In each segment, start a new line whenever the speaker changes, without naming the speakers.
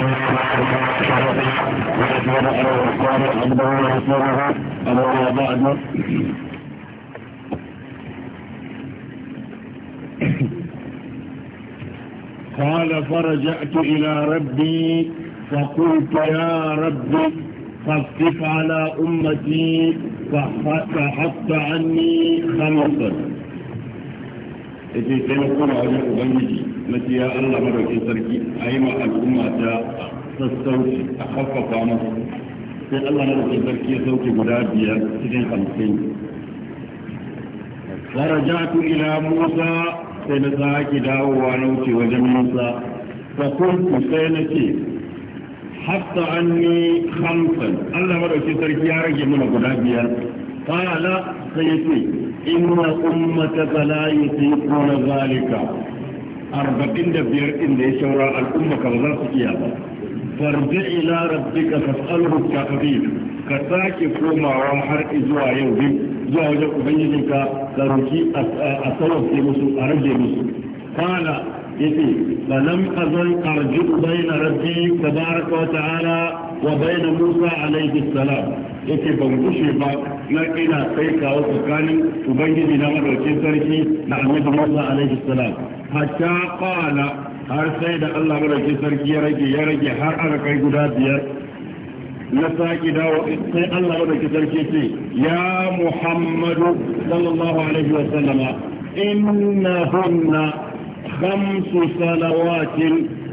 قال
فرجعت إلى ربي فقلت يا رب فافتف على أمتي فحط عني خمسا إذن سيكون عليك بنجي na ce ya Allah madaukin sarki a yi ma al'umma ta sassauci a haffafa musu sai Allah madaukin sarki ya sauke guda biyar cikin hamsin farajatu ila Musa sai na sake dawowa na wuce wajen Musa fa kuntu sai na ce hatta ne khamsan Allah madaukin sarki ya rage mana guda biyar qala sai ya ce inna ummataka la yutiquna zalika arba'in da biyar ɗin da ya shaura al'umma kama za su iya ba farji ila rabbika fas'alhu takbir ka sake komawa har zuwa yau din zuwa wajen ubangijinka ka roki a sauke musu a rage musu kana yace falam azal arju bayna rabbi tabaraka wa ta'ala wa bayna Musa alaihi salam yake ban gushe ba na ina kai kawo tsakanin ubangiji na madaukin sarki da annabi Musa alaihi salam hatta qala har sai da Allah madaukin sarki ya rage ya rage har aka kai guda biyar na saki dawo sai Allah madaukin sarki ce ya Muhammadu sallallahu alaihi wa sallama innahunna خمس صلوات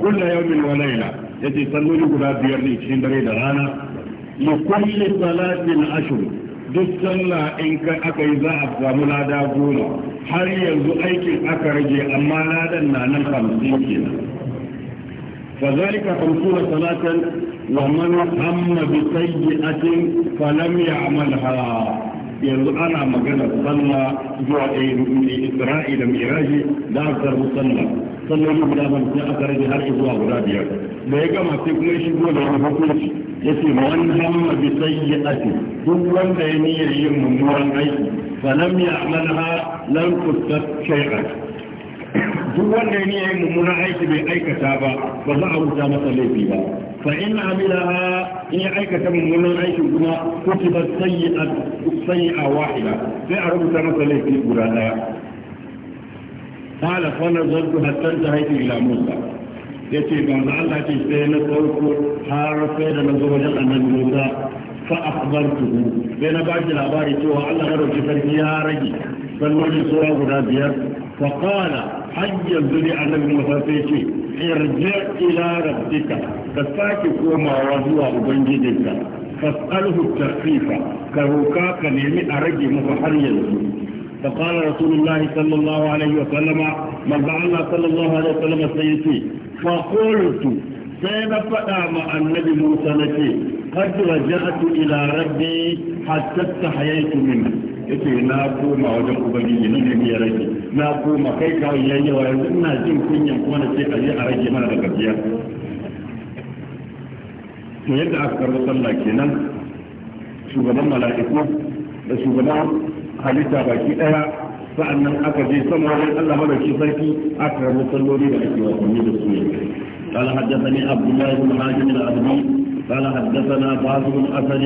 كل wa layla. ya ce salloli guda biyar ne cikin dare da rana ma kulli salatin ashiru duk sallah in ka aka yi za a samu lada goma har yanzu aikin aka rage amma ladan na nan hamsin kenan فذلك خمسون صلاة ومن هم بسيئة فلم يعملها yanzu ana magana sallah zuwa ɗaya rukuni isra'i da miraji da aka sallah sallah guda ban sai aka rage har zuwa guda biyar da ya gama sai kuma shigo da wani hukunci ya ce ma wani hamma bi sayyi'ati duk wanda ya niyyar yin mummunan aiki fa lam ya'malha lam tusab duk wanda ne yayin mummunan aiki bai aikata ba ba za a rubuta masa laifi ba fa in amila in ya aikata mummunan aiki kuma kutiba sayyi'at a wahila sai a rubuta masa laifi guda daya qala fa nazartu hatta tahaytu ila musa ya ce ga Allah ce sai na sauko har sai da na zo wajen annabi Musa fa akhbartuhu sai na bashi labari cewa Allah ya roki sarki ya rage sallolin sura guda biyar fa qala hayya zuri annabi Musa sai ce irji ila rabbika ka sake komawa zuwa ubangijinka fas'alhu tafifa ka roka ka nemi a rage maka har yanzu فقال رسول الله صلى الله عليه وسلم من الله صلى الله عليه وسلم سيتي فقلت sai na faɗa ma annabi Musa na ce kad raja'tu ila rabbi hatta na koma wajen ubangiji ne ne ya rage na koma kai ka yayye wa yanzu ina jin kunyan kuma na ce a yi a rage mana da gaskiya to yadda aka karɓi sallah kenan shugaban mala'iku da shugaban halitta baki daya sa'annan aka je sama wajen Allah madauki sarki aka rabu salloli da ake wasanni da su قال حدثني عبد الله بن حاجم العبدي قال حدثنا باز بن اسد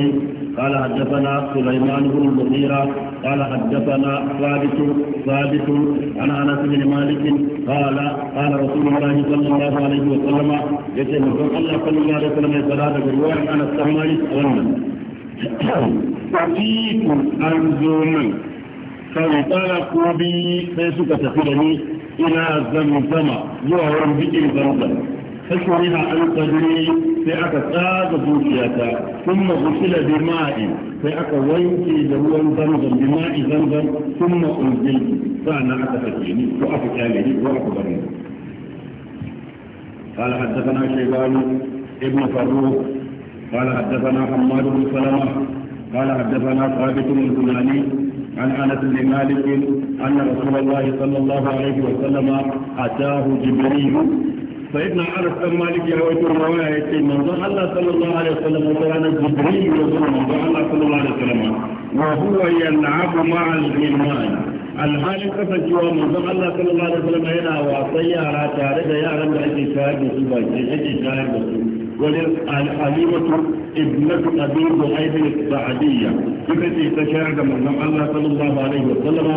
قال حدثنا سليمان بن المغيرة قال حدثنا ثابت ثابت عن انس بن مالك قال قال رسول الله صلى الله عليه وسلم يتي الله صلى الله عليه وسلم صلاه بالروح انا أولا fatikun an zo min sai tsara ko bi sai suka tafi da ni ina zamzama zuwa wurin bikin zamzam فشرها عن قدري فأكا قاد بوشيتا ثم غسل بماء فأكا وينكي لهو زمزم بماء زمزم ثم أنزلت فأنا أتفكيني وأفك آلهي وأكبرني قال حدثنا شيبان ابن فروخ قال حدثنا حماد بن سلمة قال حدثنا ثابت بن البناني عن انس بن مالك ان رسول الله صلى الله عليه وسلم اتاه جبريل سيدنا انس بن مالك يروي الروايه يتي من الله صلى الله عليه وسلم وكان جبريل يقول من الله صلى الله عليه وسلم وهو يلعب مع الغلمان الحالي kasancewa جوا من صلى الله عليه وسلم wasan yara tare da yaran da شاهد shayar da su ba ke ake وللحليمة ابنة أبي بعيد السعدية التي تشاهد من نعم الله صلى الله عليه وسلم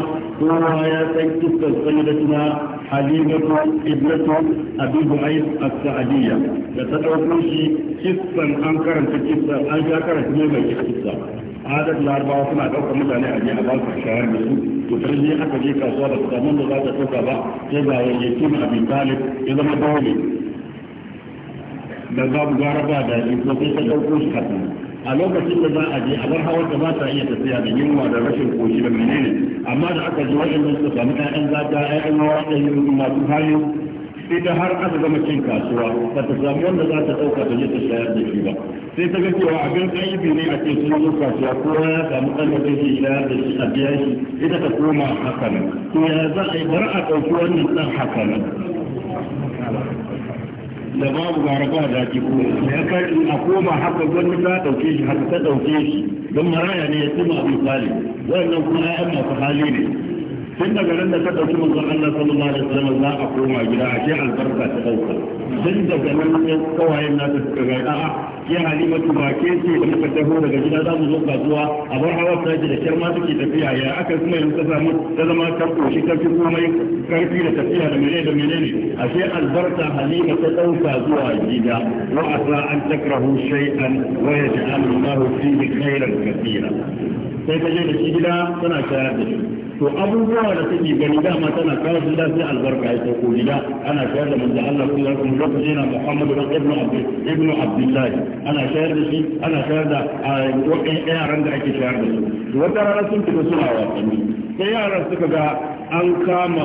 هو يا سيدة سيدتنا حليمة ابنة أبي بعيد السعدية لتدعو شيء قصة أنكرت قصة أنكرت ميمة قصة adad larabawa suna ɗaukar mutane a je a ba su shayar da su to tarihi aka je kasuwa da su da za ta أبي ba sai ga yayyakin da babu gara ba da shi ko sai ta ɗauko shi kafin a lokacin da za a je a bar hawar da ba ta iya tafiya da yunwa da rashin koshi da menene amma da aka ji waɗanda suka samu ƴaƴan zata ƴaƴan hawa ƴaƴan masu hayo ita har aka gama cin kasuwa ba ta samu wanda za ta ɗauka ta je ta shayar da shi ba sai ta ga cewa abin aibi ne a ce sun zo kasuwa ko ya samu ɗan da zai shayar da shi a biya shi ita ta koma haka nan to ya za a yi bar a ɗauki wannan ɗan haka nan da babu gara ba zaki ko ya kai a koma haka gwamnati ta dauke shi haka ta dauke shi don maraya ne ya tsima misali wannan kuma ya'yan masu hali ne tunda garin da ta dauki manzon Allah sallallahu alaihi wasallam za a koma gida a ce albarka ta dauka tunda daga nan ne kawai na ta suka ga a'a ke halimatu ba ke ce da muka taho daga gida za mu zo kasuwa a bar hawa ta ji da kyar ma take tafiya ya aka kuma yanzu ta mu ta zama ta koshi ta fi komai karfi da tafiya da menene da menene a ashe albarka halima ta dauka zuwa gida wa asra an takrahu shay'an wa yaj'alullahu fihi khairan katira sai ta je da shi gida tana shayar da shi to abubuwa da suke gani dama tana kawo su da sai albarka ya sauko gida ana shayar da manzo Allah ko kun mun lokaci yana Muhammadu ibn Abdul ibn Abdullah ana shayar da shi ana shayar da wakan yaran da ake shayar da su wata rana sun fita suna wasanni sai yaran suka ga an kama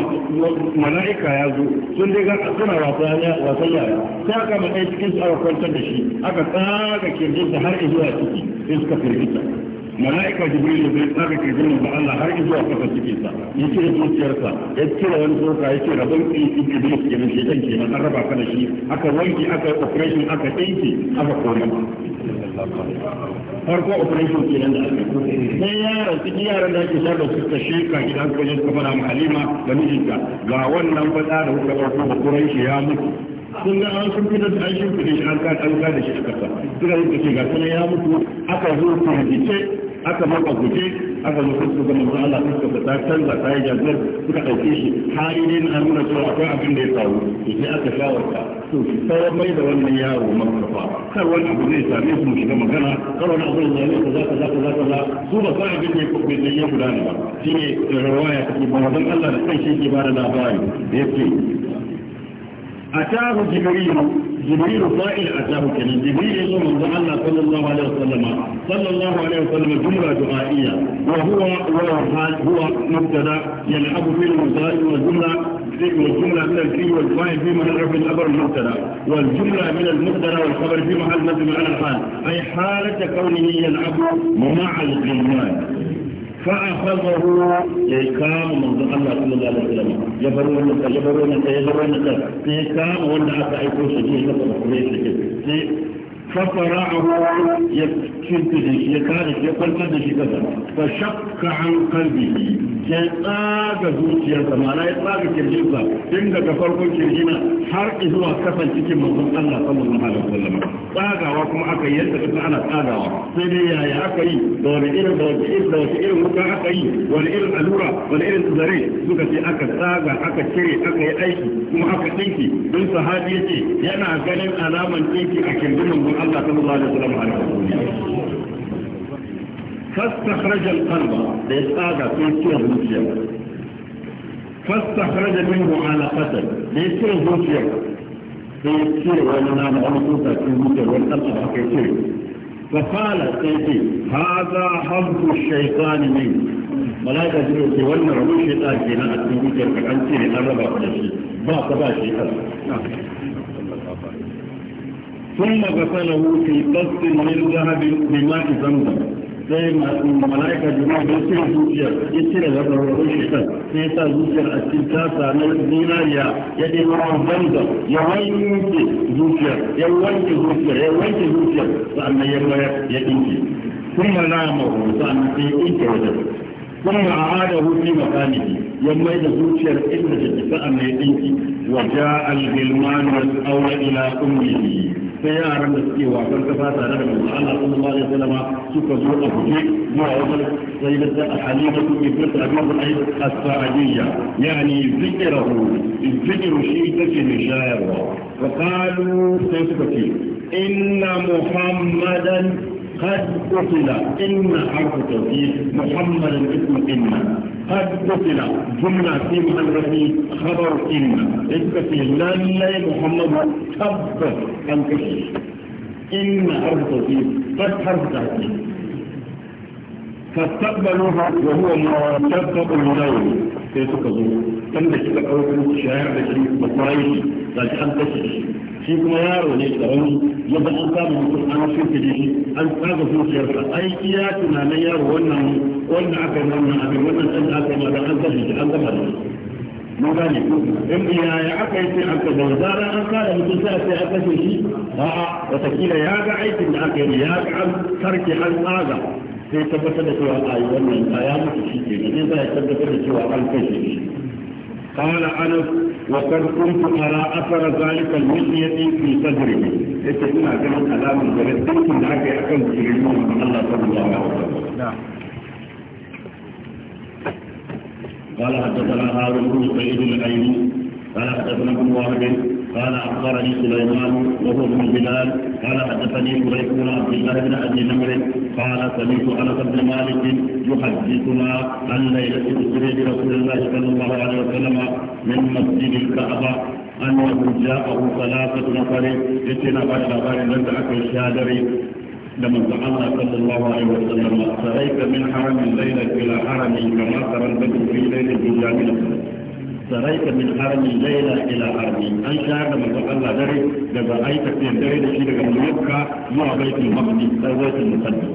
mala'ika ya zo sun dai ga suna wasan yara sai aka kama ɗaya cikin su aka kwantar da shi aka tsaga kirjinsa har zuwa ciki sai suka firgita mala'ika jibril zai tsaka kirjin da Allah har a kafa cikin sa yake cire sa ya cire wani tsoka ya ce rabon iblis kenan shekan kenan na raba ka da shi aka wanki aka operation aka ɗinki aka kore farko operation kenan da aka sai yaran cikin yaran da ake shar da su sheka gidan su wajen suka fara halima da mijinta ga wannan fada da kuka farko da kuran shi ya mutu sun ga an sun fitar da an shi an ka da shi a kasa suna yi ce ga kuma ya mutu aka zo firgice aka maka guje aka zo suka ga manzo Allah suka ta canza ta yi jazzar suka dauke shi har ne na nuna cewa akwai abin da ya faru to sai aka shawarta to sai mai da wannan yaro makafa kar wani abu zai same su mu shiga magana kar wani abu zai same za ka za ka za ka za su ba sa abin da ya kuma ya gudana ba ne rawaya take manzon Allah da kai, yake ba da labari yake أتاه جبريل جبريل قائل أتاه كنا جبريل يوم جعلنا صلى الله عليه وسلم صلى الله عليه وسلم جملة دعائية وهو حال هو مبتدا يلعب في المصائب والجملة والجملة من الفي والفاعل في محل رفع الأمر المبتدا والجملة من المبتدا والخبر في محل نصب على الحال أي حالة كونه يلعب مع الغلمان فأخذه يكام من ذن الله صلى الله عليه وسلم يبرون لك يبرون لك يبرون لك يكام وانا أتعيكو شديد لك وقريش لك ففرعه da shi ya kare shi ya kwantar da shi kasa fa shakka an kalbi ya tsaga zuciyarsa ma'ana ya tsaga kirjinsa tun daga farkon kirjina har zuwa kasan cikin manzon Allah sallallahu alaihi wasallam tsagawa kuma aka yi yadda kuka ana tsagawa sai dai yaya aka yi da wani irin da wani irin da wani irin wuka aka yi wani irin allura wani irin zare suka ce aka tsaga aka cire aka yi aiki kuma aka dinki don sahabi yace yana ganin alaman dinki a kirjin manzon Allah sallallahu alaihi wasallam فاستخرج القلب لإسقاط في سير روسيا فاستخرج منه على علاقة ليسير روسيا ليسير ولنا نعرفه في روسيا نعم والقلب حقيقي فقال سيدي هذا حظ الشيطان منه ملائكة جنوسي وانا ربو الشيطان كنا نعم أتنبوك الفقنسيني أربع فلشي باق باشي ثم غسله في قصد من ذهب بماء زمزم sai mala'ika jima'a don cire zuciyar ya cire zabarwarun shekar sai sa zuciyar a cikin tasa na zinariya ya ɗaya ruwan banza ya wanke zuciyar ya wanke zuciyar ya wanke zuciyar sa'annan ya bayar ya ɗinke kuma na mahu sa'annan sai ya ɗinke wajen ثم أعاده في مكانه يما إذا زوجر إلا جدفاء ما يدنك وجاء الغلمان والأول إلى أمه sai yaran da suke wasan kasa tare da manzo Allah sallallahu alaihi wasallam suka zo a guje zuwa wajen sayyidatu al-halima ibn abi qais as-sa'diyya yani zikruhu zikru shi take ne shayarwa wa qalu sai suka ce inna muhammadan قد قتل إن حرف توكيد محمد اسم إن قد قتل جملة في محل خبر إن اسكتي لله محمد تبت أن إن حرف توكيد قد حرف تحكيد فاستقبلوها وهو ما مرتبط المدول في تقضي كم تشبه أولا شهر بشريك بطريش لكي أنت تشبه في كميار وليسهم يبقى أنتابه سبحانه في كديه أنت هذا في الشرفة أي إياتنا نيار وأنه وأن عكر من أبي وأن أنت عكر ماذا أنت تشبه أنت مدول ما قال يقول إني يا عكي في عكا بوزارة أنت لم تسأل في عكا شيء ها وتكيل يا عكي في عكي يا عكي ترك عكي sai tabbatar da cewa a yi wannan a ya mutu shi ke zai zai tabbatar da cewa an kashe shi قال انس وقد كنت ارى اثر ذلك المشية في صدره yace ina ganin alamun da rikin da aka yi akan jirin Allah sallallahu alaihi wasallam قال حدثنا هارون بن سعيد الايوبي قال حدثنا ابن وهب قال اخبرني سليمان وهو ابن بلال قال حدثني قريش بن عبد الله بن ابي نمر قال سمعت انس بن مالك يحدثنا عن ليله اسري برسول الله صلى الله عليه وسلم من مسجد الكعبه انه جاءه ثلاثه نفر اتنا بعد غير لم تاكل الشادري لما الله صلى الله عليه وسلم سريت من حرم ليله الى حرم كما ترى في ليله الجامعه saraita min harmi laila ila armi an shayar da manzon Allah dare daga aika tsayin dare da shi daga Makka zuwa baitul Maqdis sai zai tsaya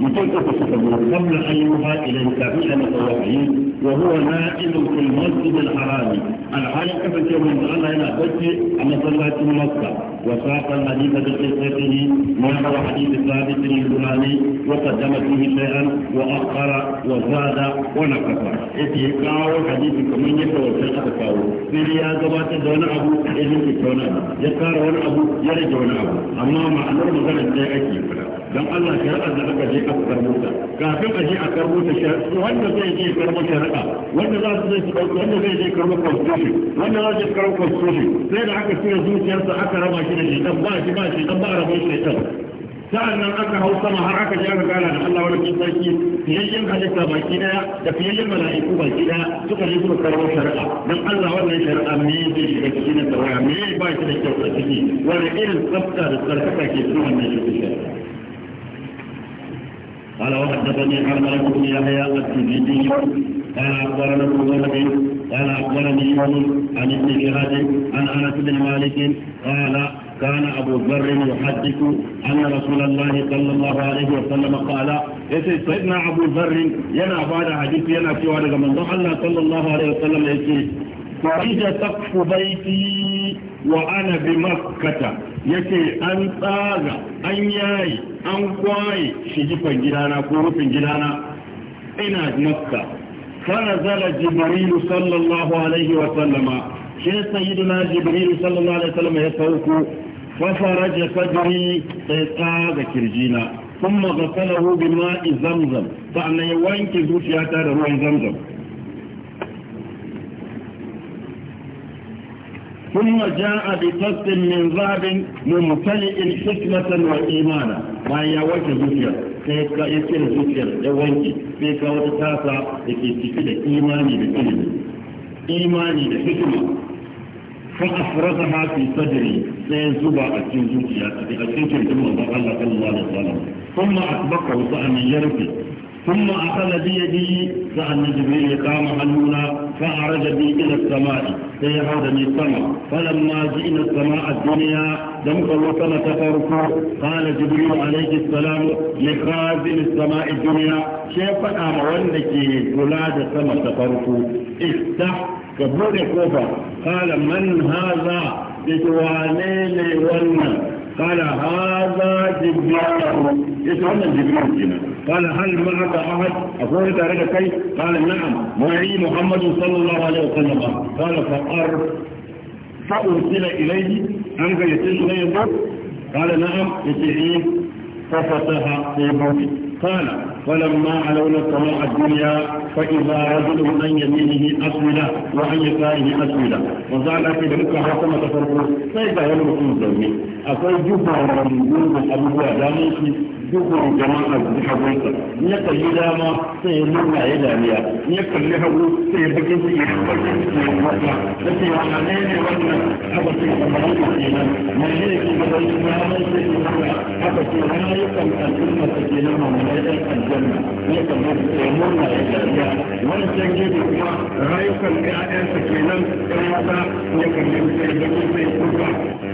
mutum ko su ga musamman ayyuka ila kafin an tsawaye وهو نائم في المسجد الحرام الحركة فكما قال إلى بكي أن صلاة المسجد وساق الحديث بقصته ما هو حديث ثابت للبناني وقدم فيه شيئا وأخر وزاد ونقص إذ يقعوا حديث كمن يتوسل أبكاو في رياض وات دون أبو إذن يكون أبو يقار ون أبو يري دون أبو أما معلوم المغرب لا أكيد dan Allah ya azza aka je aka karbuta kafin a je a karbuta shi wanda zai je ɗauka wanda za su zai su ɗauka wanda zai je karɓar constitution wanda za su je karɓar constitution sai da aka cire zuciyarsa aka raba shi da shaitan ba shi ba shaitan ba rabon shaitan sa'an nan aka hau sama har aka ji aka gana da Allah wani sarki fiyayyen halitta baki daya da fiyayyen mala'iku baki daya suka je suka karɓar shari'a don Allah wannan shari'a me zai shiga ciki na tsawaya me ba shi da kyau a ciki wani irin tsafta da tsarkaka ke cikin wannan shari'a قال وحدثني عن ملك بن يحيى التجدي قال أخبرنا مغلب قال أخبرني يونس عن ابن شهاد عن أنس بن مالك قال كان أبو ذر يحدث أن رسول الله صلى الله عليه وسلم قال yace sayyidina Abu Dharr yana bada hadisi yana cewa daga manzon Allah sallallahu alaihi wasallam yace farija taqfu baiti wa ana bi makkata yace an tsaga an yayi an kwaye shigifan gidana ko rufin gidana ina makka فنزل جبريل صلى الله عليه وسلم شيء سيدنا جبريل صلى الله عليه وسلم يسوق ففرج صدري سيطاغ ذكرجينا ثم غسله بماء زمزم فأنا يوانك زوجياتا روح زمزم ثم جاء بقصد من ذهب ممتلئ حكمة وإيمانا ما يوجه ذكر فيك يسير ذكر يوجه فيك وتتاسع لكي تفيد إيماني بكلمة إيماني بحكمة فأفرزها في صدري سينزبع أكين ذكر أكين ذكر ثم أطبقه من يرفي ثم أخذ بيدي فأن جبريل قام هنا فأعرج بي إلى السماء إيه هذا السماء فلما جئنا السماء الدنيا لم توصل تفرقوا قال جبريل عليه السلام لخازن السماء الدنيا شيخ أمرن لك ولاد السماء تفرقوا افتح كبور كوبا قال من هذا بتواليل ونن قال هذا جبريل يتوانا جبريل جنة قال هل معك أحد أقول تارك كيف قال نعم معي محمد صلى الله عليه وسلم قال فأر فأرسل إليه أنك يسير إليه الضوء قال نعم يسير ففتح في موته قال فلما علونا السماء الدنيا فإذا رجل عن يمينه أسودة وعن يساره أسودة وزعل في ذلك حكم تفرقه فإذا يلبس الزوجين أقول جبر من دون أبوه دامشي duhun jama'a da hagunsa in ya kalli dama sai ya murna ya dariya in ya kalli hagu sai ya bakin su ya bakin su ya da ne ne wannan haka mai ne ke ce ya kalli ma mai ɗan
aljanna ya kalli ya murna ya dariya wani can kuma rayukan ƴaƴansa kenan ɗan ya kalli ya bakin ya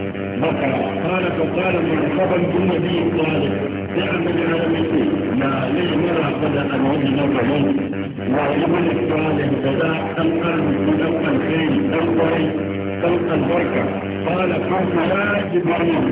بقرة قال فقال مرتبا بالنبي صالح
تعمل على مثلي ما لي مرة قد أنوه نظرهم وعلمنا الصالح فدا خلقا خلقا الخير خلقا خلقا البركة
قال قوم لا جبريل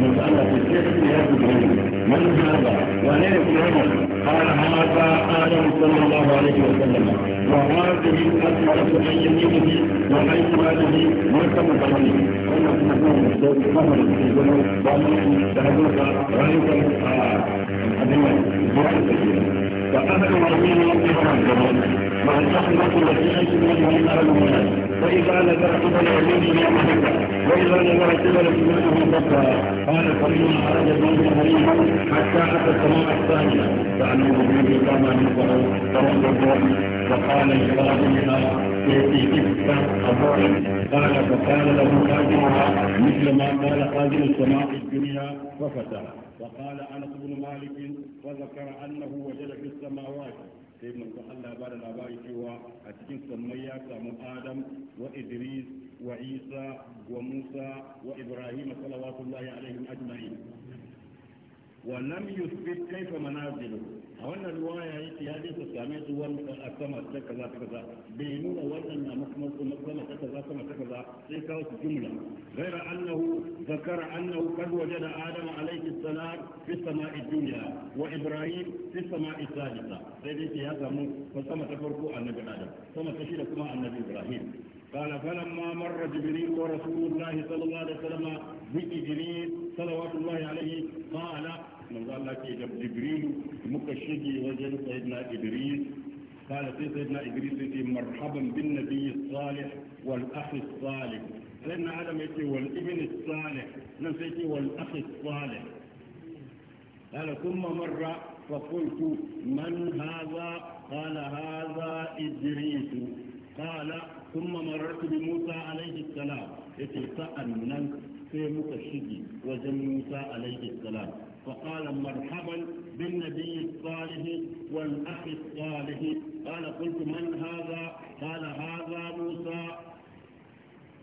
مسألة الشيخ يا جبريل من هذا وليس عمر قال هذا آدم صلى الله عليه وسلم وهذه الأسرة من يمينه ومن شماله مركب في أنا أقول لك ظهر الجنوب ظهره تهدوك رأيك
فأهل الرحمن يمكن أن يكون
والرحمة التي أنتم منها أهل الناس وإذا نزل قبل يمينه يمحك وإذا نزل قبل شماله بكى قال فلما أراد الموت حريما حتى أتى السماء الثانية فأنه به قام ينظر فوضى الروح وقال لصاحبها يأتي تلك الروح قال فقال له خادمها مثل ما قال خادم السماء الدنيا وفتح وقال أنس بن مالك وذكر أنه وجد في السماوات sai manzo Allah ba da labari cewa a cikin sammai وإدريس وعيسى وموسى وإبراهيم صلوات الله عليهم أجمعين ولم يثبت كيف منازله a الروايه ruwaya هذه ya je su كذا كذا wani a sama ta كذا كذا كذا bai nuna غير أنه ذكر أنه قد وجد آدم عليه السلام في السماء الدنيا وإبراهيم في السماء الثالثة سيدي هذا فسما تفرقوا النبي آدم ثم تشير كما النبي إبراهيم قال فلما مر جبريل ورسول الله صلى الله عليه وسلم بإدريس صلوات الله عليه قال من قال لك جبريل مكشجي وجل سيدنا إدريس قال سيدنا إدريس مرحبا بالنبي الصالح والأخ الصالح سيدنا آدم يتي والابن الصالح نفسه نعم، والأخ الصالح قال ثم مر فقلت من هذا قال هذا إدريس قال ثم مررت بموسى عليه السلام منك في مكشفي وجن موسى عليه السلام فقال مرحبا بالنبي الصالح والأخ الصالح قال قلت من هذا قال هذا موسى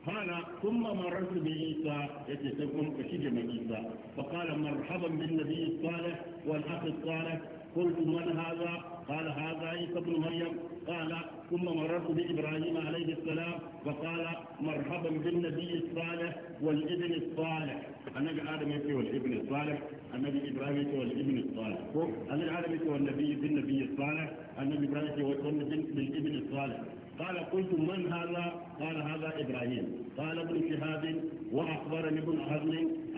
قال ثم مررت بعيسى يتسكن كشجم عيسى فقال مرحبا بالنبي الصالح والأخ الصالح قلت من هذا قال هذا عيسى بن مريم قال ثم مررت بإبراهيم عليه السلام فقال مرحبا بالنبي الصالح والابن الصالح النبي آدم يتي والابن الصالح النبي إبراهيم يتي والابن الصالح النبي آدم يتي والنبي بالنبي الصالح النبي إبراهيم يتي والابن الصالح قال قلت من هذا قال هذا إبراهيم قال ابن شهاب وأخبرني ابن حزم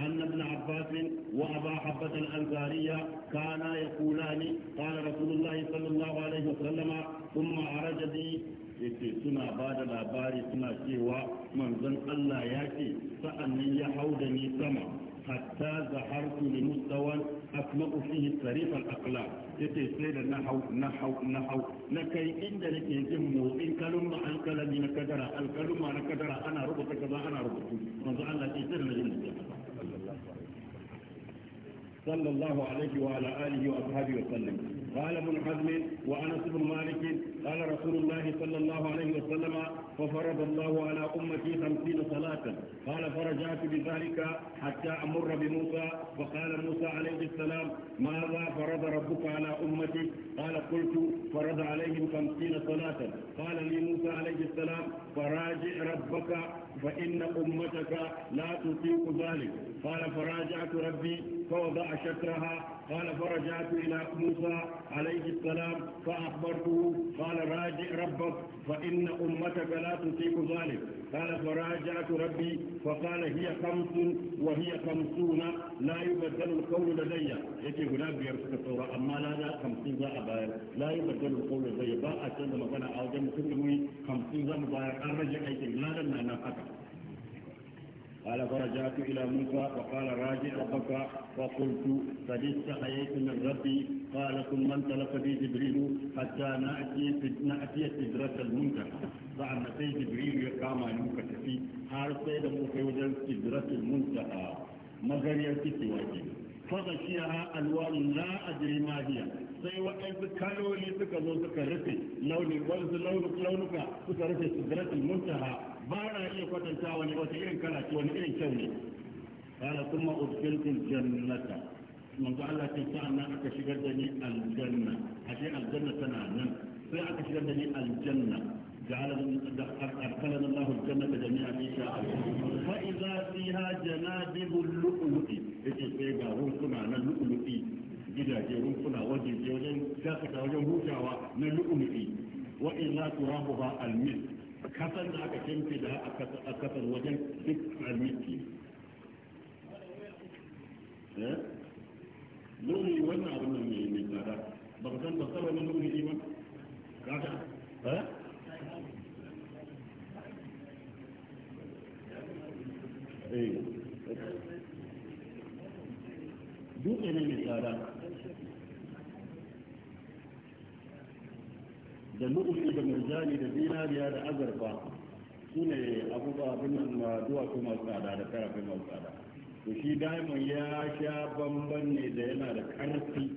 أن ابن عباس وأبا حبة الأنصارية كانا يقولان قال رسول الله صلى الله عليه وسلم ثم عرج بي yake suna ba da labari suna cewa manzon Allah ya ce sa'annan ya hau da ni sama hatta zahartu li mustawan asma'u fihi sarif al-aqlam yace sai da na hau na hau na kai inda nake jin motsin kalma alkalami na kadara alkalma na kadara ana rubuta kaza ana rubutu manzo Allah ya sirra jin wa قال ابن حزم وانس بن مالك قال رسول الله صلى الله عليه وسلم ففرض الله على امتي خمسين صلاه قال فرجعت بذلك حتى امر بموسى فقال موسى عليه السلام ماذا فرض ربك على امتي قال قلت فرض عليهم خمسين صلاه قال لي موسى عليه السلام فراجع ربك فإن أمتك لا تطيق ذلك قال فراجعت ربي فوضع شكرها قال فرجعت إلى موسى عليه السلام فأخبرته قال راجع ربك فإن أمتك لا تطيق ذلك قال فراجعت ربي فقال هي خمس وهي خمسون لا يبدل القول لدي يكي هنا بيرسك الصورة أما لا لا خمسين ذا أباير لا يبدل القول لدي باء أشد مكان أو جمع خمسين ذا مباير أرجع أيتي لا لنا نفكر قال فرجعت إلى موسى وقال راجع ربك وقلت قد استحييت من ربي قال ثم انطلق بي جبريل حتى نأتي نأتي سدرة المنكر بعد سي جبريل يقام عنك في حال سيد موسى وجل سدرة المنتهى مغريا تسواكي فغشيها ألوان لا أدري ما هي sai waɗansu kaloli suka zo suka rufe launin wani launuka suka rufe sidratul muntaha ba na iya kwatanta wani wata irin kala ce wani irin kyau ne kana kuma udkhiltul jannata manzo Allah ce sa'an aka shigar da ni aljanna ashe aljanna tana nan sai aka shigar da ni aljanna جعل أدخلنا الله الجنة جميعا إن شاء الله فإذا فيها جنادب اللؤلؤ إيش سيجا روسنا اللؤلؤ جدا روسنا وجه جوجين شاكتا وجه هوشاوا اللؤلؤ وإذا ترابها المسك kasan da aka kimfi da a kasar wajen duk almiki eh? nuni wannan abin nan mai mai tsada ba ka san ba sa wani nuni ne ba kaga eh eh duk ne mai tsada da lu'ulu da murjani da zinariya da azarfa su ne abubuwa abin su masu tsada da karafin masu tsada to shi diamond ya sha bamban ne da yana da karfi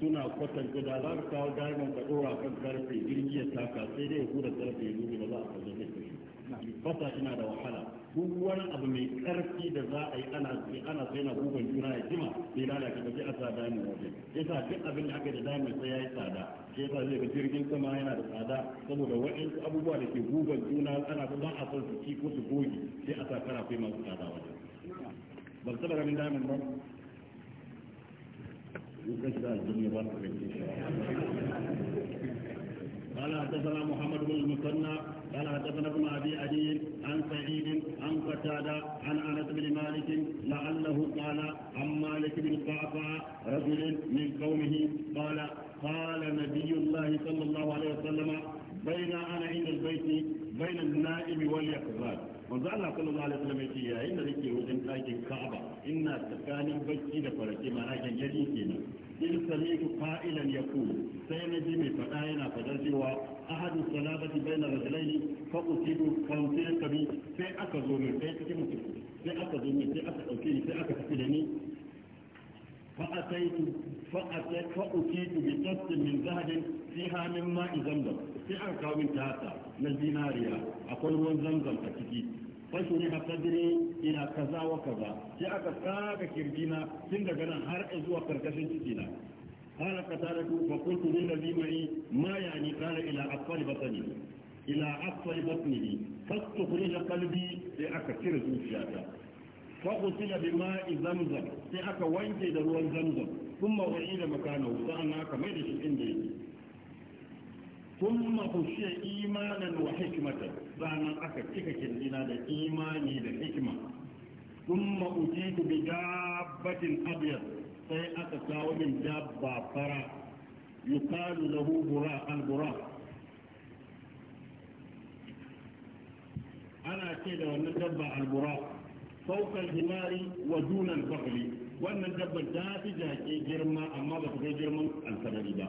suna kwatanta da za ka kawo diamond ka dora kan karfe
jirgi ya taka sai dai ya huda karfe ya ba za a kaje da shi fasa ina da wahala duk wani abu mai karfi da za a yi ana sai ana sai na gugan juna ya jima bai lalata ba sai a sa dami waje yasa duk abin da aka da dami sai ya yi tsada shi yasa zai ga jirgin sama yana da tsada saboda waɗansu abubuwa da ke gugan juna ana ba a son su ci ko su goge sai a sa karafai masu tsada waje ba su taɓa ganin damin ba يكشف الدنيا بركة قال حدثنا محمد بن المثنى قال حدثنا ابن ابي علي عن سعيد عن قتاده عن انس بن مالك لعله قال عن مالك بن قعقاع رجل من قومه قال قال نبي الله صلى الله عليه وسلم بين انا عند البيت بين النائم واليقظان manzo Allah sallallahu alaihi wasallam yace yayin da nake wajen ɗakin Ka'aba ina tsakanin bacci da farke ma na kenan in sami'tu qa'ilan yaqul sai na ji mai faɗa yana fadar cewa ahadu salabati bai baina rajulaini fa usidu fa usidu bi sai aka zo min sai cikin mutum sai aka zo min sai aka dauke ni sai aka tafi da ni fa ataitu fa ataitu fa usidu bi tasmin min zahabin fiha min ma'i zamzam sai aka kawo min tasa na zinariya akwai ruwan zamzam a ciki fashe ne haka ina kaza wa kaza sai aka saka na tun daga nan har a zuwa karkashin ciki na kana ka tare ku fa kuntu lil limai ma yani kana ila aqwal batni ila aqwal batni fastu li qalbi sai aka kira zuciya ta fa qutila bi ma sai aka wanke da ruwan zamzam kuma wa ila makana sai an aka mai da shi inda ثم خشي إيمانا وحكمة فأنا أكتك كلنا إيماني لحكمة ثم أتيت بدابة أبيض sai aka kawo min dabba fara yukalu lahu bura al ana ce da wannan dabba al-bura himari wa duna al wannan dabba ta fi girma amma ba ta girman al ba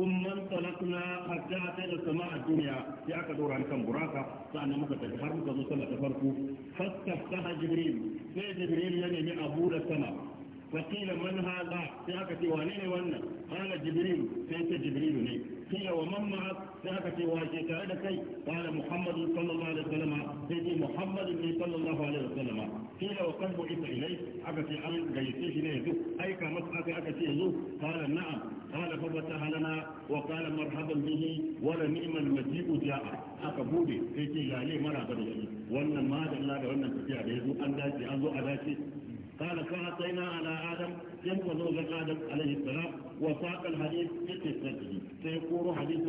kullum talakuna hatta ta da sama a duniya sai aka dora ni kan buraka sa'annan muka tafi har muka zo sallah farko fasta ta jibril sai jibril ya nemi abu da sama فقيل من هذا سيأكتي وانين وانا قال جبريل سيأتي جبريل لي قيل ومن معك سيأكتي واجيك أدكي قال محمد صلى الله عليه وسلم سيأتي محمد صلى الله عليه وسلم قيل وقد بعث إليك أكتي أمن جيسيش نيزو أي كمسحك أكتي يزو قال نعم قال ففتح لنا وقال مرحبا به ولنعم المجيء جاء أكبودي سيأتي لالي مرحبا به wannan ma da Allah da wannan tafiya da yazo an dace an zo a dace قال فأعطينا على آدم جنب من آدم عليه السلام وساق الحديث بقصته فيقول حديث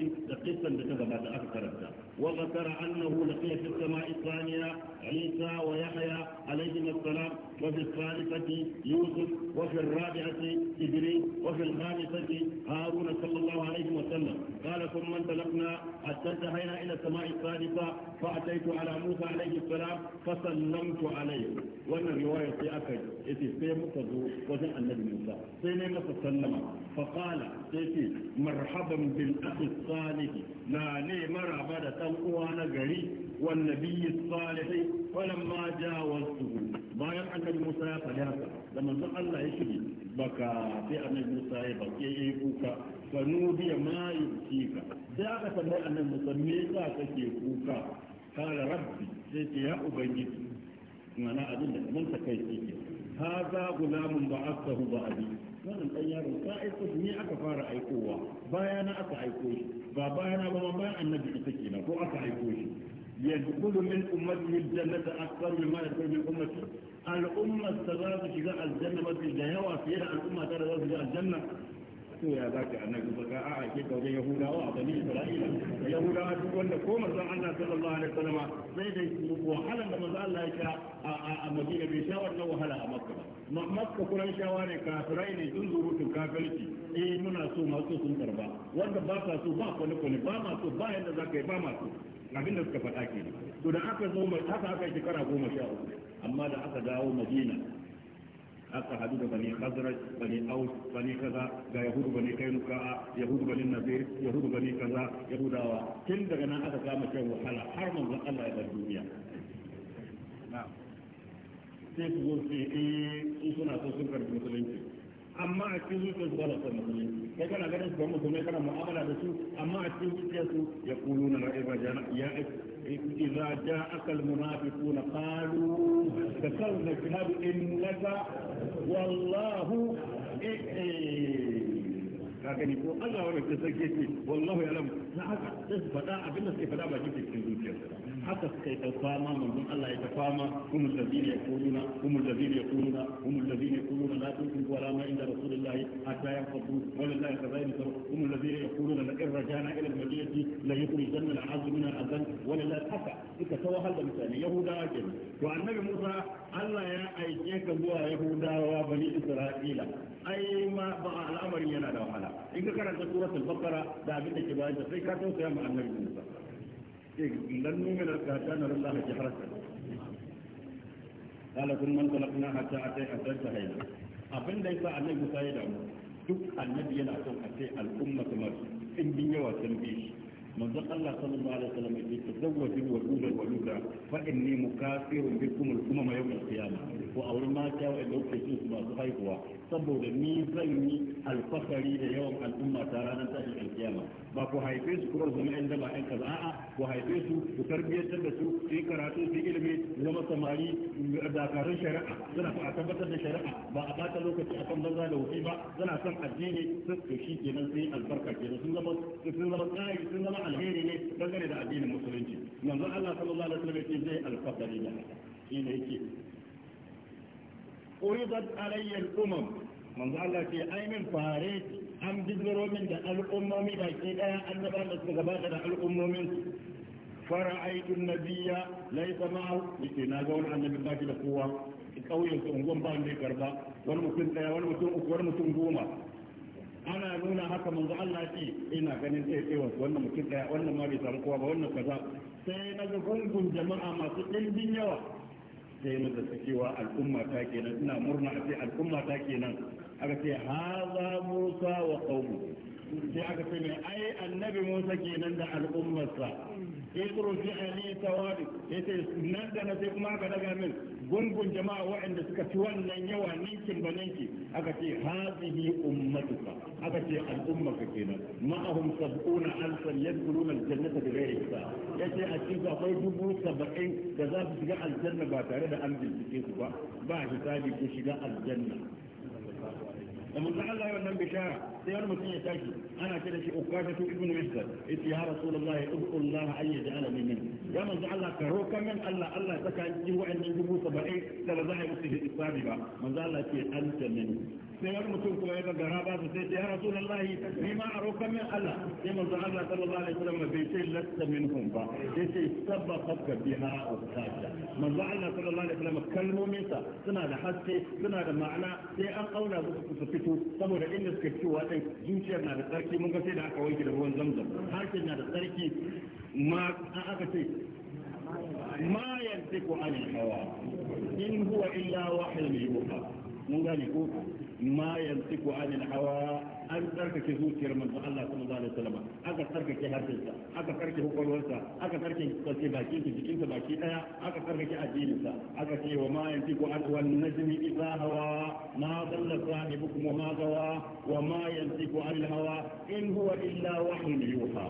بكذا بعد أكثر وذكر أنه لقي في السماء الثانية عيسى ويحيى عليهما السلام وفي الثالثة يوسف وفي الرابعة إدريس وفي الخامسة هارون صلى الله عليه وسلم قال ثم انطلقنا حتى انتهينا إلى السماء الثالثة فأتيت على موسى عليه السلام فسلمت عليه وأن الرواية أكد yace sai muka zo wajen annabi Musa sai ne masa sallama fa qala sai ce marhaban bil akhi salih na ne maraba da dan uwa na gari wan nabiyyi salih falamma jawaztuhu bayan annabi Musa ya faɗi haka da manzon Allah ya shige baka sai annabi Musa ya baki yayi kuka fa nudiya ma yusika sai aka tambaye annabi Musa me yasa kake kuka kala rabbi sai ce ya ubangiji mana abin da ta kai ke haza gulamun ba aka hu ba abi wannan dan yaron ka aiko shi ne aka fara aikowa bayana aka aiko shi ba bayana ba ma bayan annabi ita kenan ko aka aiko shi يدخل من أمته الجنة أكثر مما يدخل من أمته الأمة تغاب شجاع الجنة ما في جهوة في الأمة تغاب شجاع الجنة to ya za ka annabi ba ka a ake kaujen yahudawa a bani isra'ila yahudawa duk wanda ko manzon Allah sallallahu alaihi wasallam sai dai wahalan da manzon Allah ya sha a Madina bai sha wannan wahala a Makka ba Makka shawa ne kafirai ne sun zurutun kafirci eh muna so masu sun karba wanda ba sa so ba kwale kwale ba ma so ba yanda za ka yi ba ma so abin da suka faɗa ke to da aka zo haka aka yi shekara goma sha uku amma da aka dawo Madina aka hadu da bani khazraj bani aus bani kaza ga yahudu bani kainuka yahudu bani nazir yahudu bani kaza yahudawa tun daga nan aka kama kai wahala har manzon Allah ya bar duniya sai su zo su yi eh, suna so sun karbi musulunci amma a cikin zuciyar su ba da son musulunci kai kana ganin su ba musulmai kana mu'amala da su amma a cikin zuciyar su ya kulu na ra'iba ya إذا جاءك المنافقون قالوا ذكرنا الجهاد إنك والله إيه. لكن يقول الله ولا تسكتي والله يعلم لا هذا فداء بالله كيف فداء ما جبتك في الدنيا haka suka yi ta fama manzon Allah ya ta fama ya hum allazina yaquluna hum allazina yaquluna hum allazina yaquluna la tunfiqu ala ma inda rasulillah hatta yanfadu wa lillahi khazainu hum allazina yaquluna la irjana ila al-madinati la yukhrijanna al-azm min al-azan wa lillahi haka ita tawahal da mutane yahudawa kenan to annabi Musa Allah ya aike ka zuwa yahudawa bani Isra'ila ai ma ba al'amarin yana da wahala in ka karanta suratul baqara da abin da ke bayan sai ka tausaya ma annabi Musa لن نؤمن حتى نرى الله جهرة قال كل حتى أتي سهيلا أبن ليس duk annabi yana a ce al'umma kamar in da yawa sun bi shi manzon Allah sallallahu alaihi wasallam ya ce tazawwaju wa duda wa duda su masu haihuwa saboda ni zan yi alfakari da yawan al'umma ta ranar tashin alkiyama ba ku haife su kuma zama yan daba yan kaza a'a ku haife su ku tarbiyyantar da su su yi karatu su yi ilimi zama samari dakarun shari'a suna fa a tabbatar da shari'a ba a bata lokaci a kan banza da wuce ba suna son addini sun to shi kenan yi albarka kenan sun zama sun zama tsari sun zama alheri ne dangane da addinin musulunci manzon Allah sallallahu alaihi wasallam ya ce zai alfakari da haka shine yake فرضت علي الأمم من قال لك أي من فارس أم جذروا من دعا الأمم إذا كدا أنبا نسبة دعا الأمم فرأيت النبي ليس معه لكن أقول أن من ذاك الأخوة أو يسعون بان دي كربا والمسلم لا والمسلم أخوة والمسلم ان أنا نونا حتى من قال لك إنا كان إيه إيه وانا مسلم لا وانا ما بيسعون ان وانا كذا سينا جفنكم جماعة ان سئل بنيوة sai na da cewa al'umma ta kenan ina murna a ce al'umma ta kenan aka ce haza musa wa qaumu sai aka fi mai ai annabi Musa kenan da al'ummarsa Yusuf fi ali tawadi ce nan da na kuma aka daga min gungun jama'a waɗanda suka ci wannan yawa ninkin ba ninki aka ce hazihi ummatuka aka ce al'ummarka kenan ma'ahum sab'una alfan yadkhuluna aljannata sa ya ce a cikin akwai dubu saba'in da za su shiga aljanna ba tare da an bincike su ba ba hisabi ku shiga aljanna ومن تعلق من بشاء سيار مسيح تاكي أنا كده شيء أكاشة ابن مصر إذ يا رسول الله أبقوا الله أن يجعل من من يا من تعلق كروكا من الله الله تكا من أن يجبه سبعي سبزاحي مسيح إصابي با من تعلق كي أنت من من من من من من من sai wani mutum kuma ya gagara ba su sai ya rasulullahi ni ma a roƙon min Allah sai manzo Allah sallallahu alaihi wasallam bai ce lasta minhum ba sai ce sabaqaka biha usaka manzo Allah sallallahu alaihi wasallam kalmomin sa suna da haske suna da ma'ana sai an kauna su su fito saboda inda suka ci wa din zuciyar na da tsarki mun ga sai da aka wanke da ruwan zamzam harshen na da tsarki ma aka ce ما ينطق عن الهوى إن هو إلا وحي يوحى mun gane ko ma yantiku anil hawa an tsarkake zuciyar manzo Allah sallallahu alaihi wasallam aka tsarkake harfinsa aka tsarkake hukunarsa aka tsarkake bakin sa jikinsa baki daya aka tsarkake addininsa aka ce wa ma yantiku an wal najmi idha hawa ma dalla sahibukum wa ma gawa wa ma yantiku anil hawa in huwa illa wahyun yuha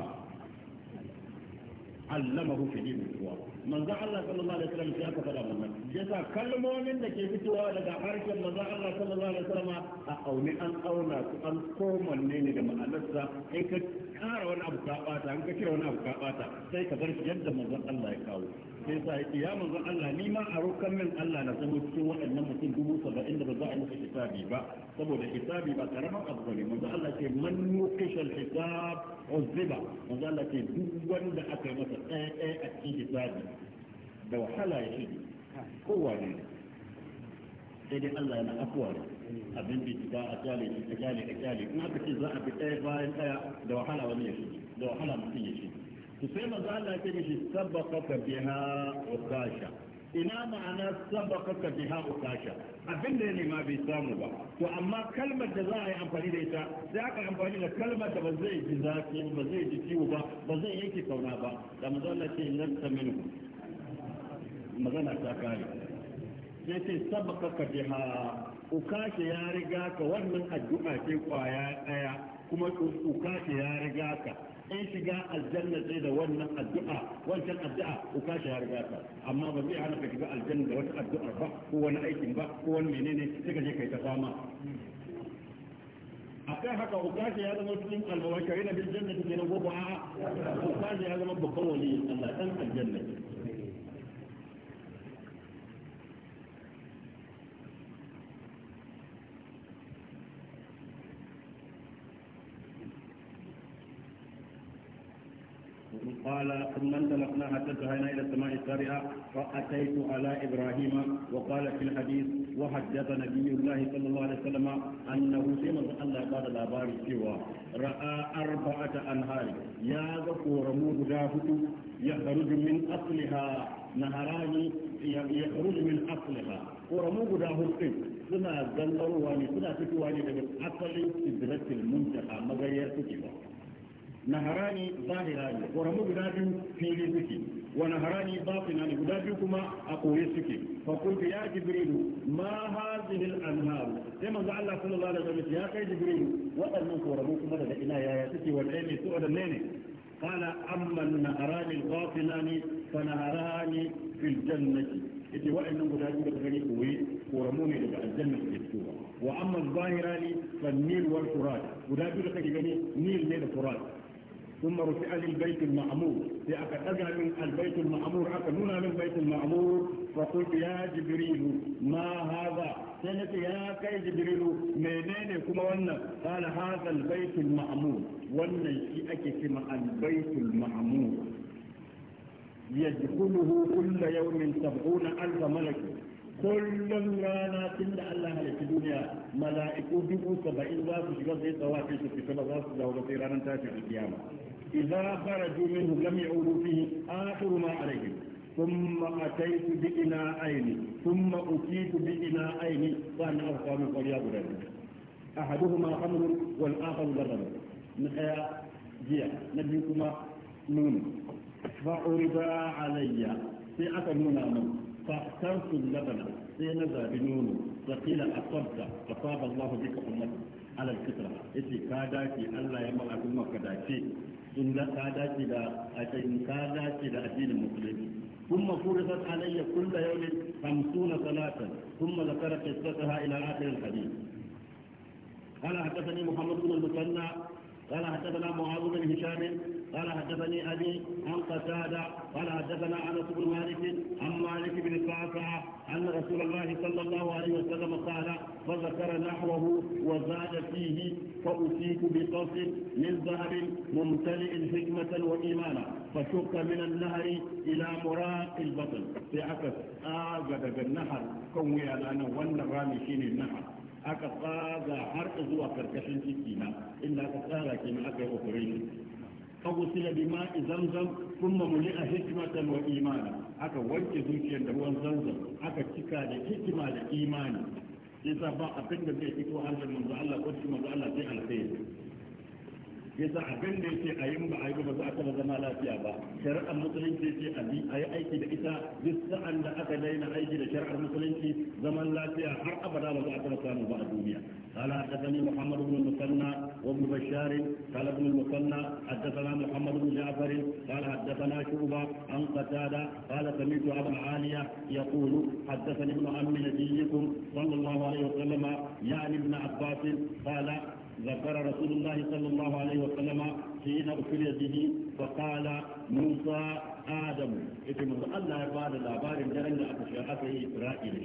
allamahu fi dinin kuwa manzo Allah sallallahu alaihi wasallam sai aka faɗa wannan yasa kalmomin da ke fitowa daga harshen manzo Allah sallallahu alaihi wasallam a auni an auna su an komanne ne da ma'anarsa in ka kara wani abu ka bata in ka kira wani abu ka bata sai ka bar yadda manzon Allah ya kawo sai sa ya ya manzon Allah ni ma a rokan min Allah na zama cikin waɗannan mutum dubu saba'in da ba za a yi hisabi ba saboda hisabi ba karaman abu bane manzon Allah ke man nukishal hisab uzziba manzon Allah ke duk wanda aka yi masa ɗaya ɗaya a cikin hisabi da wahala ya shige kowa ne sai dai Allah yana afuwa abin bincika a kyale a kyale a kyale in aka ce za a fi ɗaya bayan ɗaya da wahala wani ya da wahala mutum ya shige to sai manzo Allah ya ce mishi sabbaka biha ukasha ina ma'ana sabakaka biha kasha. abin da ya nema bai samu ba to amma kalmar da za a yi amfani da ita sai aka amfani da kalmar da ba zai ji zafi ba zai ji ciwo ba ba zai yanke kauna ba da manzo Allah ce nan ta minhu magana ta kare sai ce sabaka ka biha ukashe ya riga ka wannan addu'a ce kwaya daya kuma ukashe ya riga ka in shiga aljanna sai da wannan addu'a wancan addu'a ukashe ya riga ka amma ba zai hana ka shiga aljanna da wata addu'a ba ko wani aikin ba ko wani menene sai ka je kai ta fama akan haka ukashi ya zama cikin almubashirin bil jannati kenan ko ba ukashi ya zama babban wali Allah dan aljanna قال ثم انطلقنا حتى انتهينا الى السماء السابعه فاتيت على ابراهيم وقال في الحديث وحدث نبي الله صلى الله عليه وسلم انه سيما الله قال لا باري سوى راى اربعه انهار يا ذكور مود يخرج من اصلها نهران يخرج من اصلها ƙoramu guda hudu suna zallarwa ne suna fitowa ne daga asalin sidratul muntaha magayar suke ba naharani zahirani ƙoramu guda biyu fili suke wa naharani batinani guda biyu kuma a koye suke fa kuntu ya jibrilu ma hadhihi al-anhar sai manzo Allah sallallahu alaihi wasallam ya kai jibrilu waɗannan ƙoramu kuma daga ina yaya suke wa ne su waɗanne ne قال أما النهران الباطنان فنهران في الجنة yace wa'annan guda biyu da gani koyi koramu ne daga aljanna suke fitowa wa amma zahirani fa nil wal furat guda biyu da kake gani nil ne da furat ثم رجع للبيت المعمور لأخذها من البيت المعمور حتى هنا من البيت المعمور فقلت يا جبريل ما هذا قلت يا كي جبريل منين كما وانا قال هذا البيت المعمور وانا يشيئك كما البيت المعمور يدخله كل يوم سبعون ألف ملك كل رانا كل الله لك الدنيا ملائكه بيقول سبعين واسو شغل زي سواكي شكي سبع واسو تاجر رانا القيامة إذا خرجوا منه لم يعودوا فيه آخر ما عليهم ثم أتيت بإناءين ثم أتيت بإناءين وأنا أرقى من قرية أحدهما خمر والآخر لبن نحيا جيا نبيكما نون فعرض علي في أكل من فاخترت اللبن سينزى بنونه فقيل أصبت أصاب الله بك أمتك alal fitra yace ka dace Allah ya maka kuma ka dace in ga ka dace da a cikin ka dace da addinin musulunci ثم فرضت علي كل يوم خمسون صلاة ثم ذكر قصتها إلى آخر الحديث قال حدثني محمد بن المثنى قال حدثنا معاذ بن هشام قال حدثني ابي عن قتاده قال حدثنا انس بن مالك عن مالك بن قعقع ان رسول الله صلى الله عليه وسلم قال فذكر نحوه وزاد فيه فاتيت بقص من ذهب ممتلئ حكمه وايمانا فشق من النهر الى مراق البطن في عكس اجدد آه، النهر كون انا وانا رامي النهر aka tsaga har zuwa karkashin ciki na inda aka ke na aka yi operation فغسل بماء mamuli a hikimatan wa imani aka wanke zuciyar da ruwan zanzan aka cika da hikima da imani yasa ba abin da zai fito harshen manzo Allah ko manzo Allah sai alkhairi yasa abin da yake a yi ba a yi ba za a taba zama lafiya ba shari'ar musulunci yake a bi a yi aiki da ita duk sa'an da aka daina aiki da shari'ar musulunci zaman lafiya har abada ba za a taba samu ba a duniya قال حدثني محمد بن المثنى وابن بشار قال ابن المثنى حدثنا محمد بن جعفر قال حدثنا شعبة عن قتادة قال سمعت أبا عالية يقول حدثني ابن عم نبيكم صلى الله عليه وسلم يعني ابن عباس قال ذكر رسول الله صلى الله عليه وسلم حين أفري به فقال موسى آدم إذن موسى الله بعد الأبار جرن أكشاءته إسرائيل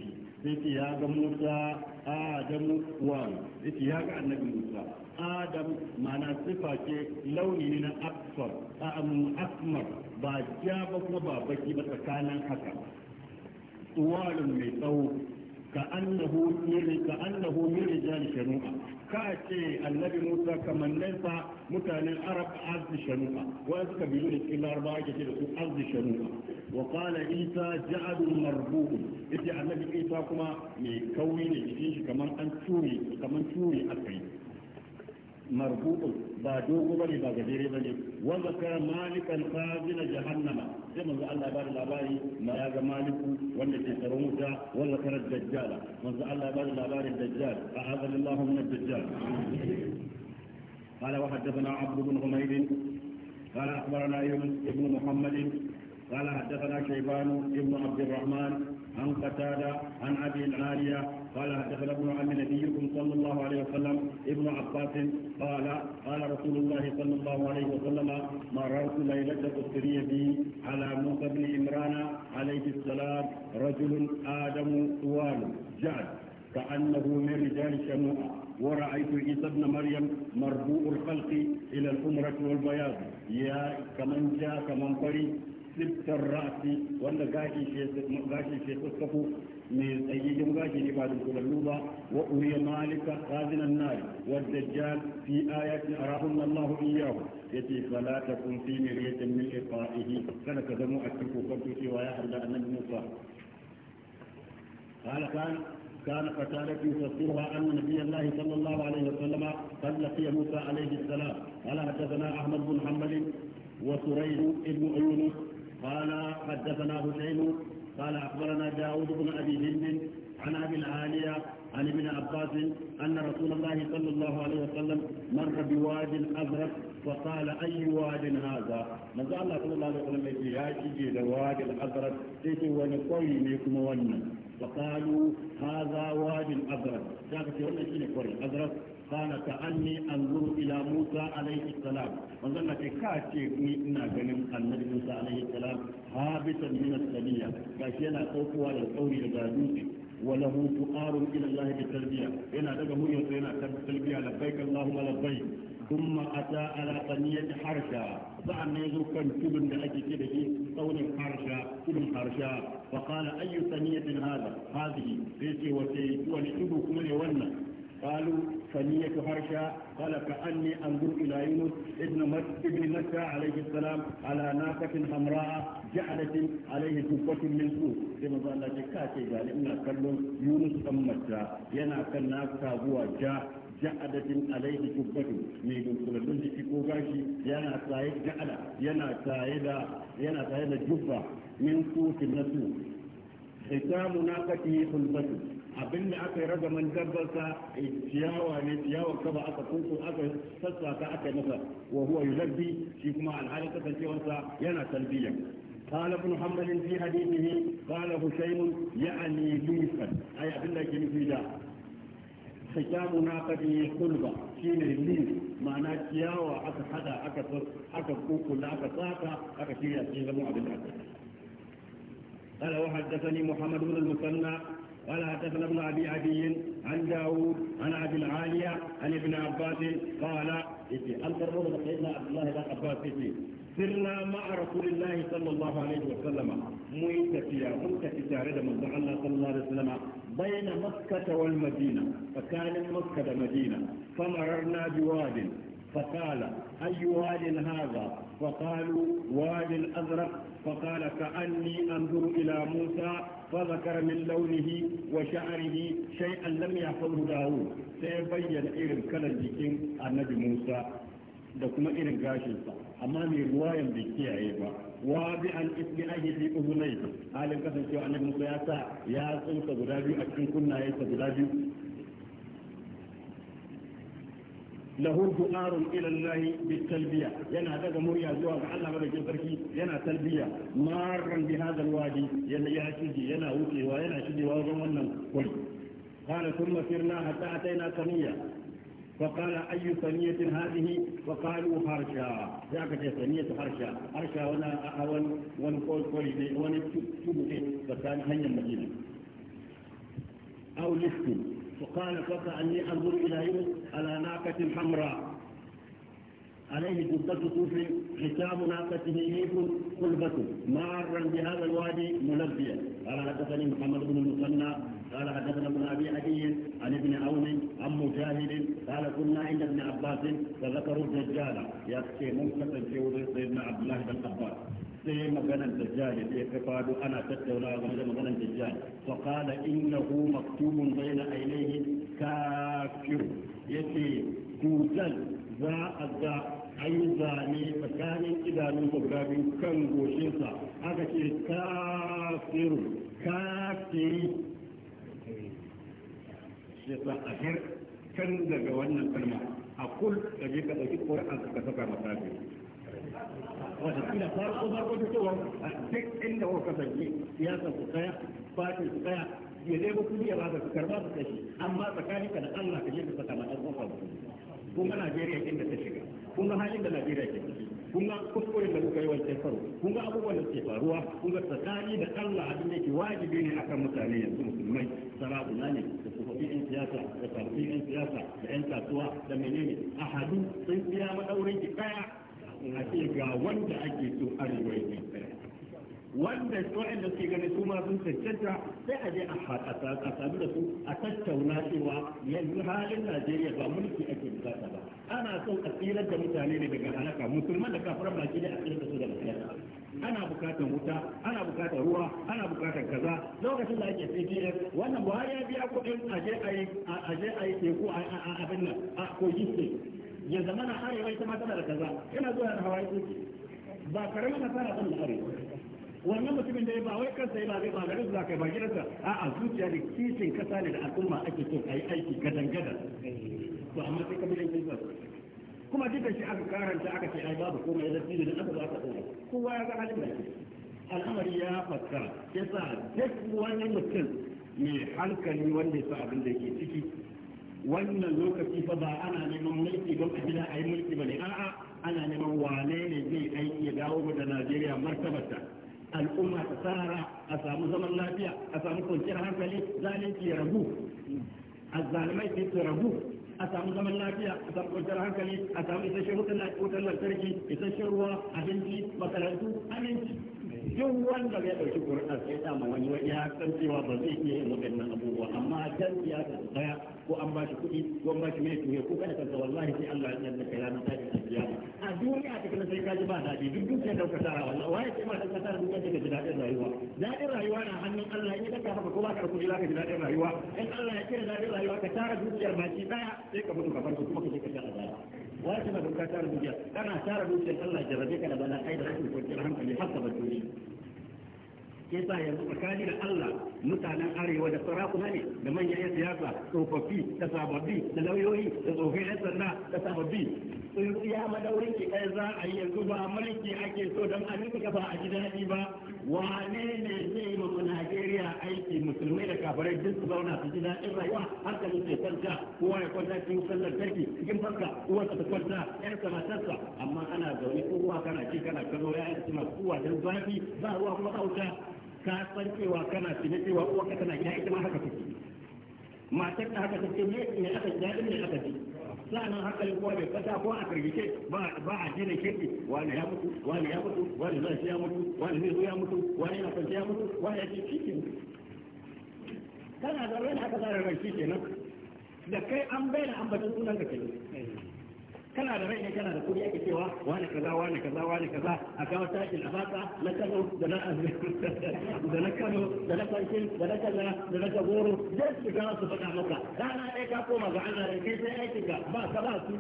إتياغ موسى آدم وان إتياغ النبي موسى آدم معنى صفة لوني من أكثر أسمر باجابة وبابكي بسكانا حكا طوال من ثوب كأنه من كأنه من رجال شنوعة ka ce annabi musa kamanninsa mutanen arab arzi shanuka wani suka biyu da cikin larabawa ke ce da su arzi shanuka wa qala isa ja'adun marbu'un annabi isa kuma mai kauri ne jikin shi kaman an ture kaman ture akai مربوط بعدوه بني بغدير بني وذكر مالكا خازن جهنم كما قال الله بار الاباري ما يا مالك ولا تسرموتا وذكر الدجال من قال الله بار الاباري الدجال فهذا الله من الدجال قال وحدثنا عبد بن حميد قال اخبرنا يونس بن محمد قال حدثنا شيبان بن عبد الرحمن عن قتاده عن ابي العاليه قال حدثنا ابن عم نبيكم صلى الله عليه وسلم ابن عباس قال قال رسول الله صلى الله عليه وسلم مررت ليلة تسري بي على موسى بن عمران عليه السلام رجل آدم طوال جعد كأنه من رجال شموع ورأيت عيسى ابن مريم مربوء الخلق إلى الحمرة والبياض يا كمن جاء كمن طري سبت الرأس وأن غاشي شيخ من أي جمعة بعد القلوبة وأري مالك خازن النار والدجال في آيات أراهن الله إياه يتي فلا تكن في مرية من إلقائه كان دمو أكتب وقلت في ويحرد أن موسى قال كان كان قتالة يفسرها أن نبي الله صلى الله عليه وسلم قد لقي موسى عليه السلام قال حدثنا أحمد بن حنبل وسريد بن أيونس قال حدثنا هشيم قال أخبرنا داود بن أبي هند عن أبي العالية عن ابن عباس أن رسول الله صلى الله عليه وسلم مر بواد أزرق فقال أي واد هذا ماذا الله صلى الله عليه وسلم يا يأتي لواد الأزرق إذ إيه ونقيمكم ون فقالوا هذا واد أزرق شافت يقول لك إيه أزرق kana ta anni anzuru ila Musa alaihi salam manzon na ce ka ce ina ganin annabi Musa alaihi salam habitan min as gashi yana daukowa da tsauri daga dutse wala hu tuqaru ila Allah bi yana daga muryar sa yana kan tarbiya labbaik Allahumma labbaik thumma ata ala qaniyat harsha sa'an ne zo kan tudun da ake ce da shi tsaunin harsha tudun harsha fa qala ayu qaniyatin hadha hadhihi sai ce wace wani tudu kuma ne wannan قالوا فنية هرشا قال كأني أنظر إلى يونس ابن ابن متى عليه السلام على ناقة حمراء جعلت عليه كوبة من سوء كما قال لك كاتي قال إن كلهم يونس أم متى ينا كان ناقة هو جاء جعدت عليه كوبة من كل من في كوباشي ينا سايد جعل ينا سايد ينا سايد جفة من سوء النسوء ختام ناقته خلبته abinda aka yi ragaman dabbarsa ciyawa ne ciyawar ba aka kunso aka ta aka masa wa huwa yulabbi shi kuma alhalin kasancewarsa yana talbiya قال ابن حنبل في حديثه قال حسين يعني ليفا اي الله لك في حجاب ناقته قلبة شين الليل معنى كياوة أكا حدا أكا صر أكا كوكل أكا ساكا أكا شيئا شيئا مو عبد قال وحدثني محمد بن المثنى قال حدثنا ابن ابي عدي عن داوود عن ابي العاليه عن ابن عباس قال انت الرجل سيدنا عبد الله بن عباس سرنا مع رسول الله صلى الله عليه وسلم ميتفيا ميتفيا من الله صلى الله عليه وسلم بين مكة والمدينة فكان مكة مدينة فمررنا بواد فقال أي واد هذا فقالوا واد ازرق فقال كأني أنظر إلى موسى فذكر من لونه وشعره شيئا لم يحفظه داوود سيبين إرم كالجيك النبي موسى دكما إرم قاشل أمامي رواية بكي عيبا وابعا الاسم أهي في أذنيه قال قصر شو أنك يا سا يا سلطة غرابي أكين كنا يا سلطة له دعاء إلى الله بالتلبية ينا هذا موريا زواج على ملك الفركي ينا تلبية مارا بهذا الوادي ينا يأتي ينا وكي وينا شدي وغم وغمنا قل قال ثم سرنا حتى أتينا ثنية فقال أي ثنية هذه وقالوا هرشا ذاك ثنية هرشا هرشا ونا أول ونقول قولي إيه، وانا تبقى فكان هيا المدينة أو لفتي فقال فكأني أنظر إلى يوسف على ناقة حمراء عليه جبة صوف ختام ناقته ليف قلبة مارا بهذا الوادي ملبيا قال حدثني محمد بن المثنى قال حدثنا ابن ابي عدي عن ابن عون عن مجاهد قال كنا عند ابن عباس فذكروا الدجال يا اخي ممكن تجيب سيدنا عبد الله بن عباس sai maganar jihar da ya fi fado ana tattaunawa game da maganar dajjal fa qala bai maktubun ainihin kafin kafir ce dujal za a ga ayi zane tsakanin idanun guda biyu kan goshinsa aka ce kafir kafiri shi sa ahir kan daga wannan kalma a kul da je ka ɗauki ƙwar'an ka saka
wata kila farko
farko ta cewa a duk inda kuka kasance siyasa ku tsaya fati ku tsaya ya dai ku ya ba su karba su kashi amma tsakanin ka da Allah ka je ka saka mai alƙafa kun ga Najeriya inda ta shiga kun ga halin da Najeriya ke ciki kun ga kuskuren da kuka yi wancan karo kun ga abubuwan da suke faruwa kun ga tsakani da Allah abin da ke wajibi ne akan mutane yanzu musulmai na ne da tsofaffi yan siyasa da tsofaffi yan siyasa da yan kasuwa da menene a hadu sun siya madaurin ki daya a ce ga wanda ake so arewa ya wanda waɗanda suke ganin su ma sun cancanta sai a je a sami da su a tattauna cewa yanzu halin Najeriya ba mulki ake bukata ba ana so a tsirar da mutane ne daga halaka musulman da kafiran baki da a tsirar da su da halaka ana bukatar wuta ana bukatar ruwa ana bukatar kaza lokacin da ake CTF wannan Buhari ya biya kuɗin aje a yi teku a abin nan a kogi ce ya zama na arewa ita ma tana da kaza yana zuwa da hawaye kuki ba karamin fara san da arewa wannan mutumin da ya ba wai kansa ya ba zai ba garin za kai ba gidansa a'a zuciya da kishin kasa ne da al'umma ake so a yi aiki gadan gadan to amma sai kabilancin sa kuma duk da shi aka karanta aka ce ai babu komai da tsiri da aka ba ka tsoro kowa ya ga halin da al'amari ya fassara yasa duk wani mutum mai hankali wanda ya sa abin da yake ciki wannan lokaci fa ba ana neman mulki don a gida a yi mulki ba ne a'a ana neman wane ne zai aiki ya dawo da najeriya martabarta al'umma ta sarara a samu zaman lafiya a samu kwanciyar hankali zalunci ya ragu azzalumai sai su ragu a samu zaman lafiya a samu kwanciyar hankali a samu isasshen wutan lantarki isasshen ruwa abinci makarantu aminci duk wanda ya dauki Qur'an sai da ma wani wani ya san cewa ba zai iya yin waɗannan abubuwa amma dan ya ta tsaya ko an ba shi kuɗi ko an ba shi mai tuye ko kada ka wallahi sai Allah ya tsaya ka ranar tashi ta biya a duniya ta kana sai kaji ba daɗi duk duk sai ka tara wallahi waye sai ma ta ka tara duk da daɗin rayuwa daɗin rayuwa na hannun Allah in ka kafa ko ba ka kuɗi za ka ji daɗin rayuwa in Allah ya kira daɗin rayuwa ka tara dukiyar baki daya sai ka mutu ka farko kuma ka je ka sha azaba wajiba da ka tara dukiya kana tara dukiyar Allah jarrabe ka da bala ai da rashin kwanciyar hankali har ka shi ke sa yanzu tsakani da Allah mutanen arewa da sarakuna ne da manyan yan siyasa tsofaffi da sababbi da lauyoyi da tsofi yan sanda da sababbi sun ya madaurin ki kai za a yi yanzu ba mulki ake so don an nufi kafa a ji ba wane ne zai mutu Najeriya aiki musulmai da kafirai duk su zauna su ji daɗin rayuwa hankalin sai kwanta kowa ya kwanta cikin sallar tarki cikin farka uwarsa ta kwanta ƴar samatarsa amma ana zaune kowa kana ci kana kano ya yi suna kowa don zafi ba ruwa kuma kauta ka san cewa kana cinewa uwarka tana gida ita ma haka take matar da haka take ne aka ji daɗin ne aka ji sa'annan hankalin kowa bai kasa ko a firgice ba a jina kirki wani ya mutu wani ya mutu wani zai ya mutu wani zai ya mutu wani na kwanci ya mutu wani ya ce shi kana da rai haka zarar rai shi kenan da kai an bayyana ambatan sunan da kenan kana da rai ne kana da kuɗi ake cewa wani kaza wani kaza wani kaza a kawo tashin a baka na kano da na da na kano da na kwancin da na kaza da na kaboro zai shiga su faɗa maka rana ɗaya ka koma ga Allah da kai sai aikinka ba ka ba su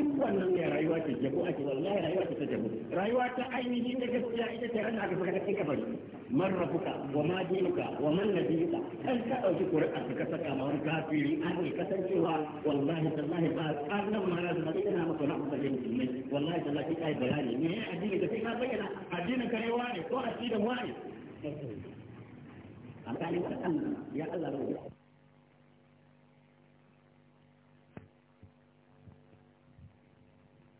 duk wannan ne rayuwa ce jabu ake wallahi rayuwa ce ta jabu rayuwa ta ainihin da gaskiya ita ce ran aka saka cikin kabari man rabbuka wa ma dinuka wa man nabiyuka kan ka dauki qur'an ka saka ma wani kafiri an ka san wallahi tallahi ba annan ma na da ina maka na da yin ne wallahi tallahi kai bayani ne addini ka sai ka bayyana addinin ka ne wani ko aqidan wani an kai wannan ya Allah ne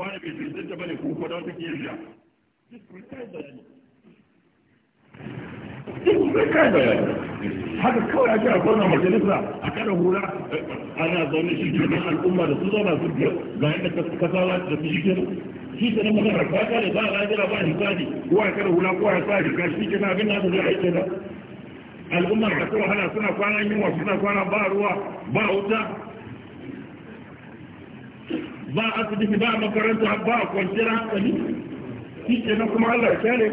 wani bai tsinta bane ko kuma ake majalisa da su ke nan magana ba kwana yunwa suna kwana ba ruwa ba ba asibiti ba makaranta ba a kwanciyar hankali shi ke na kuma Allah ya kyale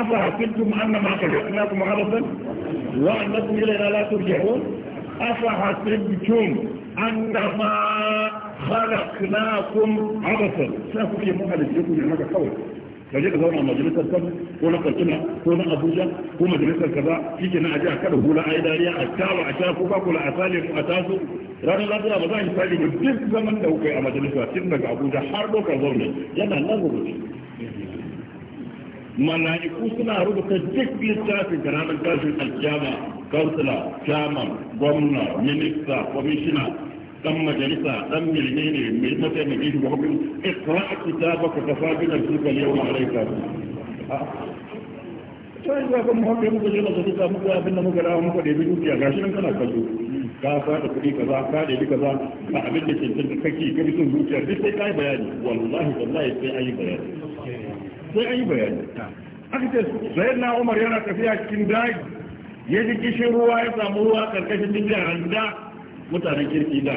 afa hakiktum annama khalaqnakum abathan wa annakum ilayna la turja'un afa hasibtum annama khalaqnakum abathan sai kuke mun halice ku ne maka kawai kaje ka zauna majalisar kan ko na kalkina ko na abuja ko majalisar kaza shi ke na aje a kada hula a yi dariya a tawa a sha ko ba kula a sale ko a taso ranar lafiya ba za a yi tsari ba duk zaman da kuka a majalisa tun daga abuja har lokar zaune yana nan rubuce mala'iku suna rubuta duk littafin da ranar tashin alkiyama kansila chairman gwamna minista kwamishina dan majalisa dan menene mai mataimakin shugaban ikra'a kitabaka kafa bin al-suka yawma alayka ah. sai ga kuma hakan muka je na zata muka abin da muka dawo muka da ya bi dukiya gashi nan kana kallo ka fada kuɗi kaza ka da duka za ka abin da cancanta kake ka bisun zuciya duk sai kai bayani wallahi wallahi sai ayi bayani sai ayi bayani aka ce sayyidina Umar yana tafiya cikin daji ya ji kishin ruwa ya samu ruwa karkashin dinga da mutanen kirki da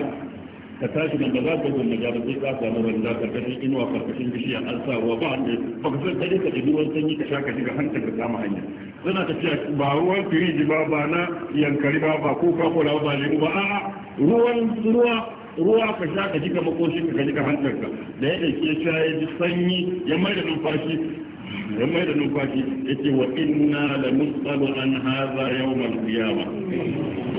ka tashi nan ba za ka gwanna ga sai ka samu randa karkashin inuwa karkashin bishiya an sa wa ba ne ba ka san dare ka ji ruwan sanyi ka sha ka shiga hankali ka kama hanya suna tafiya ba ruwan firiji ba ba na yankari ba ba ko kakola ba lemu ba a'a ruwan ruwa ruwa ka sha ka ji ka makoshin ka ji ka hantarka da ya ɗauki ya sha ya sanyi ya mai da numfashi yan mai da numfashi yake wa inna la musalu an hada yawm al qiyama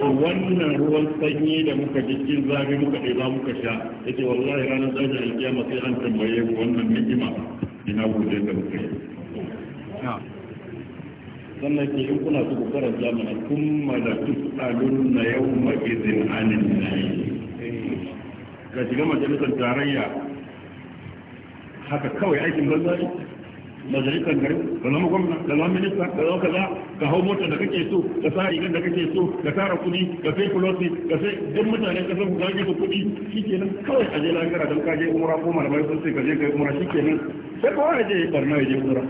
wannan ruwan sanyi da muka ji cikin zafi muka ɗeba muka sha yake wallahi ranar tashin al qiyama sai an tambaye mu wannan ni'ima ina gode da muke sannan ke in kuna su kukarar zamana kun mada tusalun na yau magizin anin na yi ka shiga majalisar tarayya haka kawai aikin banzari majalisar gari ka zama gwamna ka zama minista ka zama kaza ka hau mota da kake so ka sa rigar da kake so ka tara kuɗi ka sai kulosi, ka sai duk mutanen ka san gaje su kuɗi shikenan kawai a je lahira don ka je umra ko malamai sun sai ka je kai umra shikenan sai kawai a je barna ya je umra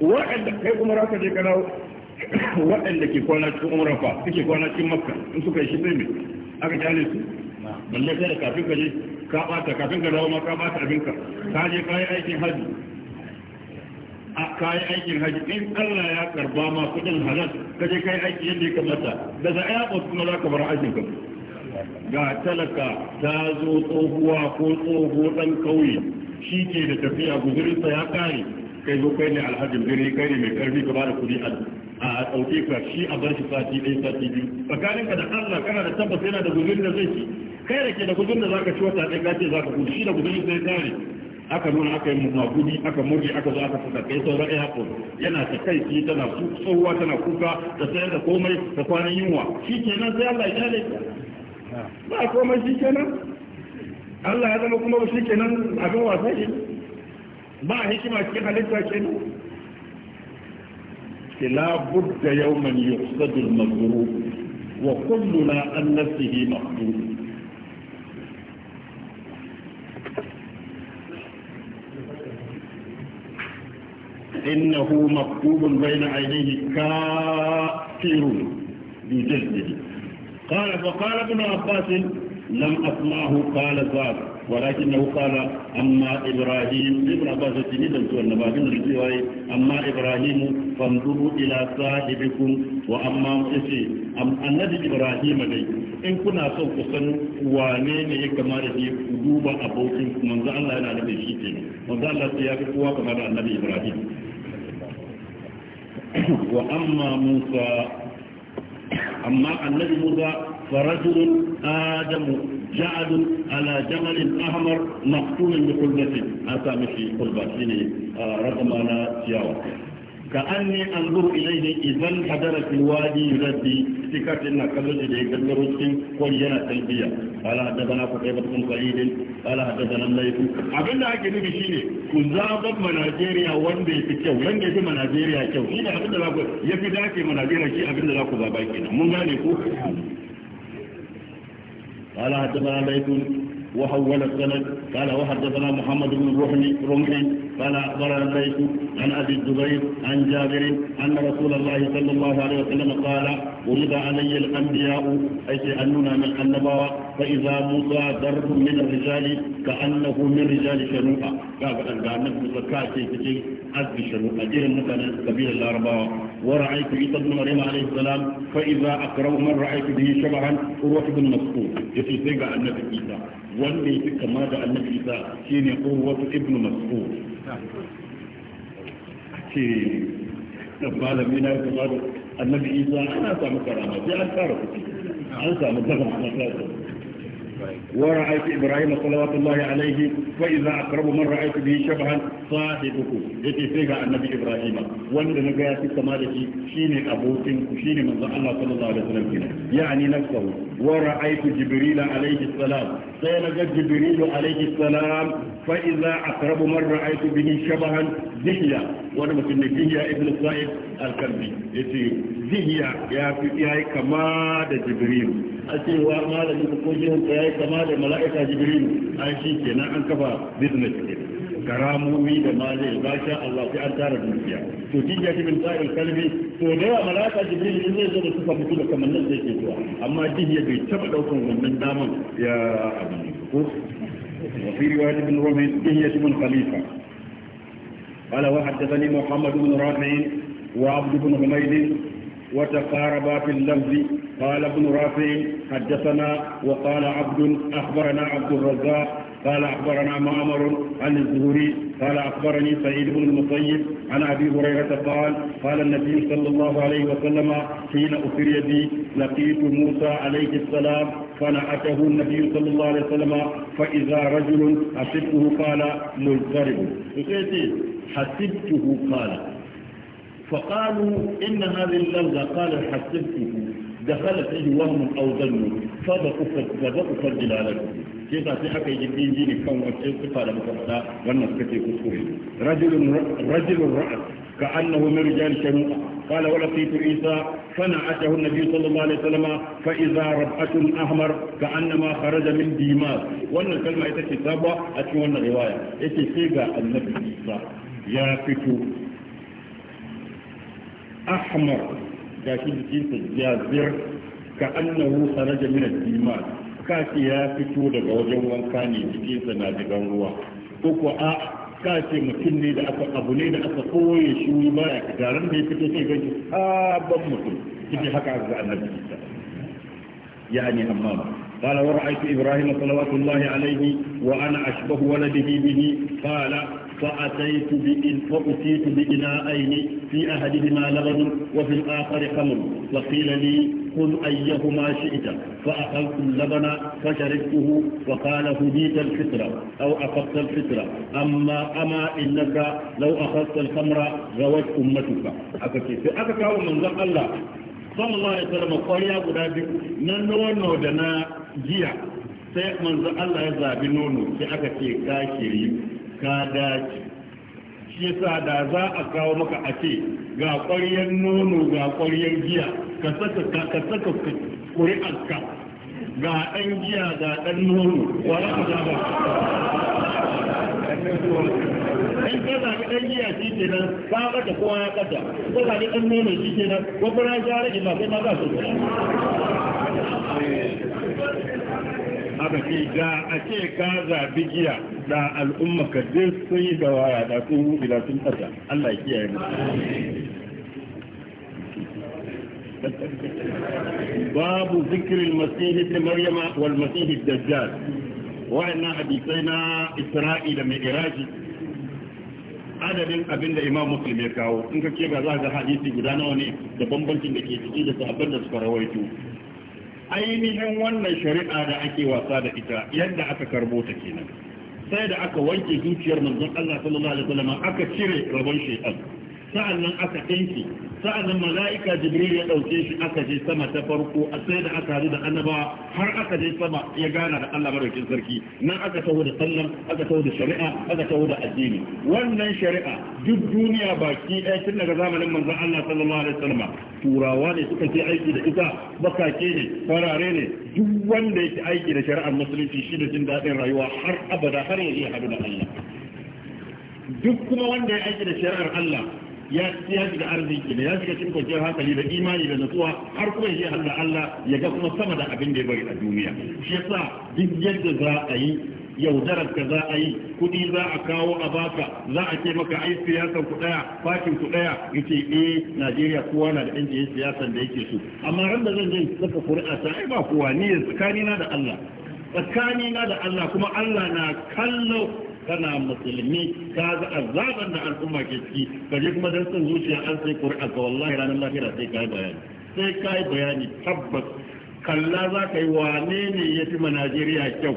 wa'anda kai umra ka je ka dawo waɗanda ke kwana cikin umra fa suke kwana cikin makka in suka yi shi sai me aka jale su balle sai da kafin ka je ka bata kafin ka dawo ma ka bata abinka ka je ka yi aikin hajji. kayi aikin haji in Allah ya karba ma kudin halal ka je kai aiki yadda ya kamata daga airport kuma za ka bar aikin ka ga talaka ta zo tsohuwa ko tsoho dan kauye shi ke da tafiya guzurinsa ya kare kai zo kai ne alhajin birni kai ne mai karfi ka bada kuɗi a ɗauke ka shi a bar shi sati ɗaya sati biyu ka da Allah kana da tabbas yana da guzurin da zai ci kai da ke da guzurin da zaka ci wata ɗaya ka ce zaka kuɗi shi da guzurin zai kare aka nuna aka yi magudi aka murji aka zo aka fita kai sauran ya hakuri yana ta kai shi tana tsohuwa tana kuka da sayar da komai da kwanan yunwa shi kenan sai Allah ya kyale ba komai shi kenan Allah ya zama kuma shi kenan abin wasa shi ba hikima cikin halitta kenan Kila budda yawman yuhsadu maghrub wa kulluna an nafsihi mahdud فإنه مكتوب بين عينيه كافر بجلده قال فقال ابن عباس لم أسمعه قال ذاك ولكنه قال أما إبراهيم ابن عباس جديدا سوى النبابين الرجوعي أما إبراهيم فانظروا إلى صاحبكم وأما إسي أم النبي إبراهيم لي إن كنا سوف سن وانين كما رجي قدوب أبوكم من ذا الله أنا نبي شيء من ذا الله سياك قوة كما النبي إبراهيم وأما موسى أما الذي موسى فرجل آدم جعل على جمل أحمر مقتول بقلبة أتى مشي قلبة يعني، آه، رقم على سياوة ka an ne an zuru ilaihi idan hadara fil wadi rabbi sikatin na kallo da dai gaddaro cikin kon yana talbiya ala hadana ku kai batun qaidin ala hadana laifu abinda ake nufi shine ku zaban ma Najeriya wanda yake kyau nan da ma Najeriya kyau shine abinda za ku yafi dace ma Najeriya shi abinda za ku zaba kenan mun gane ku ala hadana laifu وحول السند قال وحدثنا محمد بن رمح رمح قال أخبرنا الليث عن أبي الزبير عن جابر أن رسول الله صلى الله عليه وسلم قال ولد علي الأنبياء أي شأننا من النبوة فإذا موسى درب من الرجال كأنه من رجال شنوءة قال أن النبي زكاة أزل شروع أجل مثلا سبيل الأربعة ورأيت عيسى بن مريم عليه السلام فإذا أقرأ من رأيت به شبعا أروح بن مسعود يسي سيقى النبي عيسى واللي يفك ماذا النبي عيسى شين قوة ابن مسعود قال مين النبي عيسى أنا سامو
كرامة أنا سامو كرامة أنا سامو كرامة
ورأيت إبراهيم صلوات الله عليه فإذا أقرب من رأيت به شبها صاحبه يتي فيها النبي إبراهيم وأن نجاة السمالك شين أبوكم شين من الله صلى الله عليه وسلم كنا يعني نفسه ورأيت جبريل عليه السلام سينجى جبريل عليه السلام فإذا أقرب من رأيت به شبها zihiya wani mutum ne zihiya ibn sa'id al-kalbi yace zihiya ya fi yayi kama da jibril a cewa malamin ko yayi kama da mala'ika jibril ai shi kenan an da malai ba sha Allah sai an tara dukiya to jiya ibn sa'il kalbi to da ya malaka jibril in zai zo da suka mutu da zuwa amma jiya bai taba daukan wannan daman ya abin ko wa fi riwayat ibn jiya khalifa قال وحدثني محمد بن رافع وعبد بن حميد وتقاربا في اللفظ قال ابن رافع حدثنا وقال عبد اخبرنا عبد الرزاق قال اخبرنا معمر عن الزهري قال اخبرني سعيد بن المطيب عن ابي هريره قال قال النبي صلى الله عليه وسلم حين اسري بي لقيت موسى عليه السلام فنعته النبي صلى الله عليه وسلم فاذا رجل اشبه قال مضطرب حسبته قال فقالوا إن هذه اللفظة قال حسبته دخلت فيه وهم أو ظن فبقوا فرجل على ke sa sai aka yi jirgin ne kan wacce sifa da muka faɗa wannan suka ce kuskure rajulun ra'as ka annahu min rijal shanu'a qala wa laqitu isa fana'atahu an-nabi sallallahu alaihi wasallam fa idza rab'atun ahmar ka annama min dimas wannan kalma ita ce sabwa a cikin wannan riwaya sai ga annabi isa ya fito ahmar ga shi jikinsa jazir ka annahu kharaja min al-iman kace ya fito daga wajen wanka ne jikinsa na digan ruwa ko ko a kace mutum ne da aka abu ne da aka koye shi ba ya taron da ya fito sai gaji a ban mutum kike haka ga annabi yani amma قال ورأيت إبراهيم صلوات الله عليه وأنا أشبه ولده به قال فأتيت بإن فأتيت بإناءين في أحدهما لبن وفي الآخر خمر وقيل لي خذ أيهما شئت فأخذت اللبن فشربته وقال هديت الفطرة أو أخذت الفطرة أما أما إنك لو أخذت الخمر غوت أمتك أكتب أكتب من ذا الله صلى الله عليه وسلم قرية قدابي ننوى نودنا جيا sai manzo Allah ya zabi nono sai aka ce ka shiri ka dace shi yasa da za a kawo maka a ce ga ƙwaryar nono ga ƙwaryar giya ka saka ka saka ƙuri'arka ga ɗan giya ga ɗan nono wala ka ba in ka zaɓi ɗan giya shi ke nan ka ɓata kowa ya ɓata ko zaɓi ɗan nono shi ke nan ko kuma ya shara ba sai ma za su kula. Haka ce ga a ce ka zaɓi giya da al'umma ka duk sun yi gawaya da sun hudu da sun tsada Allah ya kiyaye mu babu zikirin masihi ibn maryama wal masihi dajjal wa'annan hadisai na isra'ila mai iraji adadin abin da imam muslim ya kawo in ka ga za ga hadisi guda nawa ne da bambancin da ke ciki da sabbin da suka rawaito ainihin wannan shari'a da ake wasa da ita yadda aka karbo ta kenan sai da aka wanke zuciyar manzon Allah sallallahu alaihi wasallam aka cire rabon shaytan sa'annan aka tanki sa'annan mala'ika jibril ya ɗauke shi aka je sama ta farko a sai da aka da annabawa har aka je sama ya gana da Allah madaukakin sarki nan aka taho da sallan aka taho da shari'a aka taho da addini wannan shari'a duk duniya baki ɗaya tun daga zamanin manzon Allah sallallahu alaihi wasallam turawa ne suka ce aiki da ita bakake ne farare ne duk wanda yake aiki da shari'ar musulunci shi da jin daɗin rayuwa har abada har ya haɗu da Allah duk kuma wanda ya aiki da shari'ar Allah ya ya shiga arziki ne ya shiga cikin kwanciyar hankali da imani da nutsuwa har kuma ya Allah Allah ya ga kuma sama da abin da ya bari a duniya shi yasa duk yadda za a yi yaudarar ka za a yi kudi za a kawo a baka za a ce maka ai siyasar ku daya fatin ku daya yace eh Najeriya kowa na da ɗan jiyin siyasar da yake so amma randa da zan je saka kuri'a ta ai ba kowa ni tsakanina da Allah tsakanina da Allah kuma Allah na kallo kana musulmi ka ga azaban da al'umma ke ciki ka je kuma dan zuciya an sai qur'an ka wallahi ranar lahira sai kai bayani sai kai bayani tabbas kalla za ka yi wane ne ya fi ma Najeriya kyau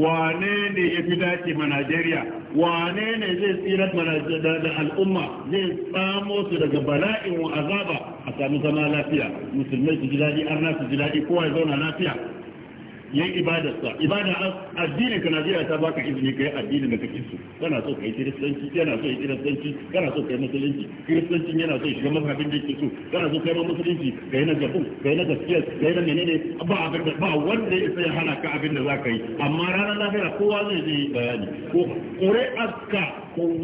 wane ne ya fi dace ma Najeriya wane ne zai tsira da al'umma zai samo su daga bala'in wa azaba a sami zama lafiya musulmai su ji daɗi arna su ji daɗi kowa ya zauna lafiya yin ibadarsa ibada addinin ka Najeriya ta baka izini kai addinin da kake so kana so kai kiristanci yana so kai kiristanci kana so kai musulunci kiristancin yana so shiga mafafin da yake so kana so yi musulunci yi na gabu kai na gaskiya kai na menene ba abin da ba wanda ya sai hana ka abin da ka yi amma ranar lafiya kowa zai je bayani ko kore aska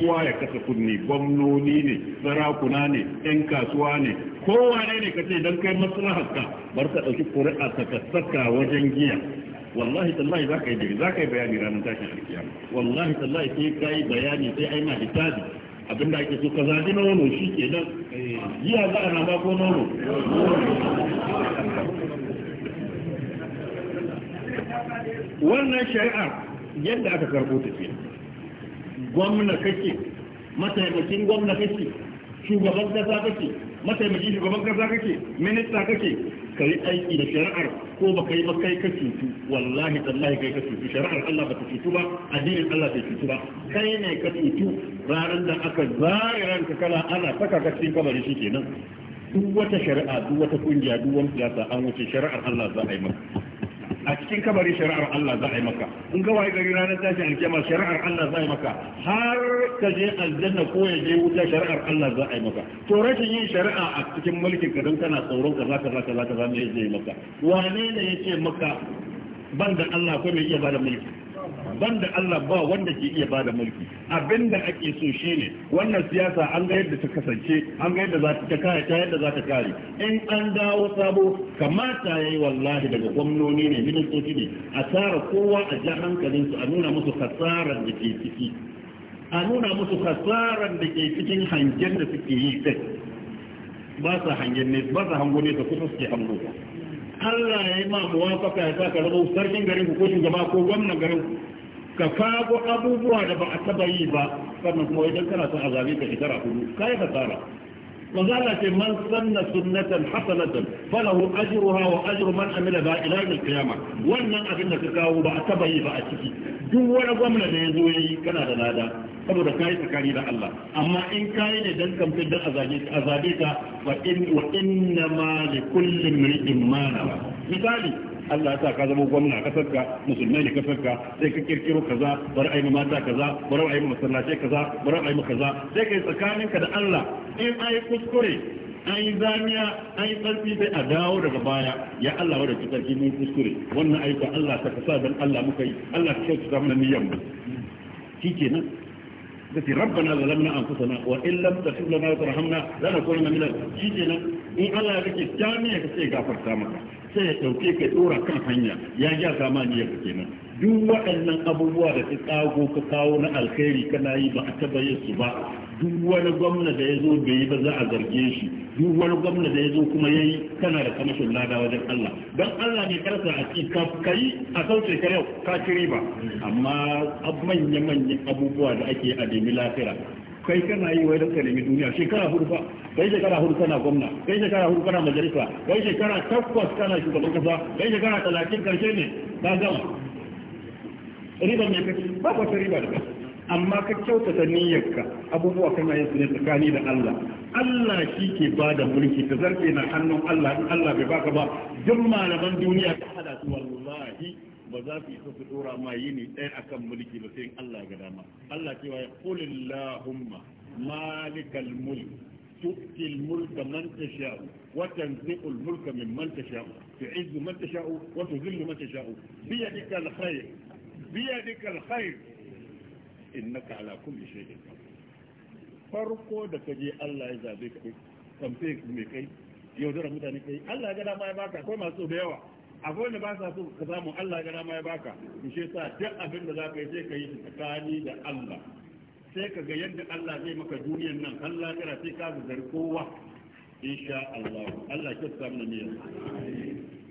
kowa ya kasa kunni gwamnoni ne sarakuna ne yan kasuwa ne kowa ne ne kace dan kai maslaharka bar ka dauki qur'a ka saka wajen giya wallahi tallahi za ka yi dare za ka yi bayani ranar tashin kiyama wallahi tallahi sai ka yi bayani sai ai ma abinda ake so ka na nono shi ke nan giya za a rama ko nono
wannan shari'ar
yadda aka karɓo ta ce gwamna kake mataimakin gwamna kake shugaban kasa kake mataimakin shugaban kasa kake minista kake kai aiki da shari'ar ko ba kai ba kai ka cutu wallahi tallahi kai ka cutu shari'ar Allah ba ta cutu ba addinin Allah bai cutu ba kai ne ka cutu ranar da aka zare ranka kala ana saka ka cikin kabari shikenan duk wata shari'a duk wata kungiya duk wani siyasa an wuce shari'ar Allah za a yi maka a cikin kabari shari'ar Allah za a yi maka in ga waye gari ranar tashi alkiyama shari'ar Allah za a yi maka har ka je aljanna ko ya je wuta shari'ar Allah za a yi maka to rashin yin shari'a a cikin mulkin ka don kana tsoron kaza kaza kaza kaza me zai maka wane ne yake maka banda Allah ko me iya bada mulki banda Allah ba wanda ke iya bada mulki abinda ake so ne, wannan siyasa an ga yadda ta kasance an ga yadda za ta kare ta yadda za ta kare in an dawo sabo kamata ya yi wallahi daga gwamnoni ne ministoci ne a tsara kowa a ji hankalinsu a nuna musu kasarar da ke ciki a nuna musu kasarar da ke cikin hangen da suke yi kai ba sa hangen ne ba sa hango ne da kusa suke hango Allah ya yi ma muwafaka ya ka rabo sarkin garin ku ko shugaba ko gwamnan garin ka fago abubuwa da ba a taba yi ba sannan kuma idan kana son azabi ka shekara kudu kai ka tsara manzo Allah ce man sanna sunnatan hasanatan falahu ajruha wa ajru man amila ba ila yawm al-qiyama wannan abin da ka kawo ba a taba yi ba a ciki duk wani gwamna da yazo yi kana da lada. saboda kai tsakani da Allah amma in kai ne dan kan fitar azabi ka ka wa in wa inna ma li kulli mri'in misali Allah ya sa ka zama gwamna kasar ka musulmai ne kasar ka sai ka kirkiro kaza bari ayi mata kaza bari ayi masallaci kaza bari ayi kaza sai kai tsakanin ka da Allah in ayi kuskure an yi zamiya an yi sai a dawo daga baya ya Allah wadda tsarki mun kuskure wannan ayyuka Allah ta kasa dan Allah muka yi Allah ta kyautata mana niyyar mu shikenan suka ce rabbana zalamna anfusana wa in lam taghfir lana wa tarhamna lanakunanna minal shikenan in Allah ya kake kyani ya kace gafarta maka sai ya dauke ka dora kan hanya ya ja ka ma niyyar kenan duk waɗannan abubuwa da ta tsago ka kawo na alkhairi kana yi ba a taba yin su ba duk wani gwamna da ya zo da yi ba za a zarge shi duk wani gwamna da ya zo kuma ya yi kana da kamashin lada wajen Allah don Allah ne karsa a ci ka a sauce ka yau ka ci riba amma manya-manyan abubuwa da ake a demi lafira kai kana yi wai don ka nemi duniya shekara hudu fa kai shekara hudu kana gwamna kai shekara hudu kana majalisa kai shekara takwas kana shugaban kasa kai shekara talatin karshe ne ka gama riban ne kake ba wata riba da amma ka kyautata niyyarka abubuwa kana yin su ne tsakani da Allah Allah shi ke ba da mulki ka zarke na hannun Allah in Allah bai baka ba duk malaman duniya ka hada su wallahi ba za ku isa su dora ma yini ɗaya akan mulki ba sai Allah ga dama Allah wa ya kulillahumma malikal mulk تؤتي الملك من تشاء وتنزع الملك ممن تشاء تعز من تشاء وتذل من تشاء بيدك الخير biyadika alkhair innaka ala kulli shay'in farko da kaje Allah ya zabe ka kamfe mai kai yaudara mutane kai Allah ya ga dama ya baka akwai masu da yawa akwai wanda ba sa so ka samu Allah ya ma ya baka to shi yasa duk abin da zaka yi sai ka yi tsakani da Allah sai ka ga yadda Allah zai maka duniyar nan Allah ya sai ka zargi kowa insha Allah Allah ya samu ne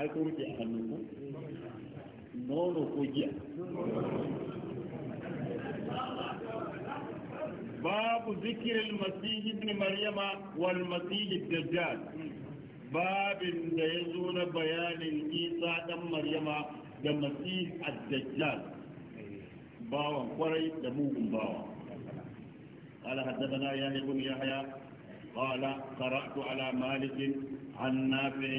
ai ko rufe a ko nono ko giya babu zikirin masihi ibn maryama wal masihi dajjal babin da ya zo na bayanin isa dan maryama da masih bawan kwarai da mugun bawa قال حدثنا يحيى بن يحيى قال قرأت على مالك عن نافع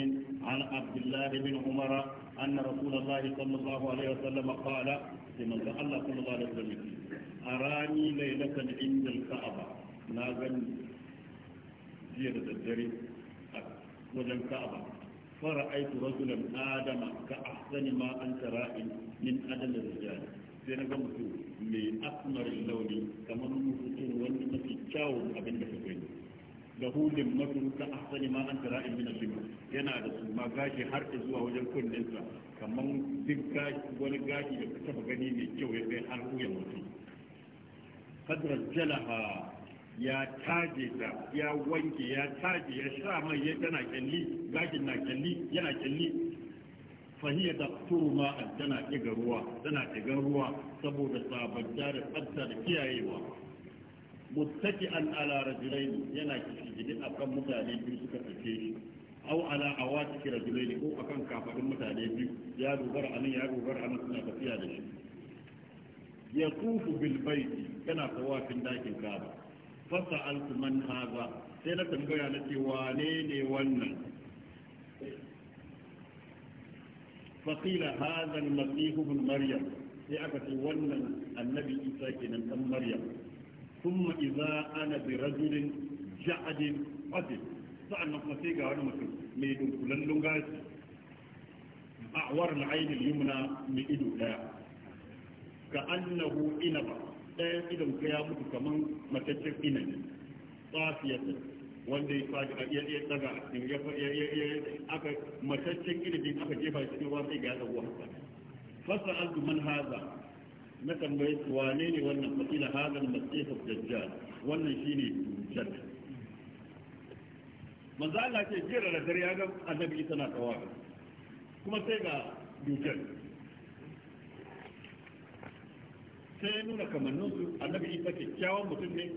عن عبد الله بن عمر أن رسول الله صلى الله عليه وسلم قال لمن الله صلى الله عليه وسلم أراني ليلة عند الكعبة نازل زيادة الدري وجن كعبة فرأيت رجلا آدم كأحسن ما أنت رائن من أدم الرجال sai na ga mutum mai asmarin launi kamar mutum wanda mafi kyawun abin da ka gani lahu limmatu ka ahsani ma an tara min al-lima yana da suma gashi har zuwa wajen kunninsa kamar duk gashi wani gashi da ka ba gani mai kyau ya kai har wuyan mutum kadra jalaha ya taje ta ya wanke ya taje ya sha mai ya tana kyalli gashin na kyalli yana kyalli
fahiyar da tana ɗiga ruwa tana ruwa saboda sabanta da tsabta da kiyayewa
muttaki'an ala rajulaini yana a kan mutane biyu suka sake shi au ala awatiki rajulaini ko akan kafadin mutane biyu ya dogara a nan ya dogara a nan suna tafiya da shi ya tufu bil yana tawafin dakin kaba fasa altu man haza sai na tambaya na ce wane ne wannan fakila hazan masihu bin maryam sai aka ce wannan annabi isa kenan dan maryam ثم إذا ana برجل جعد ja'adin qadim sa'annan kuma sai ga wani mutum mai dunkulallun gashi a'war al-ayn al mai daya ka annahu inaba ɗayan idon ka ya mutu kaman mataccen inabi tsafiyatan wanda ya ya daga ya ya aka mataccen inabin aka jefa cikin ruwa sai ga haza na tambaye su wane ne wannan fakila hadal masifar dajjal wannan shine dajjal manzo Allah ce jira da dare ya ga annabi na tawaga kuma sai ga dajjal sai ya nuna kamannin su annabi isa kyakkyawan mutum ne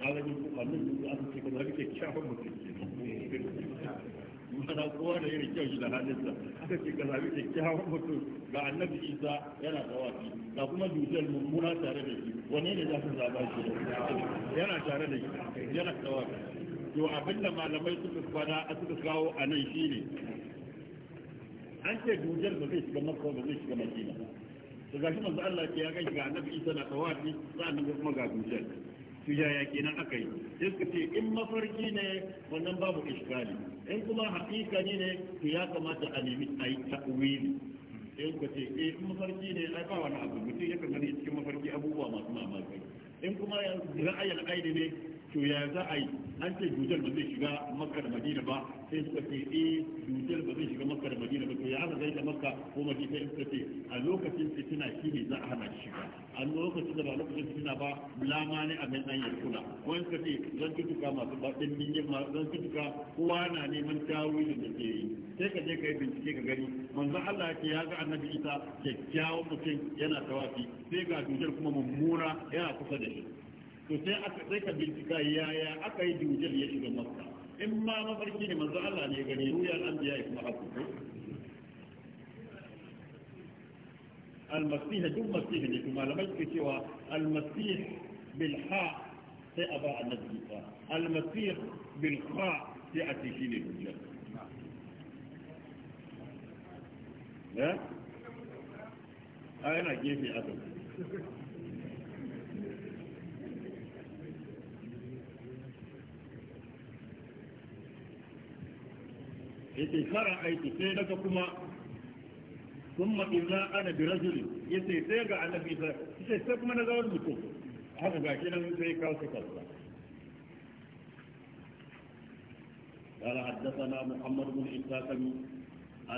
a rajin kuɓannin su aka ce ke kyakkyawan mutum ne mana kowa da irin kyau shi da halinsa aka ce ka zabi kyakkyawan mutum ga annabi isa yana tawafi ga kuma dutsen mummuna tare da shi wane ne za ka zaba shi yana tare da shi yana tawafi to abinda malamai suka fada suka kawo a nan ne. an ce dutsen ba zai shiga makka ba zai shiga madina to gashi manzo Allah ya ga shi ga annabi isa na tawafi sa'an kuma ga dutsen to yaya kenan aka yi sai suka ce in mafarki ne wannan babu iskali in kuma hakika ne to ya kamata a nemi a yi ta'wili sai suka ce eh in mafarki ne ai ba wani abu mutum ya kan gani cikin mafarki abubuwa masu mamaki in kuma ra'ayin aini ne to ya za a yi an ce dutar ba zai shiga makar da madina ba sai suka ce eh dutar ba zai shiga makar da madina ba to ya haka zai ta makka ko madina sai suka ce a lokacin tuna shi ne za a hana shi shiga a lokacin da ba lokacin tuna ba lama ne a mai an kula wani suka ce zan tutuka masu baɗin niyyar ma zan tutuka kowa na neman tawilin da ke yi sai ka je ka yi bincike ka gani manzon Allah ke ya ga annabi Isa kyakkyawan mutum yana tawafi sai ga dutar kuma mummuna yana kusa da shi to sai aka sai ka bincika yaya aka yi dujal ya shiga makka in ma mafarki ne manzo Allah ne gani ruyan anbiya kuma haku المسيح دون مسيح ne kuma malamai cewa المسيح بالحاء sai a ba المسيح بالخاء sai a ce shine hujja ne eh? a yana gefe yace fara aiki sai daga kuma kuma illa ana bi rajuli yace sai ga annabi sai sai kuma na zawar mutum haka ga kinan sai kawo su kalsa قال حدثنا محمد بن إسحاق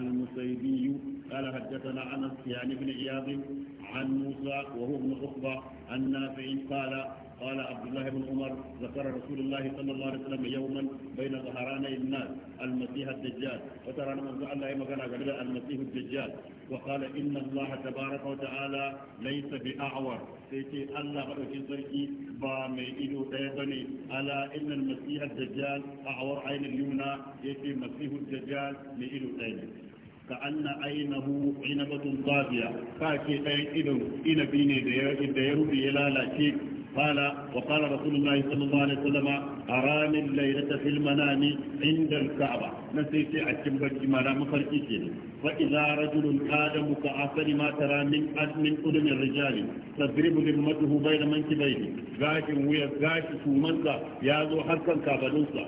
المسيبي قال حدثنا أنس يعني بن عياض عن موسى وهو ابن عقبة عن نافع قال قال عبد الله بن عمر ذكر رسول الله صلى الله عليه وسلم يوما بين ظهراني الناس المسيح الدجال وترى من الله ما كان المسيح الدجال وقال إن الله تبارك وتعالى ليس بأعور سيتي الله بدوكين سركي با مي إدو بني ألا إن المسيح الدجال أعور عين اليمنى يتي مسيح الدجال مي إدو ديبني كأن عينه عنبة طافية فاكي أي إدو إنبيني دير دير بيلا لكي قال وقال رسول الله صلى الله عليه وسلم أراني الليلة في المنام عند الكعبة نسيت أكم بجمالا مفرقين فإذا رجل آدم كعسل ما ترى من من أذن الرجال تضرب ذمته بين منكبيه غاش ويا غاش سومنك يا ذو حركا كابلوسا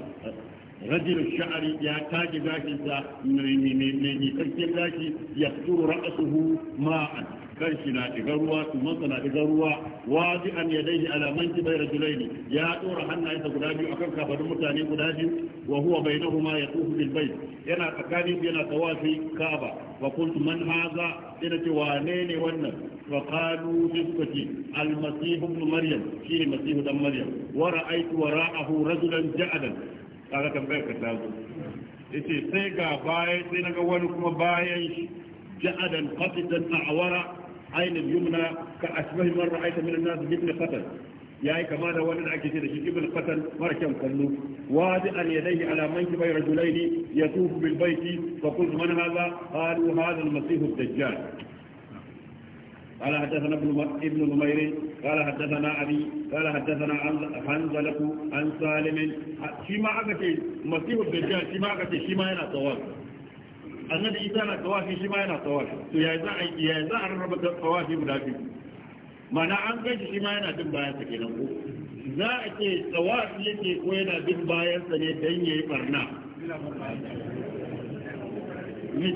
rajul sha'ari ya taji gashinsa mai sarkin gashi ya turu ra'asuhu ma'an na diga ruwa tumansa na diga ruwa wazi an yadaihi ala manki bai rajulaini ya dora hannayensa guda biyu akan kafadun mutane guda biyu wa huwa bainahuma yatufu bil bayt yana tsakanin yana tawafi ka'aba wa qultu ce wane ne wannan فقالوا نسبتي المسيح ابن مريم شيء wara ابن مريم ورأيت وراءه رجلا جعلا kaga tambayar ka ta zo yace sai ga baya sai naga wani kuma bayan shi ja'adan qatidan a'wara ainul yumna ka asbahi man ra'aita min an-nas ibn qatan yayi kama da wani da ake ce da shi ibn qatan mara kyan kallo wadi an yadayhi ala manki bay rajulaini yatufu bil bayti fa qul man hadha qalu hadha al-masih ad-dajjal قال حدثنا ابن ابن نمير قال حدثنا ابي قال حدثنا حنزلة عن سالم شيما اكتي مسيح الدجال شيما اكتي شيما ينا طوال النبي عيسى نا طواف شيما ينا طواف تو يا ذا يا ذا رب الطواف ما انا ان كاي شيما ينا دين بايان سا kenan ko za a ce tsawaf yake ko yana bin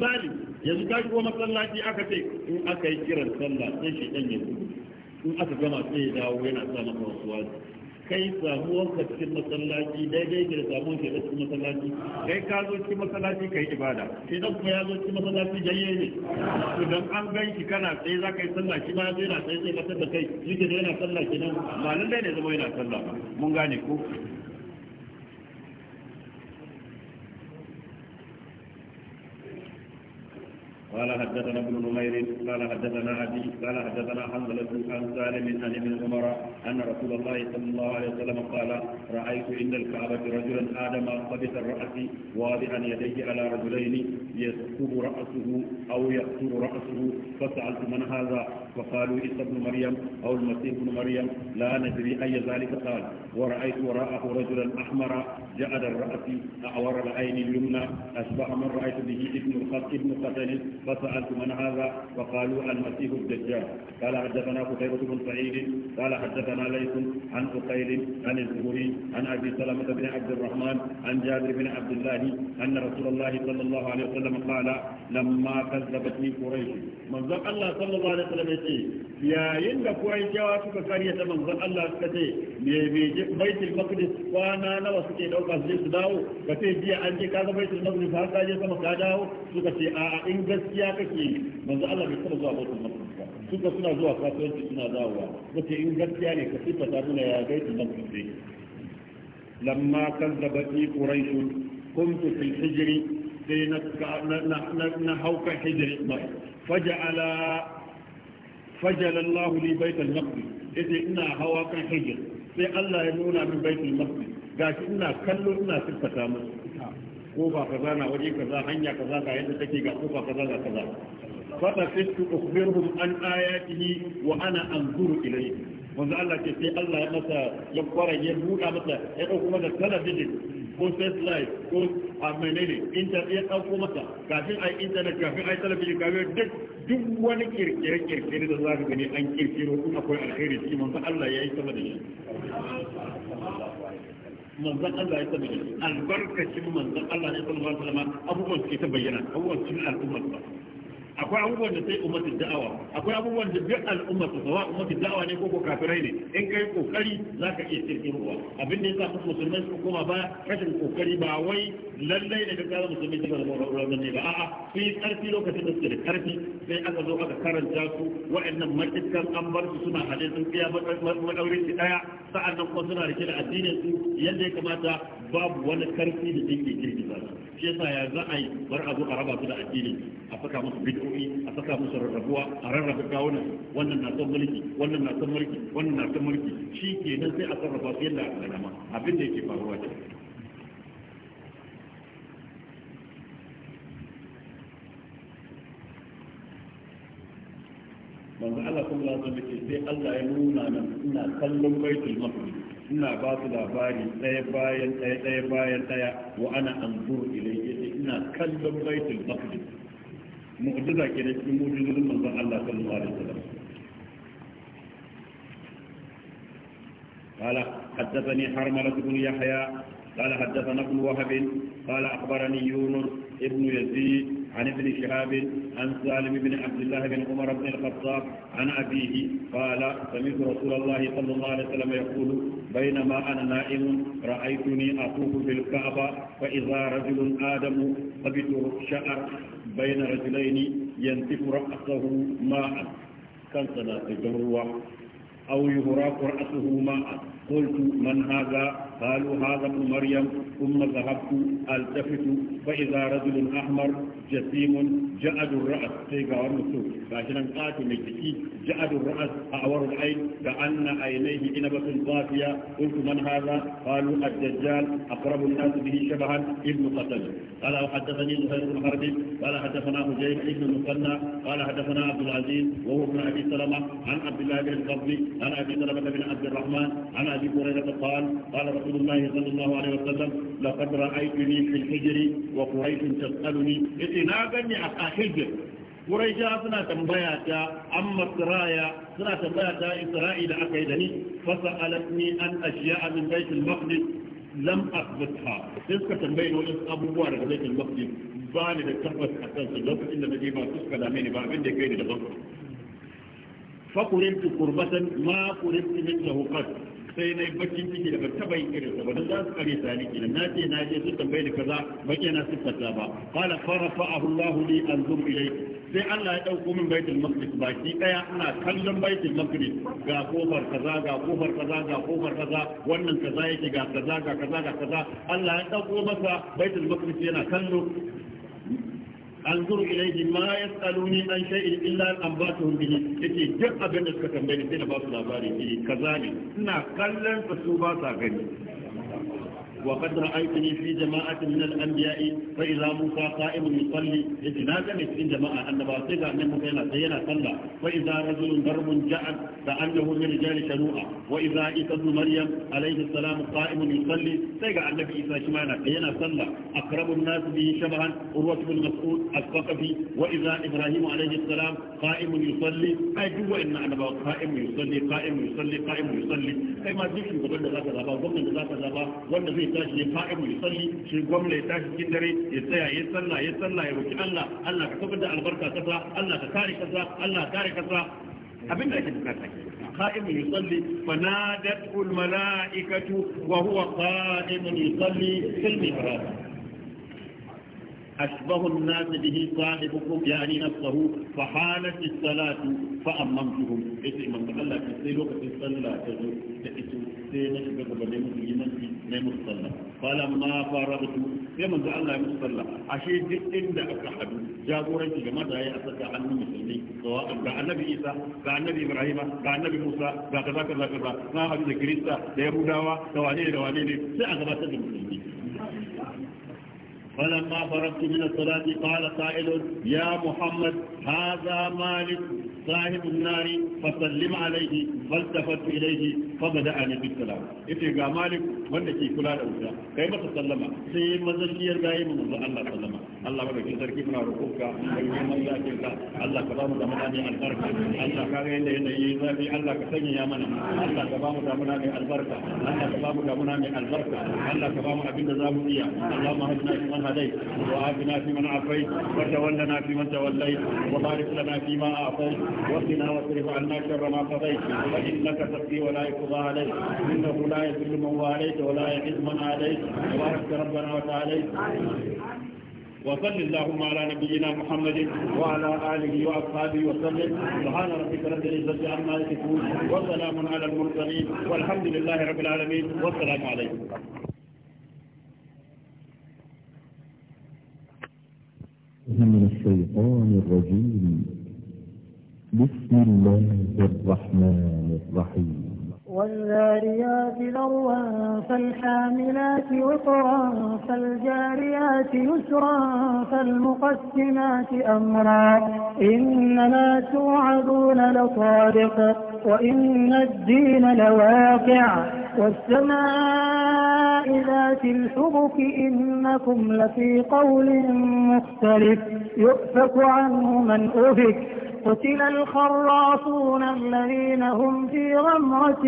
bayan yanzu ta shigo masallaci aka ce in aka yi kiran sallah sai shi dan yanzu in aka gama sai ya dawo yana sa maka wasu wasu kai samuwar ka cikin masallaci daidai da samuwar da cikin masallaci kai ka zo cikin masallaci kai ibada sai dan kuma ya zo cikin masallaci janye ne to dan an gan shi kana sai za ka yi sallah shi ma ya zo yana sai sai ka kai yake da yana sallah kenan ba dai ne zama yana sallah mun gane ko قال حدثنا ابن نمير قال حدثنا ابي قال حدثنا حمزة عن سالم عن ابن عمر ان رسول الله صلى الله عليه وسلم قال رايت عند الكعبه رجلا ادم قبس الراس واضعا يديه على رجلين يسكب راسه او يقتل راسه فسالت من هذا فقالوا عيسى ابن مريم او المسيح ابن مريم لا ندري اي ذلك قال ورايت وراءه رجلا احمر جعل الراس اعور العين اليمنى اشبه من رايت به ابن ابن قتل فسألت من هذا وقالوا المسيح الدجال قال حدثنا قتيبة بن سعيد قال حدثنا ليث عن قتيل عن الزهري عن أبي سلمة بن عبد الرحمن عن جابر بن عبد الله أن رسول الله صلى الله عليه وسلم قال لما كذبتني قريش من ذا الله صلى الله عليه وسلم يا يند قريش واتك كارية من ذا الله كتي بيت المقدس وانا نوى سكي لو كذبت داو كتي جي عندي كذا بيت المقدس هكذا جي سمك داو سكتي آآ آه، إنجز gaskiya kake manzo Allah bai taba zuwa bautar ba suka suna zuwa kasuwanci suna dawowa kace in gaskiya ne ka ya lamma kazzaba quraish kuntu fil hijri sai na na hauka hijri fajala Allah li bait al maqdis ina hawa kan hijri sai Allah ya nuna min baitul maqdis gashi ina kallo ina sifata musu kofa kaza na waje kaza hanya kaza ga yadda take ga kofa kaza ga kaza fata fitu ukhbiruhum an ayatihi wa ana anzuru ilayhi manzo Allah ce sai Allah ya masa ya kwara ya buɗa masa ya dauko masa talabijin ko set ko a menene internet ya dauko masa kafin ai internet kafin ai talabijin kafin duk duk wani kirkire kirkire da za ka gani an kirkiro kuma akwai alheri cikin manzo Allah ya yi sama da shi manzon Allah ya tabbata albarkacin manzon Allah ne sallallahu alaihi wasallam abubuwan ta bayyana abubuwan cikin ba akwai abubuwan da sai ummatu da'awa akwai abubuwan da duk su sawa da'awa ne ko kafirai ne in kai kokari zaka iya cikin abin da yasa musulmai su koma ba rashin kokari ba wai lallai daga kawo musulmi suka zama rauran ne ba a'a sun yi karfi lokacin da suke da karfi sai aka zo aka karanta su wa'annan matukan an bar su suna hade sun tsaya madaurin su daya sa'annan kuma suna rike da addinin su yadda ya kamata babu wani karfi da dinke girgiza su shi yasa ya za a yi bar a zo a raba su da addinin a saka musu bid'o'i a saka musu rarrabuwa a rarraba gawunan wannan na son mulki wannan na son mulki wannan na son mulki shi kenan sai a sarrafa su yadda aka dama abin da yake faruwa ce manzo Allah kuma ya zama ke sai Allah ya nuna nan ina kallon baitul maqdis ina ba su labari ɗaya bayan ɗaya ɗaya bayan ɗaya wa ana anzur ilayhi ina kallon baitul maqdis mu'jiza kenan cikin mu'jizozin manzon Allah sallallahu alaihi wasallam قال حدثني حرملة بن يحيى قال حدثنا ابن وهب قال أخبرني يونس ابن يزيد عن ابن شهاب عن سالم بن عبد الله بن عمر بن الخطاب عن أبيه قال سمعت رسول الله صلى الله عليه وسلم يقول بينما أنا نائم رأيتني أطوف بالكعبة فإذا رجل آدم قبض شعر بين رجلين ينتف رأسه ماء كان صلاة الجروة أو يهراق رأسه ماء قلت من هذا قالوا هذا ابن مريم ثم ذهبت التفت فاذا رجل احمر جسيم جعد الراس سيغا ورمسو فاشنا قاتل مجدكي جعد الراس اعور العين كان عينيه انبه قافية قلت من هذا قالوا الدجال اقرب الناس به شبها ابن قتل قال وحدثني زهير بن حرب قال حدثنا مجيب بن المثنى قال حدثنا عبد العزيز وهو ابن ابي سلمه عن عبد الله بن الفضل عن ابي سلمه بن عبد الرحمن عن ابي هريره قال قال رسول الله صلى الله عليه وسلم لقد رأيتني في الحجر وقريش تسألني اتناغني اخا حجر قريش سنة تنبياتا أما السرايا سنة تنبياتا إسرائيل أكيدني فسألتني أن أشياء من بيت المقدس لم أثبتها تسكة تنبينه إس أبو بوار بيت المقدس باني تتبس حسن سلوك إلا نجيبا تسكة لاميني بابين دي كيني لبقر فقرمت قربة ما قلت مثله قط sai na yi bakin ciki da ban taba yin irin ba za su kare sani ni kenan na ce na je su tambaye da kaza ba kenan su fata ba qala farafa'ahu Allahu li anzur ilayhi sai Allah ya ɗauko min baitul maqdis baki daya ina kallon baitul maqdis ga kofar kaza ga kofar kaza ga kofar kaza wannan kaza yake ga kaza ga kaza ga kaza Allah ya ɗauko masa baitul maqdis yana kallo anzuru ilayhi ma yasaluni an shay'in illa an ambatuhum bihi yace duk abin da suka tambaye ni sai na ba su labari kaza ne ina kallon su ba sa gani وقد رأيتني في جماعة من الأنبياء فإذا موسى قائم يصلي يتنازل في جماعة أن باطقة من مكينة سينا صلى فإذا رجل ضرب جعل فأنه من رجال شنوءة وإذا عيسى ابن مريم عليه السلام قائم يصلي سيقع النبي إيسى شمانا سينا صلى أقرب الناس به شبها أروة بن مسعود الثقفي وإذا إبراهيم عليه السلام قائم يصلي أجوا إن أنا قائم يصلي قائم يصلي قائم يصلي أي ما ذكر قبل ذاك ذاك ضمن ذاك ذاك وأن tashi ya fa'imu ya salli shi gwamna ya tashi cikin dare ya tsaya ya sallah ya sallah ya roki Allah Allah ka tabbatar da albarka kasa Allah ka kare kasa Allah ka kare kasa abin da ake bukata قائم يصلي فنادته الملائكة وهو قائم يصلي في المحراب أشبه الناس به صاحبكم يعني نفسه فحالت الصلاة فأممتهم إذا من تقلق السيلوك في الصلاة تجو sai na shiga gaba da sallah ma fara da sai manzo Allah ya sallah ashe duk inda aka hadu jagoranci ga a saka hannun musulmi ga annabi Isa ga annabi Ibrahim ga annabi Musa ga kaza kaza kaza na hadu da Kirista da Yahudawa da wane da wane ne sai a gabatar da musulmi فلما فرغت من الصلاة قال قائل يا محمد هذا مالك صاحب النار فسلم عليه فالتفت اليه فبدا ان بالسلام ايه ga مالك wanda ke kula da wuta kai masa sallama sai mazan shi yarda mu manzo Allah sallama Allah ka dauki sarki muna roƙonka da neman zafin ka Allah ka ba mu da mana ne albarka Allah ka ga yanda yanda yi zafi Allah ka sanya ya mana Allah ka ba mu da mana ne albarka Allah ka ba mu da mana ne albarka Allah ka ba mu abin da za mu iya Allahumma na fi man hadai wa afina fi man afai wa tawallana fi man tawallai wa barik lana fi ma a'tai wa qina wa sirif anna sharra ma qadait fa innaka taqdi wa la yuqda alayk innahu la yuzillu man walayt wa la yu'izzu man adayt wa barik rabbana wa ta'ala وصل اللهم على نبينا محمد وعلى آله وأصحابه وسلم سبحان ربك رب العزة عما يصفون وسلام على المرسلين والحمد لله رب العالمين والسلام عليكم
من الشيطان الرجيم بسم الله الرحمن الرحيم
والذاريات ذروا فالحاملات وقرا فالجاريات يسرا فالمقسمات أمرا إنما توعدون لصادق وإن الدين لواقع والسماء ذات الحبك إنكم لفي قول مختلف يؤفك عنه من أفك قتل الخرافون الذين هم في غمرة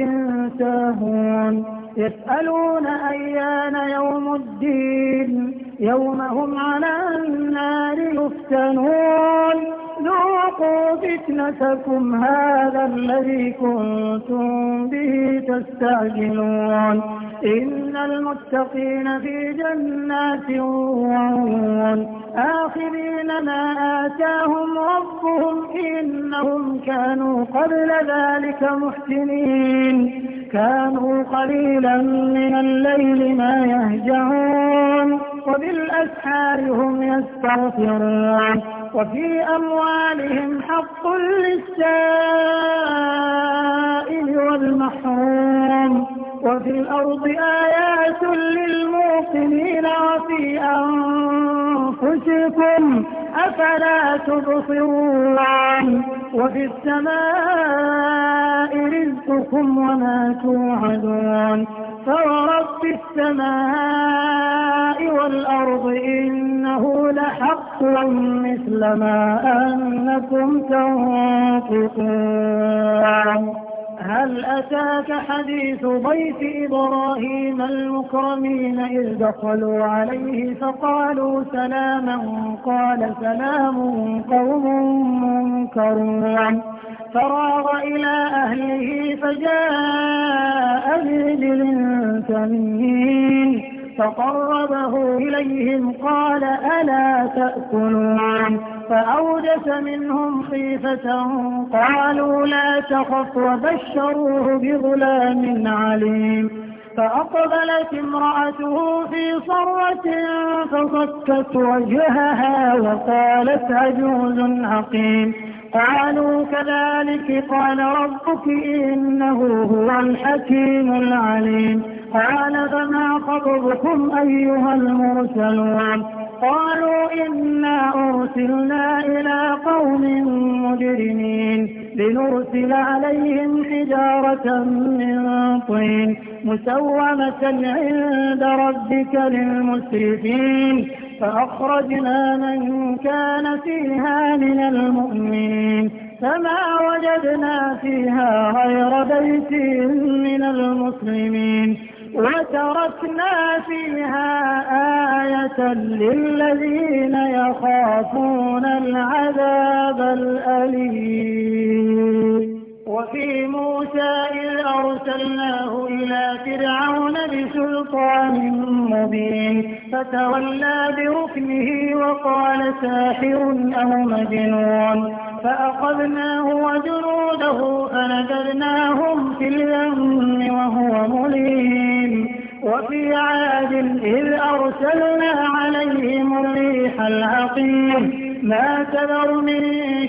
ساهون يسألون أيان يوم الدين يوم هم على النار يفتنون ذوقوا فتنتكم هذا الذي كنتم به تستعجلون إن المتقين في جنات وعيون آخرين ما آتاهم ربهم إنهم كانوا قبل ذلك محسنين كانوا قليلا من الليل ما يهجعون وبالأسحار هم يستغفرون وفي أموالهم حق للسائل والمحروم وفي الأرض آيات للموقنين وفي أنفسكم أفلا تبصرون وفي السماء رزقكم وما توعدون فورب السماء والأرض إنه لحق مثل ما أنكم تنطقون هل أتاك حديث ضيف إبراهيم المكرمين إذ دخلوا عليه فقالوا سلاما قال سلام قوم منكرون فراغ إلى أهله فجاء بذل سمين فقربه إليهم قال ألا تأكلون فأوجس منهم خيفة قالوا لا تخف وبشروه بغلام عليم فأقبلت امرأته في صرة فصكت وجهها وقالت عجوز عقيم قالوا كذلك قال ربك إنه هو الحكيم العليم قال فما خطبكم أيها المرسلون قالوا إنا أرسلنا إلى قوم مجرمين لنرسل عليهم حجارة من طين مسومة عند ربك للمسرفين فأخرجنا من كان فيها من المؤمنين فما وجدنا فيها غير بيت من المسلمين وتركنا فيها آية للذين يخافون العذاب الأليم وفي موسى إذ أرسلناه إلى فرعون بسلطان مبين فتولى بركنه وقال ساحر أو مجنون فأخذناه وجنوده فنذرناهم في اليم وهو مليم وفي عاد إذ أرسلنا عليهم الريح العقيم ما تذر من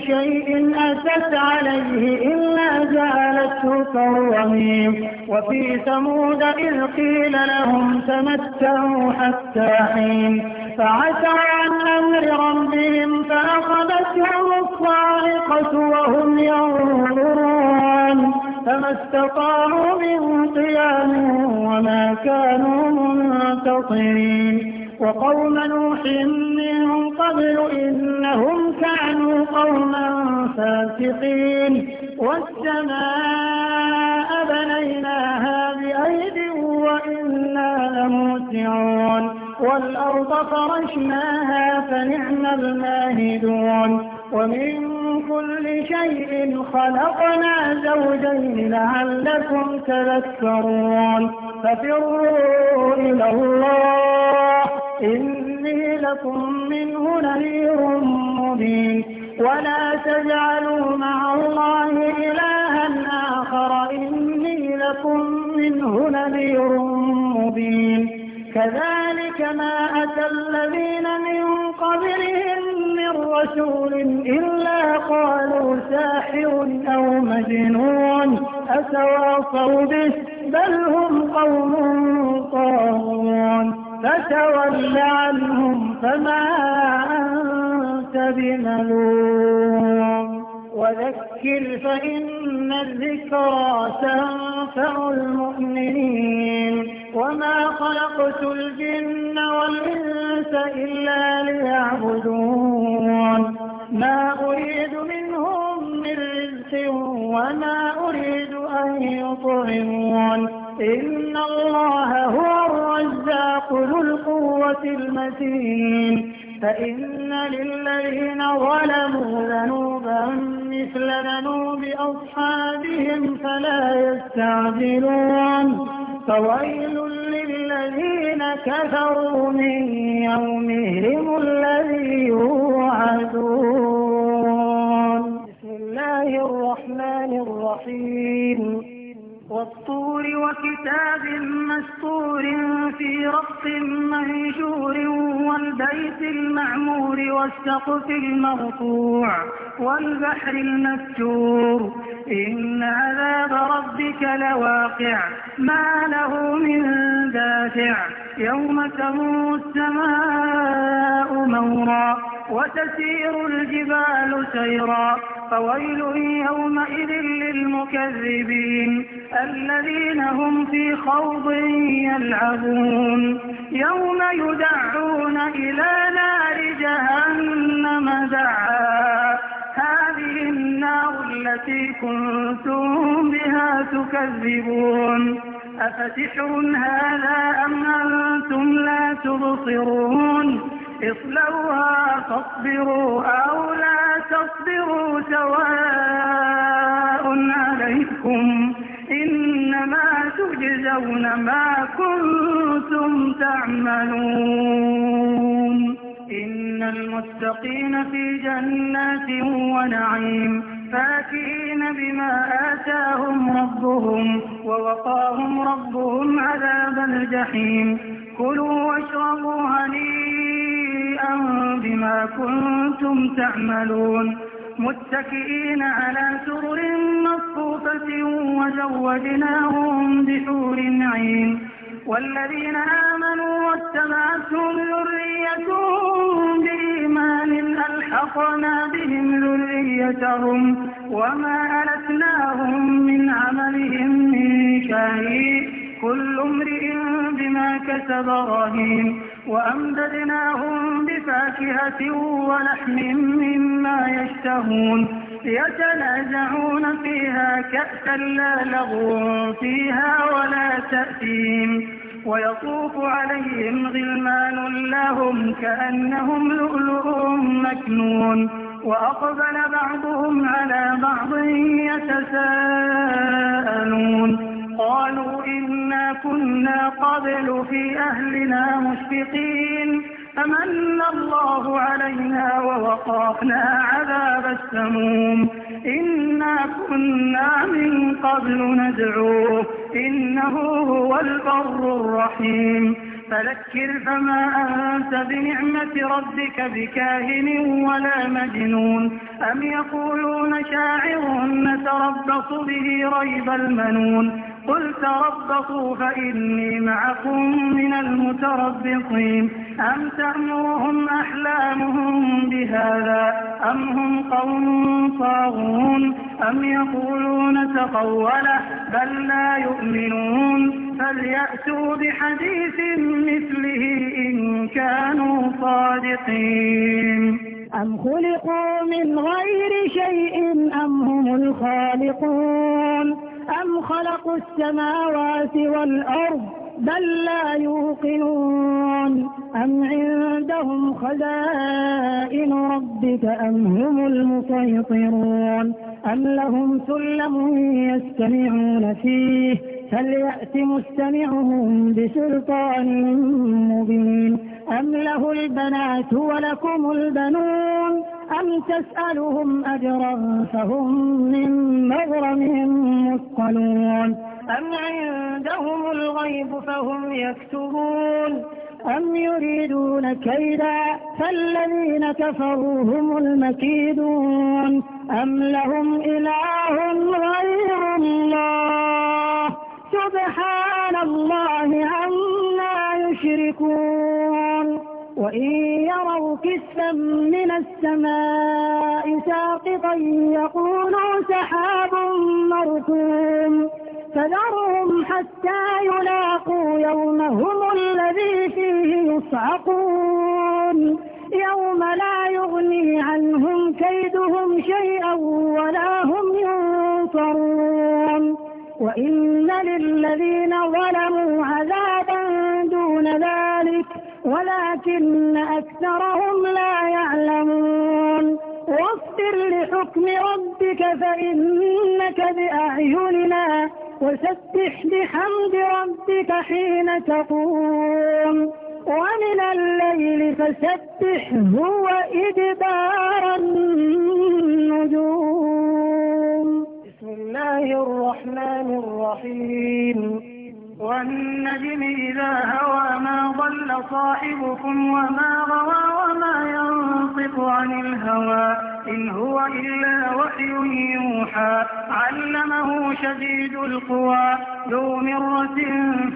شيء أتت عليه إلا جعلته كرميم وفي ثمود إذ قيل لهم تمتعوا حتى حين فعتوا عن أمر ربهم فأخذتهم الصاعقة وهم ينظرون فما استطاعوا من قيام وما كانوا منتصرين وقوم نوح من قبل إنهم كانوا قوما فاسقين والسماء بنيناها بأيد وإنا لموسعون والأرض فرشناها فنعم الماهدون ومن كل شيء خلقنا زوجين لعلكم تذكرون ففروا إلى الله إني لكم منه نذير مبين ولا تجعلوا مع الله إلها آخر إني لكم منه نذير مبين كذلك ما أتى الذين من قبلهم من رسول إلا قالوا ساحر أو مجنون أتواصوا به بل هم قوم طاغون فتول عنهم فما أنت بملوم وذكر فإن الذكرى تنفع المؤمنين وما خلقت الجن والإنس إلا ليعبدون
ما أريد
منهم من رزق وما أريد أن يطعمون إن الله هو الرزاق ذو القوة المتين فإن للذين ظلموا ذنوبا مثل ذنوب أصحابهم فلا يستعجلون فويل للذين كفروا من يومهم الذي يوعدون بسم الله الرحمن الرحيم والطور وكتاب مسطور في رق منشور والبيت المعمور والسقف المرفوع والبحر المسجور إن عذاب ربك لواقع ما له من دافع يوم تمور السماء مورا وتسير الجبال سيرا فويل يومئذ للمكذبين الذين هم في خوض يلعبون يوم يدعون إلى نار جهنم دعا هذه النار التي كنتم بها تكذبون أفسحر هذا أم أنتم لا تبصرون اصلوها فاصبروا أو لا تصبروا سواء عليكم إنما تجزون ما كنتم تعملون إن المتقين في جنات ونعيم فاكئين بما آتاهم ربهم ووقاهم ربهم عذاب الجحيم كلوا واشربوا هنيئا شيئا بما كنتم تعملون متكئين على سرر مصفوفة وزوجناهم بحور عين والذين آمنوا واتبعتهم ذريتهم بإيمان ألحقنا بهم ذريتهم وما ألتناهم من عملهم من شهيد كل امرئ بما كسب رهين وأمددناهم بفاكهة ولحم مما يشتهون يتنازعون فيها كأسا لا لغو فيها ولا تأثيم ويطوف عليهم غلمان لهم كأنهم لؤلؤ مكنون وأقبل بعضهم على بعض يتساءلون قالوا إنا كنا قبل في أهلنا مشفقين أمن الله علينا ووقفنا عذاب السموم إنا كنا من قبل ندعوه إنه هو البر الرحيم فذكر فما أنت بنعمة ربك بكاهن ولا مجنون أم يقولون شاعر نتربص به ريب المنون قل تربصوا فإني معكم من المتربصين أم تأمرهم أحلامهم بهذا أم هم قوم طاغون أم يقولون تقوله بل لا يؤمنون فليأتوا بحديث مثله إن كانوا صادقين أم خلقوا من غير شيء أم هم الخالقون أم خلقوا السماوات والأرض بل لا يوقنون أم عندهم خزائن ربك أم هم المسيطرون أم لهم سلم يستمعون فيه فليأت مستمعهم بسلطان مبين أم له البنات ولكم البنون أم تسألهم أجرا فهم من مغرم مثقلون أم عندهم الغيب فهم يكتبون أم يريدون كيدا فالذين كفروا هم المكيدون أم لهم إله غير يشركون وإن يروا كسفا من السماء ساقطا يقولوا سحاب مركوم فذرهم حتى يلاقوا يومهم الذي فيه يصعقون يوم لا يغني عنهم كيدهم شيئا ولا هم ينصرون وإن للذين ظلموا عذاب ولكن أكثرهم لا يعلمون واصبر لحكم ربك فإنك بأعيننا وسبح بحمد ربك حين تقوم ومن الليل فسبحه وإدبار النجوم بسم الله الرحمن الرحيم والنجم إذا هوى ما ضل صاحبكم وما غوى وما ينطق عن الهوى إن هو إلا وحي يوحى علمه شديد القوى ذو مرة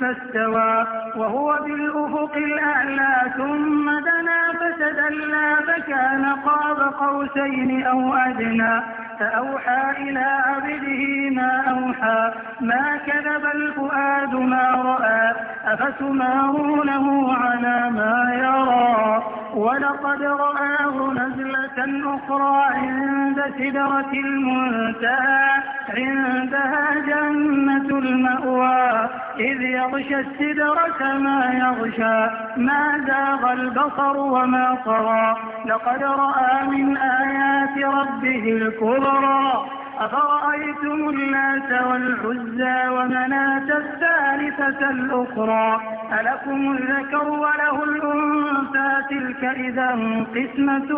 فاستوى وهو بالأفق الأعلى ثم دنا فتدلى فكان قاب قوسين أو أدنى فأوحى إلى عبده ما أوحى ما كذب الفؤاد ما رأى أفتمارونه على ما يرى ولقد رآه نزلة أخرى عند سدرة المنتهى عندها جنة المأوى إذ يغشى السدرة ما يغشى ما زاغ البصر وما طغى لقد رأى من آيات ربه الكبرى أفرأيتم اللات والعزى ومناة الثالثة الأخرى ألكم الذكر وله الأنثى تلك إذا قسمة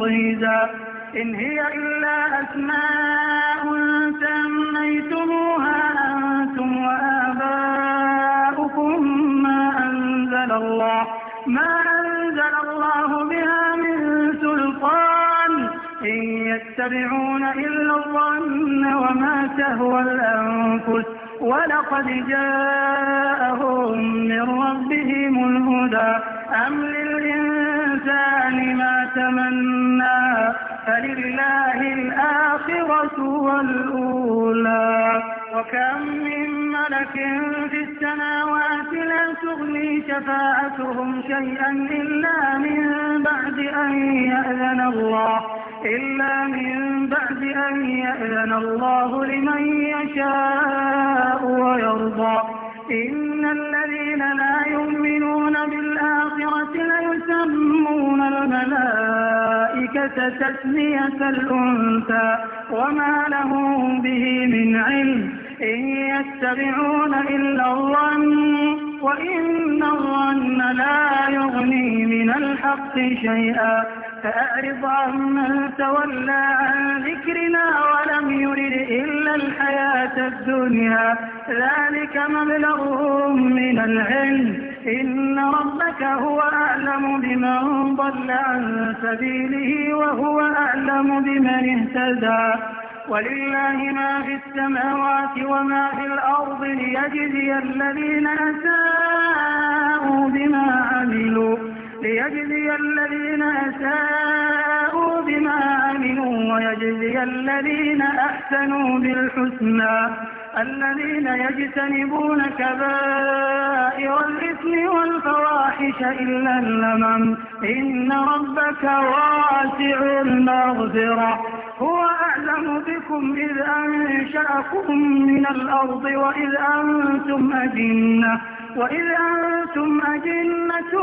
ضيزى إن هي إلا أسماء سميتموها أنتم وآباؤكم ما أنزل الله ما أنزل الله بها من سلطان إن يتبعون إلا الظن وما تهوى الأنفس ولقد جاءهم من ربهم الهدى أم للإنسان ما تمنى فلله الآخرة والأولى وكم من ملك في السماوات لا تغني شفاعتهم شيئا إلا من بعد أن يأذن الله إلا من بعد أن يأذن الله لمن يشاء ويرضى إن الذين لا يؤمنون بالآخرة ليسمون الملائكة تسمية الأنثى وما لهم به من علم إن يتبعون إلا الظن وإن الظن لا يغني من الحق شيئا فأعرض عمن تولى عن ذكرنا ولم يرد إلا الحياة الدنيا ذلك مبلغهم من العلم إن ربك هو أعلم بمن ضل عن سبيله وهو أعلم بمن اهتدى ولله ما في السماوات وما في الأرض ليجزي الذين أساءوا بما عملوا ليجزي الذين أساءوا بما آمنوا ويجزي الذين أحسنوا بالحسنى الذين يجتنبون كبائر الإثم والفواحش إلا اللمم إن ربك واسع المغفرة هو أعلم بكم إذ أنشأكم من الأرض وإذ أنتم أجنة وإذ أنتم أجنة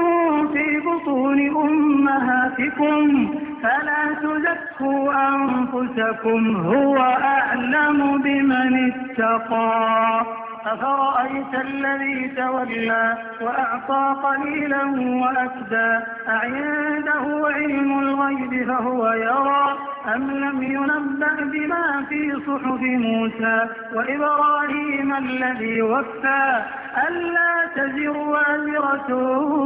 في بطون أمهاتكم فلا تزكوا أنفسكم هو أعلم بمن اتقى أفرأيت الذي تولى وأعطى قليلا وأكدى أعنده علم الغيب فهو يرى أم لم ينبأ بما في صحف موسى وإبراهيم الذي وفى ألا تزر وازرة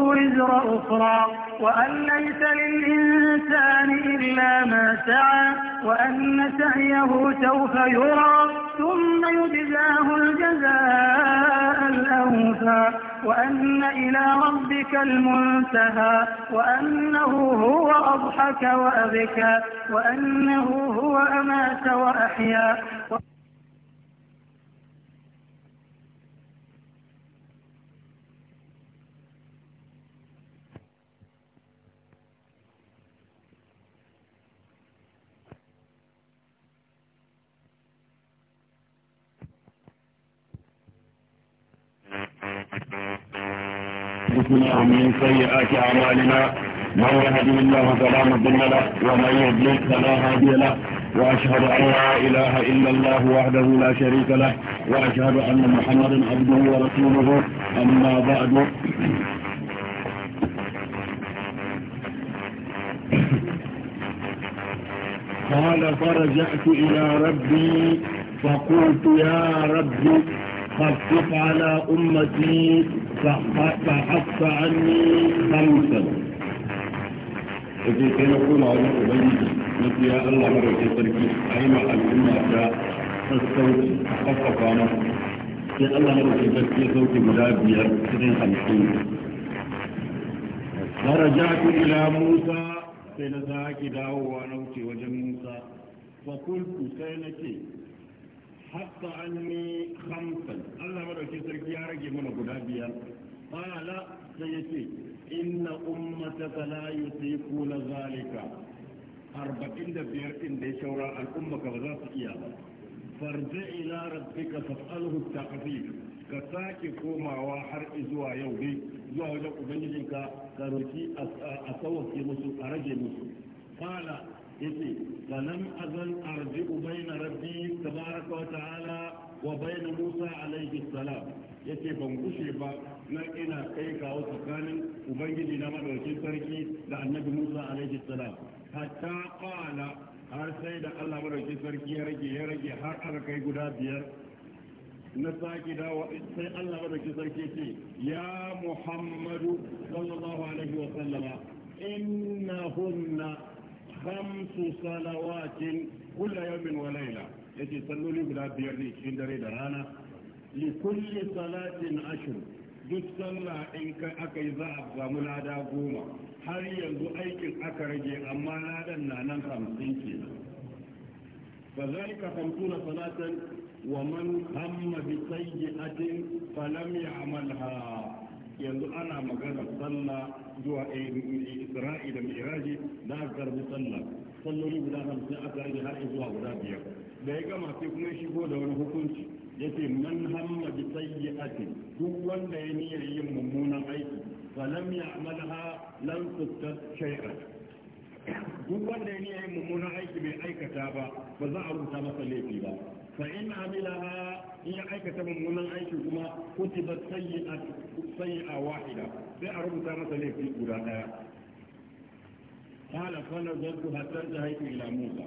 وزر أخرى وأن ليس للإنسان إلا ما سعى وأن سعيه سوف يرى ثم يجزاه الجزاء الأوفى وأن إلى ربك المنتهى وأنه هو أضحك وأبكى وأنه هو أمات وأحيا
من سيئات أعمالنا من يهده الله فلا مضل له ومن يضلل فلا هادي له وأشهد أن لا إله إلا الله وحده لا شريك له وأشهد أن محمدا عبده ورسوله أما بعد
قال فرجعت إلى
ربي فقلت يا ربي فاحفق على أمتي فحفق عني خمسا وفي كان يقول على أبي نبي يا الله مرحي تركيس أيما أبي أبي فاستوت حفق عنا يا الله مرحي تركي صوت
مرابية سنين خمسين
فرجعت إلى موسى سنزاك دعوة نوتي وجن موسى فقلت سينتي hatta an ne hamsan Allah madauki sarki ya rage mana guda biyar ƙala sai ya ce inna ummata ta la yusifu la zalika arba'in da biyar din da ya shaura al'umma ka ba za su iya ba farje ila rabbika fas'alhu taqdir ka sake komawa har zuwa yau dai zuwa wajen ubangijinka ka roki a sawaki musu a rage musu ƙala yace falam azal arji'u bayna rabbi tabaraka wa ta'ala wa baina musa alayhi salam yace ban kushe ba na ina kai kawo tsakanin ubangiji na madaukin sarki da annabi musa alayhi salam hatta qala har sai da Allah madaukin sarki ya rage ya rage har aka kai guda biyar na sake dawa sai Allah madaukin sarki ce ya Muhammadu sallallahu alaihi wa sallama innahunna خمس صلوات كل يوم وليلة يجي صلوا لي بلا بيرني شين دري درانا لكل صلاة عشر duk sallah in ka aka yi za a samu lada goma har yanzu aikin aka rage amma ladan na nan hamsin ke fa zalika hamsuna salatan wa man hamma bi sayyi'atin falam ha. yanzu ana magana sallah zuwa e, isra'i da miraji da garbi sallah salloli guda hamsin aka yi har zuwa guda biyar da ya gama sai kuma shigo da wani hukunci ce man hamma bi sayyi'ati duk wanda ya niyyar yin mummunan aiki falam ya'malha lam tustab shay'an duk wanda ya niyyar yin mummunan aiki bai aikata ba ba za a rubuta masa laifi ba fa in amilaha in ya aikata mummunan aiki kuma kutiba a wahida sai a rubuta masa laifi guda daya qala fa nazartu hatta jahaytu ila musa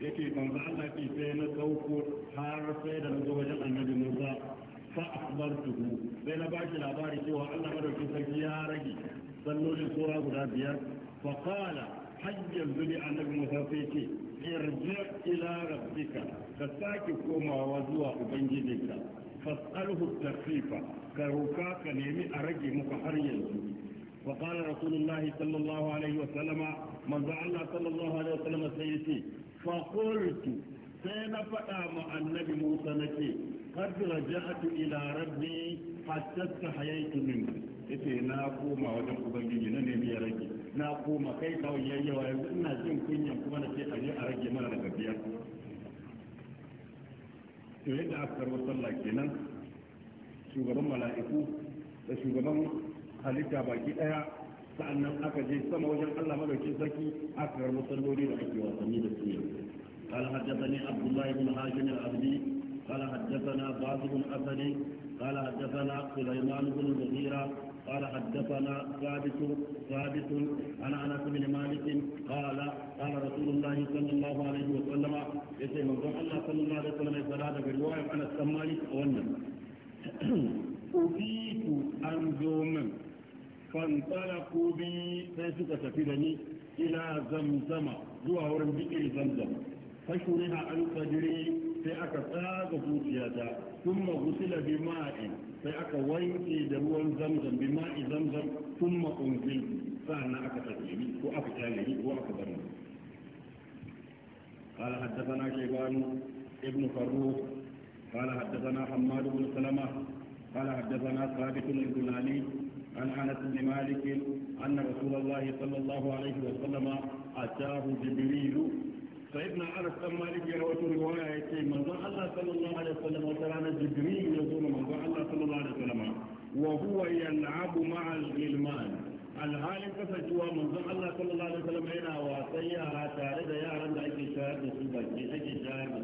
yake manzo Allah ki sai na sauko har sai da nazo wajen annabi Musa fa akhbartuhu sai na bashi labari cewa Allah madauki sarki ya rage sallolin sura guda biyar fa qala hajjan zuli annabi Musa sai ce irjir ila rabbika ka sake komawa zuwa ubangijinka fas'alhu tafifa ka roka ka nemi a rage muku har yanzu wa qala rasulullah sallallahu alaihi wa sallama manzo Allah sallallahu alaihi wa sallama sai yace fa qultu sai na faɗa ma annabi Musa nake qad raja'tu ila rabbi hatta tahayaitu minhu yace na koma wajen ubangiji na nemi ya rage na koma kai kawai yawa yanzu ina jin kunya kuma na ce a je a rage mana daga biyar to yadda aka karɓar sallah kenan shugaban mala'iku da shugaban halitta baki daya sa'annan aka je sama wajen Allah madaukin sarki aka karɓar salloli da ake wasanni da su yanzu قال حدثني عبد الله بن هاشم العبدي قال حدثنا باز بن اسد قال حدثنا سليمان بن المغيرة قال حدثنا ثابت ثابت عن انس بن مالك قال قال رسول الله صلى الله عليه وسلم يسي من الله صلى الله عليه وسلم فلا برواية عن السمالك اولا أبيت عن يوم فانطلقوا بي فيسك سفيدني إلى زمزم زوى ورم بئر زمزم فشرها القجري في أكتاق فوتيتا ثم غسل بماء في أكوينتي دروا زمزم بماء زمزم ثم أنزل فأنا أكتاقه وأكتاقه وأكبره قال حدثنا شيبان ابن فروح قال حدثنا حماد بن سلمة قال حدثنا ثابت بن الجلالي عن أنس بن مالك أن رسول الله صلى الله عليه وسلم أتاه جبريل سيدنا عرف أما لك يروت رواية يتي من الله صلى الله عليه وسلم وترانا جبريل يقول من ذا الله صلى الله عليه وسلم وهو يلعب مع الغلمان الهالي كفت من ذا الله صلى الله عليه وسلم إنا وطيها تارد يا رند أجي شاهد نصيبا أجي شاهد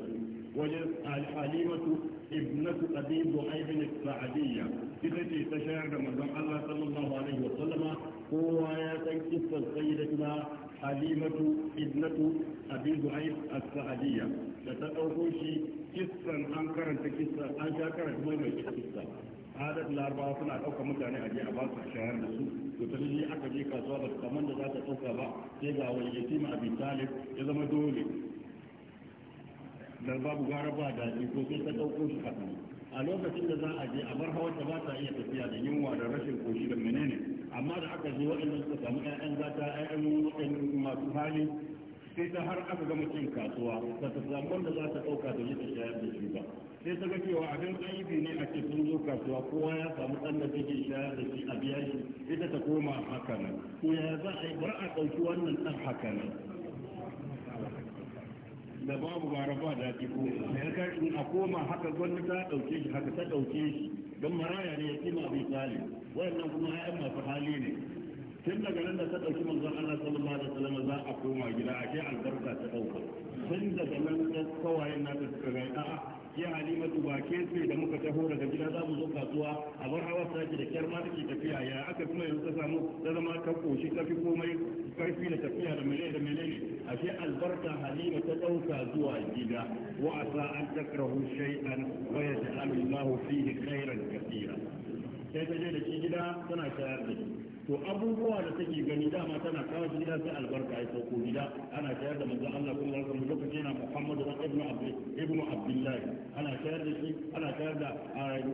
وجد الحليمة ابنة أبي بحيب السعدية التي تشاهد من ذا الله صلى الله عليه وسلم هو يتكفى السيدة halimatu ibnatu abi zuhair as-sa'diyya da ta dauko shi kissan an karanta kissa an sha karanta mai mai kissa adad larabawa suna ɗauka mutane a je a ba su shayar da su to ta ne aka je kasuwa ba su kaman da za ta ɗauka ba sai ga wani yatima abi talib ya zama dole da babu gara ba daɗi ko sai ta ɗauko shi haka a lokacin da za a je a bar hawar ta ba ta iya tafiya da yunwa da rashin koshi da menene amma da aka je waɗanda suka samu ƴaƴan zata ƴaƴan masu hali sai ta har aka gama cin kasuwa ba ta samu wanda za ta ɗauka da yi ta shayar da shi ba sai ta ga cewa abin aibi ne a cikin zo kasuwa kowa ya samu ɗan da take shayar da shi a biya shi ita ta koma haka nan ya za a yi bar a ɗauki wannan ɗan haka da babu gara ba da ko sai ka in a koma haka gwamnati ta dauke shi haka ta dauke shi don maraya ne ya ma abin tsali wayannan kuma ya'yan masu hali ne tun daga nan da ta dauki manzon Allah sallallahu alaihi wasallam za a koma gida a ce albarka ta dauka tun daga nan kawayen nata suka a'a ya halimatu ba ke ce da muka taho daga gida za mu zo kasuwa a bar hawa saki da kyar ma take tafiya ya aka kuma yanzu ta samu ta zama ta koshi ta fi komai karfi da tafiya da mene da mene ne ashe albarka halima ta dauka zuwa gida wa asa an takrahu shay'an wa yaj'alu fihi khairan katira sai ta je da shi gida tana shayar da shi to abubuwa da take gani dama tana kawo gida sai albarka ya sauko gida ana shayar da manzon Allah kullum zaka mu lokaci yana Muhammadu da Ibn Abdul Ibn Abdullah ana shayar da shi ana shayar da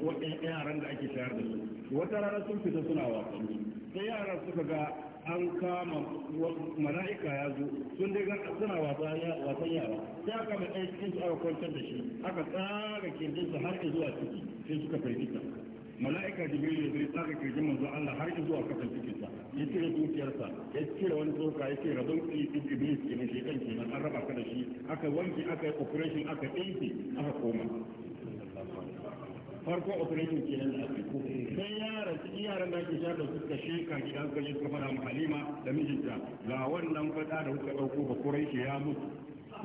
wadannan yaran da ake shayar da su wata rana sun fita suna wasanni sai yara suka ga an kama mala'ika ya zo sun dai gan suna wasan yara sai aka mai ɗaya cikin su aka kwantar da shi aka tsara kirjinsa har zuwa ciki sai suka firgita mala'ika jibril zai tsaka kirjin manzo Allah har zuwa kasan cikin sa ya cire dukiyarsa ya cire wani tsoka ya ce rabon iblis ke mai shekan nan an raba ka da shi aka wanke aka yi operation aka ɗinki aka koma farko operation ke nan da ake ko sai yaran cikin yaran da ake sha da suka sheka gidan suka je suka fara halima da mijinta ga wannan fada da kuka ɗauko ba kurai shi ya mutu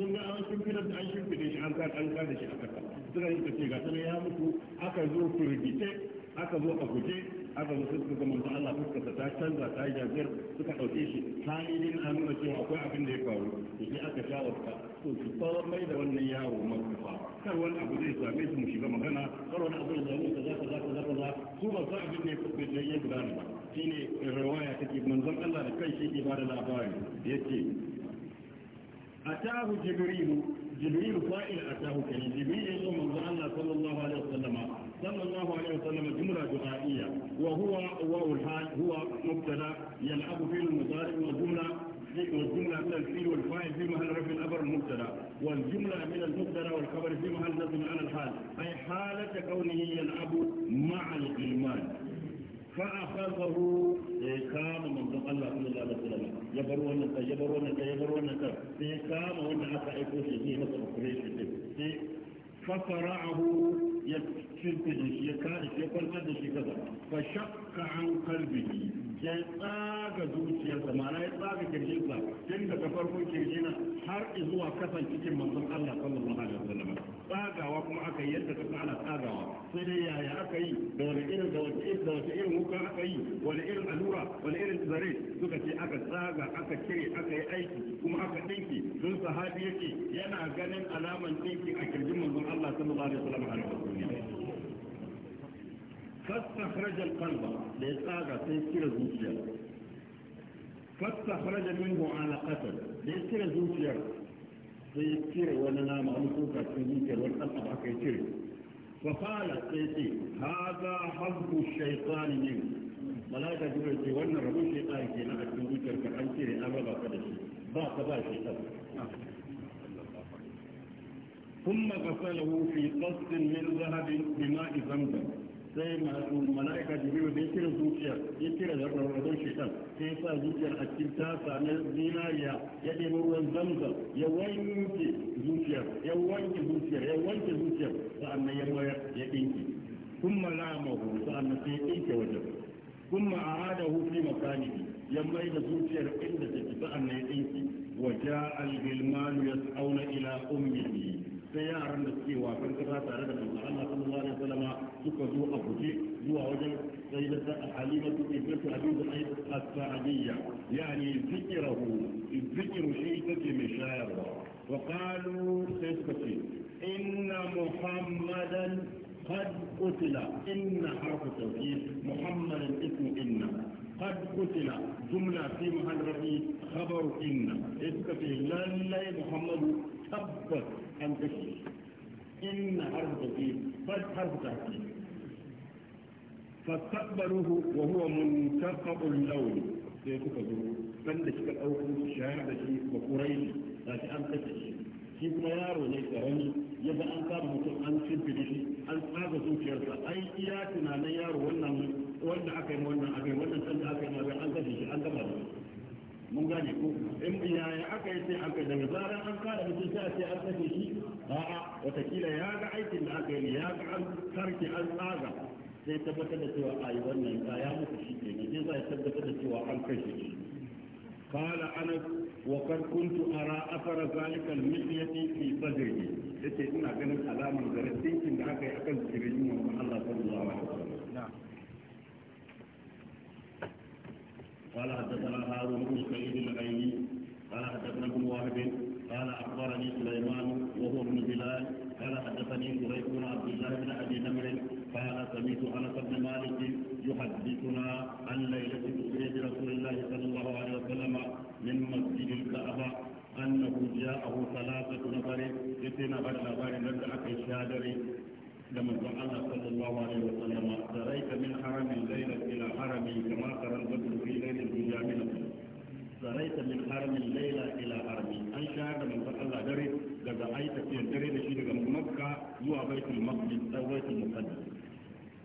sun ga an shi fitar da an shi fitar shi an ka an da shi a aka suka yi ta ce ga sanar ya mutu aka zo firgite aka zo a guje aka zo suka ga manzo Allah suka ta canza ta jazir suka dauke shi hali din an nuna cewa akwai abin da ya faru to sai aka shawo ka to su fara mai da wannan yaro makafa kar wani abu zai same su mu shiga magana kar wani abu zai same kaza-kaza-kaza, za za su ba su abin da ya kuɓe da ya gudana ba shine riwaya take manzo Allah da kai shi ke ba da labari yace أتاه جبريل جبريل فائل أتاه كريم جبريل يوم من الله صلى الله عليه وسلم صلى الله عليه وسلم جملة دعائية وهو واو الحال هو مبتدا يلعب في المضارع والجملة والجملة من الفيل والفائل في محل رفع الأبر المبتدا والجملة من المبتدا والخبر في محل نصب على الحال أي حالة كونه يلعب مع الغلمان فأخذه كام من ذو الله صلى الله عليه وسلم يبرون انت يبرون انت يبرون انت في كام وانا اكا ايكوش في مصر في فصرعه shirka da shi ya kare shi ya kwantar da shi kaza fa shakka an kalbi ya tsaga zuciyarsa ma'ana ya tsaga kirjinsa tun daga farkon kirjina har zuwa kasan cikin manzon Allah sallallahu alaihi wasallam tsagawa kuma aka yi yadda ka ana tsagawa sai dai yaya aka yi da wani irin da wani irin da wani irin wuka aka yi wani irin alura wani irin zare suka ce aka tsaga aka cire aka yi aiki kuma aka dinki don sahabi yake yana ganin alaman dinki a kirjin manzon Allah sallallahu alaihi wasallam
a فاستخرج القلب لإطلاق
تيسير زوجيا فاستخرج منه على قتل لإطلاق زوجيا تيسير ولنا مألوكوكا تيسير والقلب حكا يسير فقال تيسير هذا حظ الشيطان منه ملائكة جبريل وانا ربو الشيطان كينا أكتن زوجيا كأنسير أبغى قدشي باق با شيطان ثم غسله في قصد من ذهب بماء زمزم sai mala'ika jibiru da ya kira zuciyar ya kira da rarrazon shekar sai ya sa zuciyar a cikin tasa na zinariya ya ɗebo ruwan zamzam ya wanke zuciyar ya wanke zuciyar ya wanke zuciyar sa'annan ya mayar ya ɗinki kun malamahu sa'annan sai ya ɗinke wajen kun ma a ma'arada hufi makaniki ya mai da zuciyar inda take sa'annan ya ɗinki wajen alhilmanu ya tsauna ila ummihi sai yaran da suke wasan kasa tare da manzo Allah sallallahu alaihi wasallam suka zo a guje zuwa wajen sayyidata Halima bint Abi Zaid as-Sa'diyya yani zikruhu zikru shi take mai shayarwa wa qalu sai suka ce inna muhammadan قد قتل إن حرف توكيد محمد اسم إن قد قتل جملة في محل رفيق خبر إن إذ لله محمد تبت an kashe in na إن حرف تكليف ta حرف تأكيد فاستقبلوه وهو منتقب اللون sai kuka zo kan da kika ɗauko su shayar da shi ba kurai da shi an kashe shi shi kuma yaro ne karami yadda an kama mutum an shimfide shi an tsaga zuciyarsa ai iya tunanin yaro wannan wanda aka yi wannan aka yi wannan can da aka yi an kashe shi an gama da shi mun gane ko in yaya aka yi sai aka daga zaran an kada mutum sai a ce an kashe shi a'a watakila ya ga aikin da aka yi ya ga an karki an tsaga sai tabbatar da cewa a yi wannan ya muku shi ke nan sai tabbatar da cewa an kashe shi قال أنس وقد كنت أرى أثر ذلك المحية في صدره yace ina ganin alamar da rinkin da aka yi akan kirjin manzon Allah sallallahu alaihi wasallam قال حدثنا هارون بن سعيد العيني قال حدثنا ابن واحد قال اخبرني سليمان وهو ابن بلال قال حدثني سريك بن عبد الله بن ابي نمر قال سمعت انس بن مالك يحدثنا عن ليله اسري رسول الله صلى الله عليه وسلم من مسجد الكعبه انه جاءه ثلاثه نفر بعد نفر من اكن شادري لما قال صلى الله عليه وسلم سريت من حرم الليلة إلى حرمي كما ترى البدر zaraita min harmin laila ila harmi an sha da manzon Allah dare daga ai tafiyar dare da shi daga makka zuwa baitul maqdis sai baitul muqaddas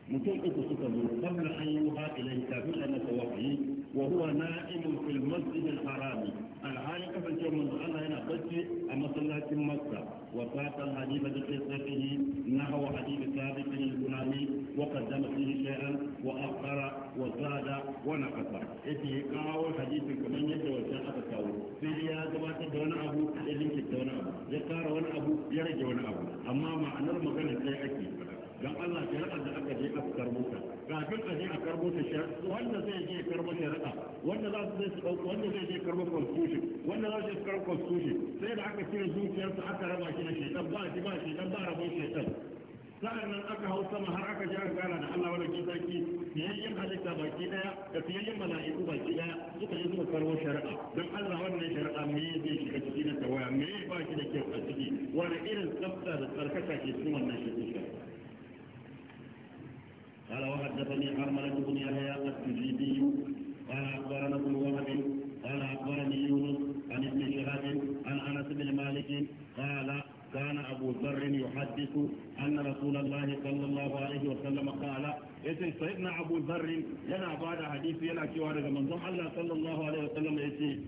mutum uku suka zo qabla an yuha ila kafin annaka wahyi wa huwa na'imun fil masjidil harami alhali kasancewar manzo Allah yana bacci a masallacin Makka wa fatan hadiba da tsirfihi na hawa hadiba sabiqin al-bunani wa qaddama fihi shay'an wa akhara wa zada wa naqasa yake kawo hadisin kamar yadda wancan aka kawo sai ya gabatar da wani abu ya linkita wani abu ya kara wani abu ya rage wani abu amma ma'anar magana sai ake dan Allah shari'ar da aka je aka karbuta kafin a je a karbo ta shari'a wanda zai je karbo shari'a wanda za su zai su dauko wanda zai je karbo constitution wanda za su je karbo constitution sai da aka cire zuciyarsa aka raba shi da shaitan ba shi ba shi dan ba rabon shaitan sa'an nan aka hau sama har aka ja gana da Allah wani ke sarki fiyayyen halitta baki daya da fiyayyen mala'iku baki daya suka yi zuwa karwo shari'a don Allah wannan shari'a me zai shiga ciki na tawaya me ba shi da kyau a ciki wani irin tsafta da tsarkaka ke cikin wannan shari'a قال وحدثني حرملة بن يحيى التجريبي قال أخبرنا ابن وهب قال أخبرني يونس عن ابن شهاب عن أنس بن مالك قال كان أبو ذر يحدث أن رسول الله صلى الله عليه وسلم قال يسي سيدنا أبو ذر ينا بعد حديث ينا كيوانا من الله صلى الله عليه وسلم يسير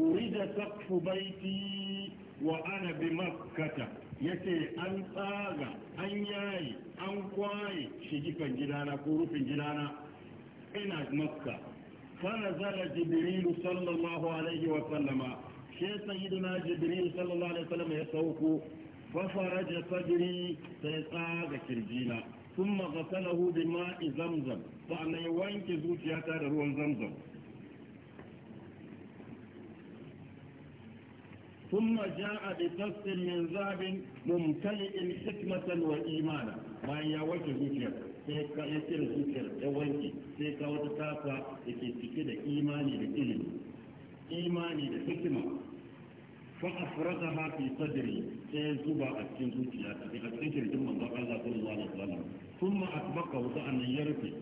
اريد سقف بيتي وأنا بمكة ya ce an tsaga an yayi an kwaye shigikan gidana ko rufin gidana ina makka kana zala jibril sallallahu alaihi wa sallama she sayyidina jibril sallallahu alaihi wa sallama ya sauko fa faraja sadri sai tsaga kirjina thumma ghasalahu bima'i zamzam fa anai wanke zuciya ta da ruwan zamzam ثم جاء بقص من ذهب ممتلئ حكمة وإيمانا ما هي وجه ذكر سيكا يسير ذكر أولي سيكا وتتاكا يتسكد إيماني بإذن إيماني بحكمة فأفرغها في صدري سيزوبا أتنزوكي أتنزوكي ثم أنبقى الله صلى الله عليه وسلم ثم أتبقى وضعنا يرفي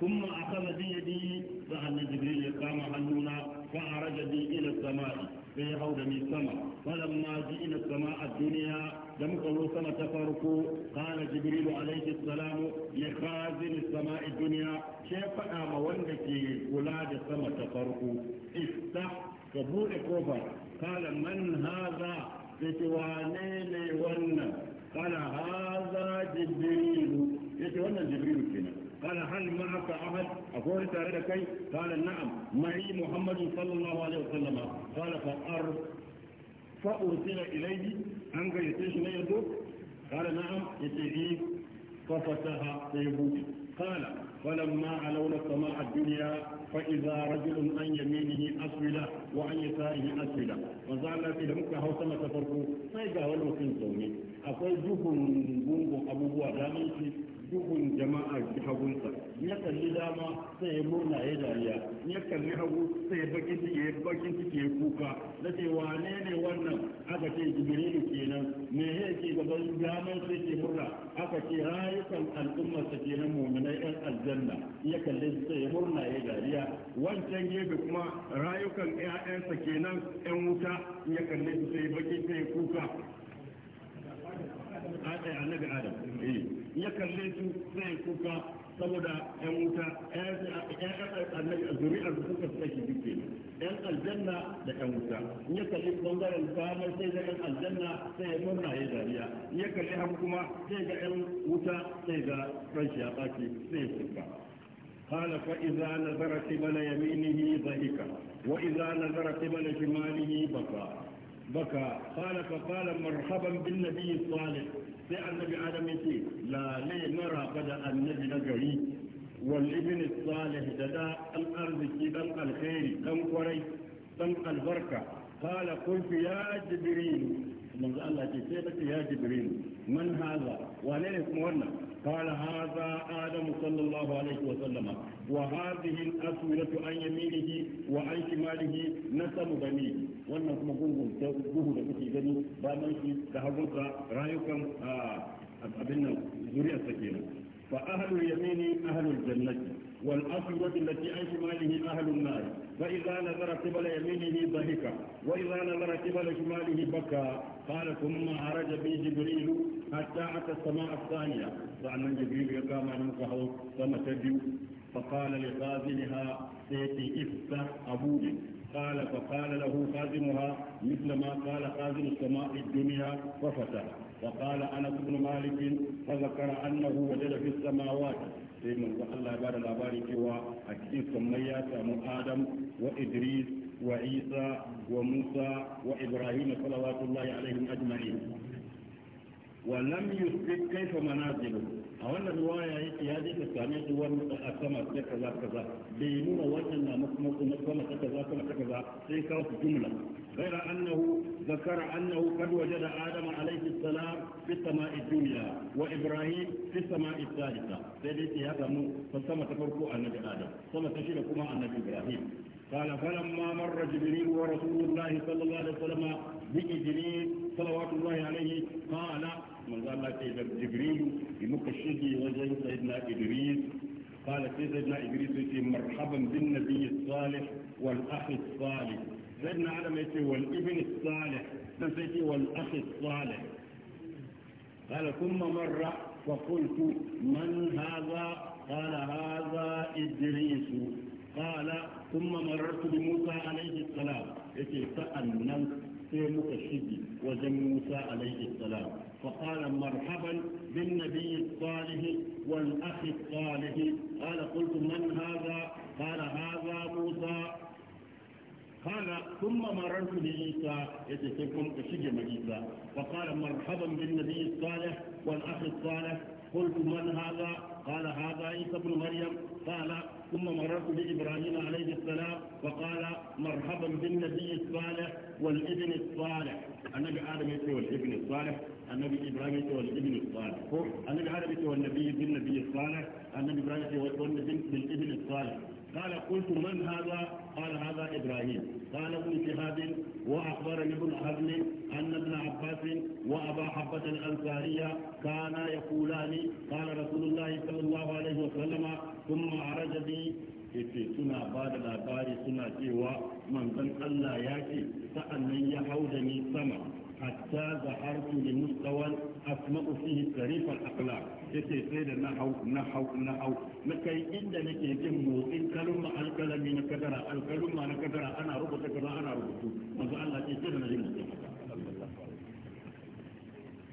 ثم أخذ بيدي فأن جبريل قام عنونا فأرجدي إلى السماء sai hau da ni sama falamma ji'ina sama'a duniya da muka zo sama ta farko kana jibrilu alaihi salamu ya khazin sama'i duniya ke faɗa ma wanda ke kula da sama ta farko iftah ka buɗe kofa kala man haza sai ce wane ne wannan kala haza jibrilu yace wannan jibrilu kenan قال هل معك أحد أقول تارد كي قال نعم معي محمد صلى الله عليه وسلم قال فأر فأرسل إليه أنك يتيش لا يدوك قال نعم يتيه ففتح سيبوك قال فلما علونا السماء الدنيا فإذا رجل عن يمينه أسولة وعن يساره أسولة وزعل في دمك هوسمة تفرقه فإذا هو المسلم أقول جوكم بومبو أبوه دامنشي duhun jama'a ki hagunsa ya kalli dama sai ya murna ya dariya ya kalli hagu sai ya bakin ciki ya bakin ciki ya kuka na ce wane ne wannan aka ce jibrilu kenan me yake gaban dama sai ke murna aka ce rayukan al'ummar sa kenan mu'minai yan aljanna ya kalli sai ya murna ya dariya wancan gefe kuma rayukan ƴaƴansa kenan yan wuta ya kalli sai bakin sai kuka
a annabi adam eh
ya kalle su sai kuka saboda yan wuta yan zuri'ar da suka suka shi duke yan aljanna da yan wuta in ya kalli bangaren dama sai ga yan aljanna sai ya murna ya dariya in ya kalli hagu kuma sai ga yan wuta sai ga ranshi ya ɓaki sai kuka قال فإذا نظر قبل يمينه ضحك وإذا نظر قبل شماله بكى بكى قال فقال مرحبا بالنبي الصالح سأل النبي آدم يتي لا لي نرى بدأ النبي نجري والابن الصالح دداء الأرض دمق الخير كم قري دمق البركة قال قلت يا جبريل manzo Allah ce sai kace ya jibril man haza wane ne kuma wannan qala haza adam sallallahu alaihi wa sallama wa hadhihi al-aswilatu an yaminihi wa an shimalihi nasabu bani wannan kuma gungun ta buhu da kuke gani ba man shi da hagunsa rayukan ah, abin nan zuriyarsa kenan fa ahlul yamini ahlul jannati والأسود التي عن شماله أهل النار فإذا نظر قبل يمينه ضحك وإذا نظر قبل شماله بكى قال ثم عرج به جبريل حتى أتى السماء الثانية فأن جبريل يقام عنه ثم تجو فقال لخازنها سيتي افتح أبوي قال فقال له خازنها مثل ما قال خازن السماء الدنيا وفتح وقال أنس بن مالك فذكر أنه وجد في السماوات sai manzo Allah ya bada labari cewa a cikin sammai ya samu Adam wa Idris wa Isa wa Musa wa Ibrahim sallallahu alaihi ajma'in ولم يثبت كيف منازله أو أن الرواية yake هذه الثانية ka same كذا كذا بينما وجدنا ta كذا كذا كذا nuna جمله غير أنه ذكر أنه قد وجد آدم عليه السلام في السماء الدنيا وإبراهيم في السماء الثالثة سيدي هذا مو فالسماء تفرقوا نبي آدم سماء عن نبي إبراهيم قال فلما مر جبريل ورسول الله صلى الله عليه وسلم بإجريل صلوات الله عليه قال من ذا الله كيف جبريل يمكشف وجه سيدنا إدريس قال سيدنا إدريس مرحبا بالنبي الصالح والأخ الصالح سيدنا آدم يتي والابن الصالح سيدنا والأخ الصالح قال ثم مر فقلت من هذا قال هذا إدريس قال ثم مررت بموسى عليه السلام يتي فأنا سيمك الشدي وجن موسى عليه السلام فقال مرحبا بالنبي الصالح والأخ الصالح قال قلت من هذا قال هذا موسى قال ثم مررت بعيسى يتسلكم تشجم عيسى فقال مرحبا بالنبي الصالح والأخ الصالح قلت من هذا قال هذا عيسى بن مريم قال ثم مررت بإبراهيم عليه السلام فقال مرحبا بالنبي الصالح والابن الصالح النبي آدم يسوي والابن الصالح النبي إبراهيم والابن الابن الصالح النبي عربي هو النبي بالنبي الصالح النبي إبراهيم والابن بالابن الصالح قال قلت من هذا؟ قال هذا ابراهيم قال ابن شهاب واخبرني ابن حزم ان ابن عباس وابا حبه الانصاريه كانا يقولان قال رسول الله صلى الله عليه وسلم ثم عرج بي في سنة بعد الأبار سنة جيوة من كان الله ياتي فأنا يحوزني سما حتى ظهرت لمستوى أسمع فيه الشريف الأخلاق يتي سيد نحو نحو نحو لكي إن نكي جمو إن كلمة الكلام نكدر الكلمة نكدر أنا ربط كدر أنا ربط ماذا الله تسير نجم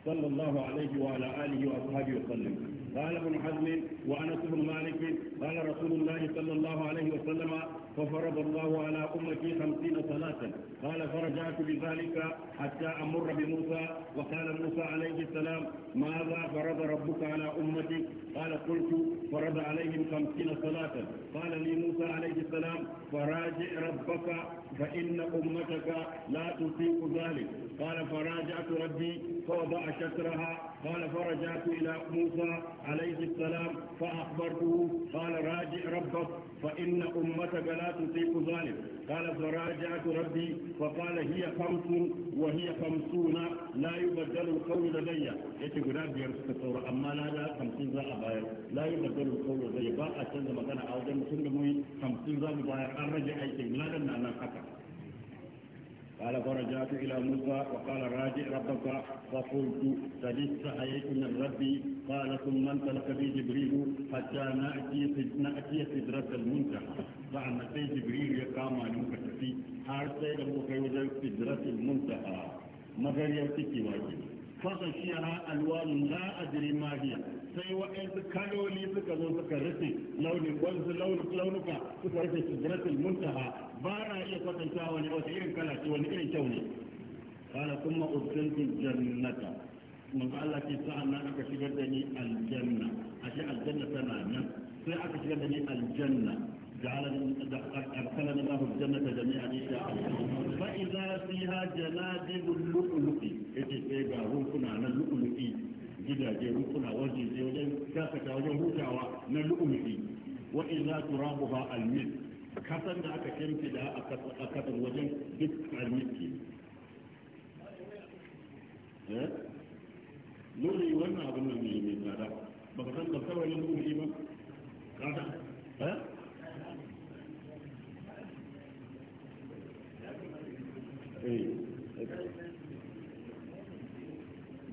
صلى الله عليه وعلى آله وأصحابه وسلم قال ابن حزم وانس بن مالك قال رسول الله صلى الله عليه وسلم ففرض الله على أمتي خمسين صلاة قال فرجعت بذلك حتى أمر بموسى وقال موسى عليه السلام ماذا فرض ربك على أمتي قال قلت فرض عليهم خمسين صلاة قال لي موسى عليه السلام فراجع ربك فإن أمتك لا تطيق ذلك قال فراجعت ربي فوضع شكرها قال فرجعت إلى موسى عليه السلام فأخبرته قال راجع ربك فإن أمتك لا لا تطيق ذلك قال فراجعت ربي فقال هي خمس وهي خمسون لا يبدل القول لدي يتي غدا بيار سكتور اما لا دا خمسين ذا اباير لا يبدل القول لدي با اتنزا مغانا او دا مسلمي خمسين ذا مباير ارجع ايتي لا دا نانا حكا قال فرجعت إلى موسى وقال راجع ربك فقلت قد عليك من ربي قال ثم انطلق بي جبريل حتى نأتي نأتي سدرة المنتهى فعما في جبريل يقام عن مكتفي حتى سيد أبو سدرة المنتهى مغير يمسكي واجب فغشيها ألوان لا أدري ما هي sai waɗansu kaloli suka zo suka rufe launin wanzu launuka suka rufe sidratul muntaha ba na iya kwatanta wani wata irin kala ce wani irin kyau ne kana kuma udkhiltu jannata mun Allah ke sa'an nan aka shigar da ni aljanna ashe aljanna tana nan sai aka shigar da ni aljanna جعلني أدخلني الله الجنة جميعا إن شاء الله فإذا فيها جنادب اللؤلؤ إتي سيبا روكنا عن اللؤلؤ جدا جي روكنا وجي جي وجي كاسكا وجي روكا وناللؤلؤ وإذا ترابها الملك kasan da aka kirki da a kasar wajen duk almiki lori eh? wannan abin nan ne mai tsada ba ka san ba kawai yin ba kada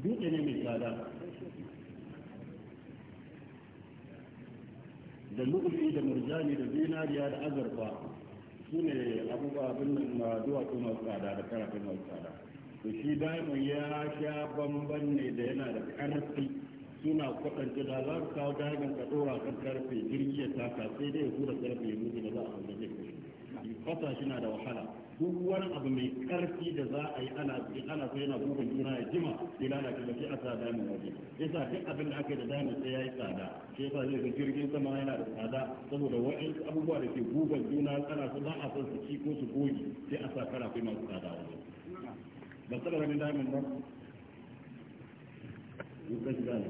dutse ne mai tsada da lu'ufi da murjani da zinariya da azurfa su ne abubuwa abin da duwatsu masu tsada da karafin masu tsada to shi diamond ya sha bamban ne da yana da karfi suna kwatanta da za su kawo diamond ka dora kan karfe jirgi ya taka sai dai ya hura karfe ya fata shi na da wahala duk wani abu mai karfi da za a yi ana ana so yana bugun juna ya jima ya lalace ba sai a sa damin waje yasa duk abin da aka yi da damin sai yi tsada sai yasa zai jirgin sama yana da tsada saboda wa'in abubuwa da ke bugun juna ana so za a son su ci ko su goge sai a sa kara kai masu tsada waje ba damin ba da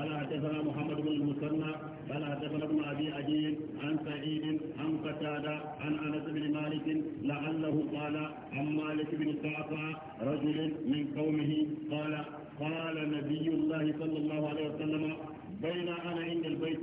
قال حدثنا محمد بن المثنى قال حدثنا ابن ابي عجيب عن سعيد عن قتاده عن انس بن مالك لعله قال عن مالك بن قعقع رجل من قومه قال قال نبي الله صلى الله عليه وسلم بين انا عند البيت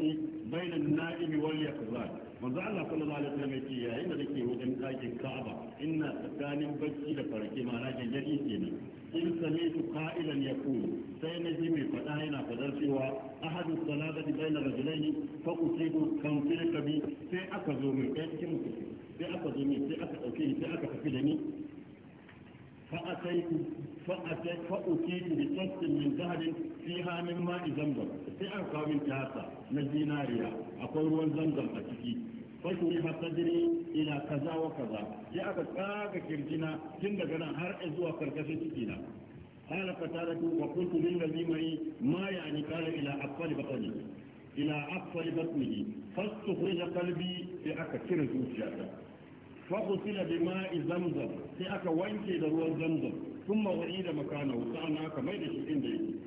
بين النائم واليقظان manzo Allah sallallahu alaihi wasallam yace yayin da nake wajen ɗakin Ka'aba ina tsakanin bacci da farke ma na gangari kenan in sami'tu qa'ilan yaqulu sai na ji mai faɗa yana faɗar cewa ahadu salatati bayna rajulaini fa usibu kamfilka bi sai aka zo min ɗaya cikin mutum sai aka zo min sai aka ɗauke sai aka tafi da ni فأتيت فأتيت فأتيت بقص من ذهب فيها من sai زمزم kawo min من na من akwai ruwan وان a ciki. fashuri hasadiri ila kaza kaza ya aka tsaga kirjina tun daga nan har zuwa karkashin cikina ana fatara ku wa kuntu min da limari ma ya ni kala ila akwali batani ila akwali batani fasu kurja kalbi sai aka cire zuciya ta fa bi ma zamzam sai aka wanke da ruwan zamzam sun ma wani da makana wuta na mai da shi inda yake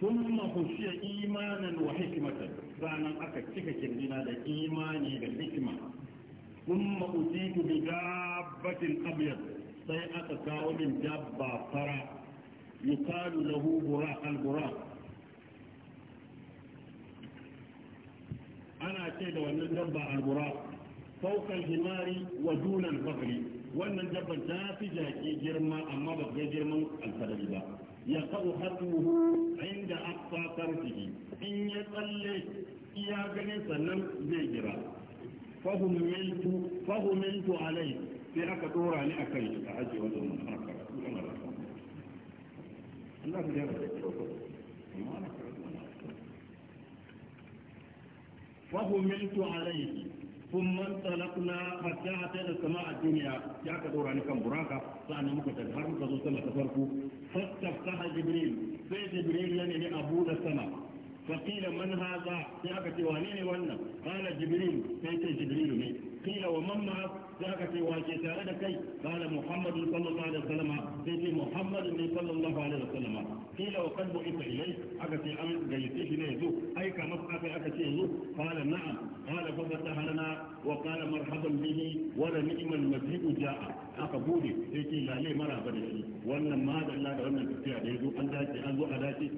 sun ma kushiya imanin wa hikimata. ranan aka cika kirjina da imani da hikima kuma utitu bi dabbatin abyad sai aka kawo min dabba fara yuqalu lahu buraq al ana ce da wannan dabba al buraq himari wa dunan al wannan dabba ta fi jaki girma amma ba ga girman alfadari ba يقع حتمه عند أقصى طرفه إن يصلي يا غني سنن زي جرا فهملت فهملت عليه في أكا دورا لي أكل أعجي وزن حركة الله بجرد فهملت عليه kuman tsalakuna hatta ta da sama a duniya ya ka dora ni kan buraka sa'annan muka tafi har muka zo sama ta farko fasta fa jibril sai jibril ya nemi abu da sama فقيل من هذا ذاك توانين وانا قال جبريل كيف جبريل مي قيل ومن معك ذاك تواجه تارد كي قال محمد صلى الله عليه وسلم كيف محمد صلى الله عليه وسلم قيل وقد بئت إليه أكتي أن جيتيش ليزو أي كمسعك أكتي يزو قال نعم قال ففتح لنا وقال مرحبا به ولنعم المسجد جاء أقبولي كيف لا لي مرحبا به وانا ما هذا الله وانا بسيا ليزو أن داتي أن داتي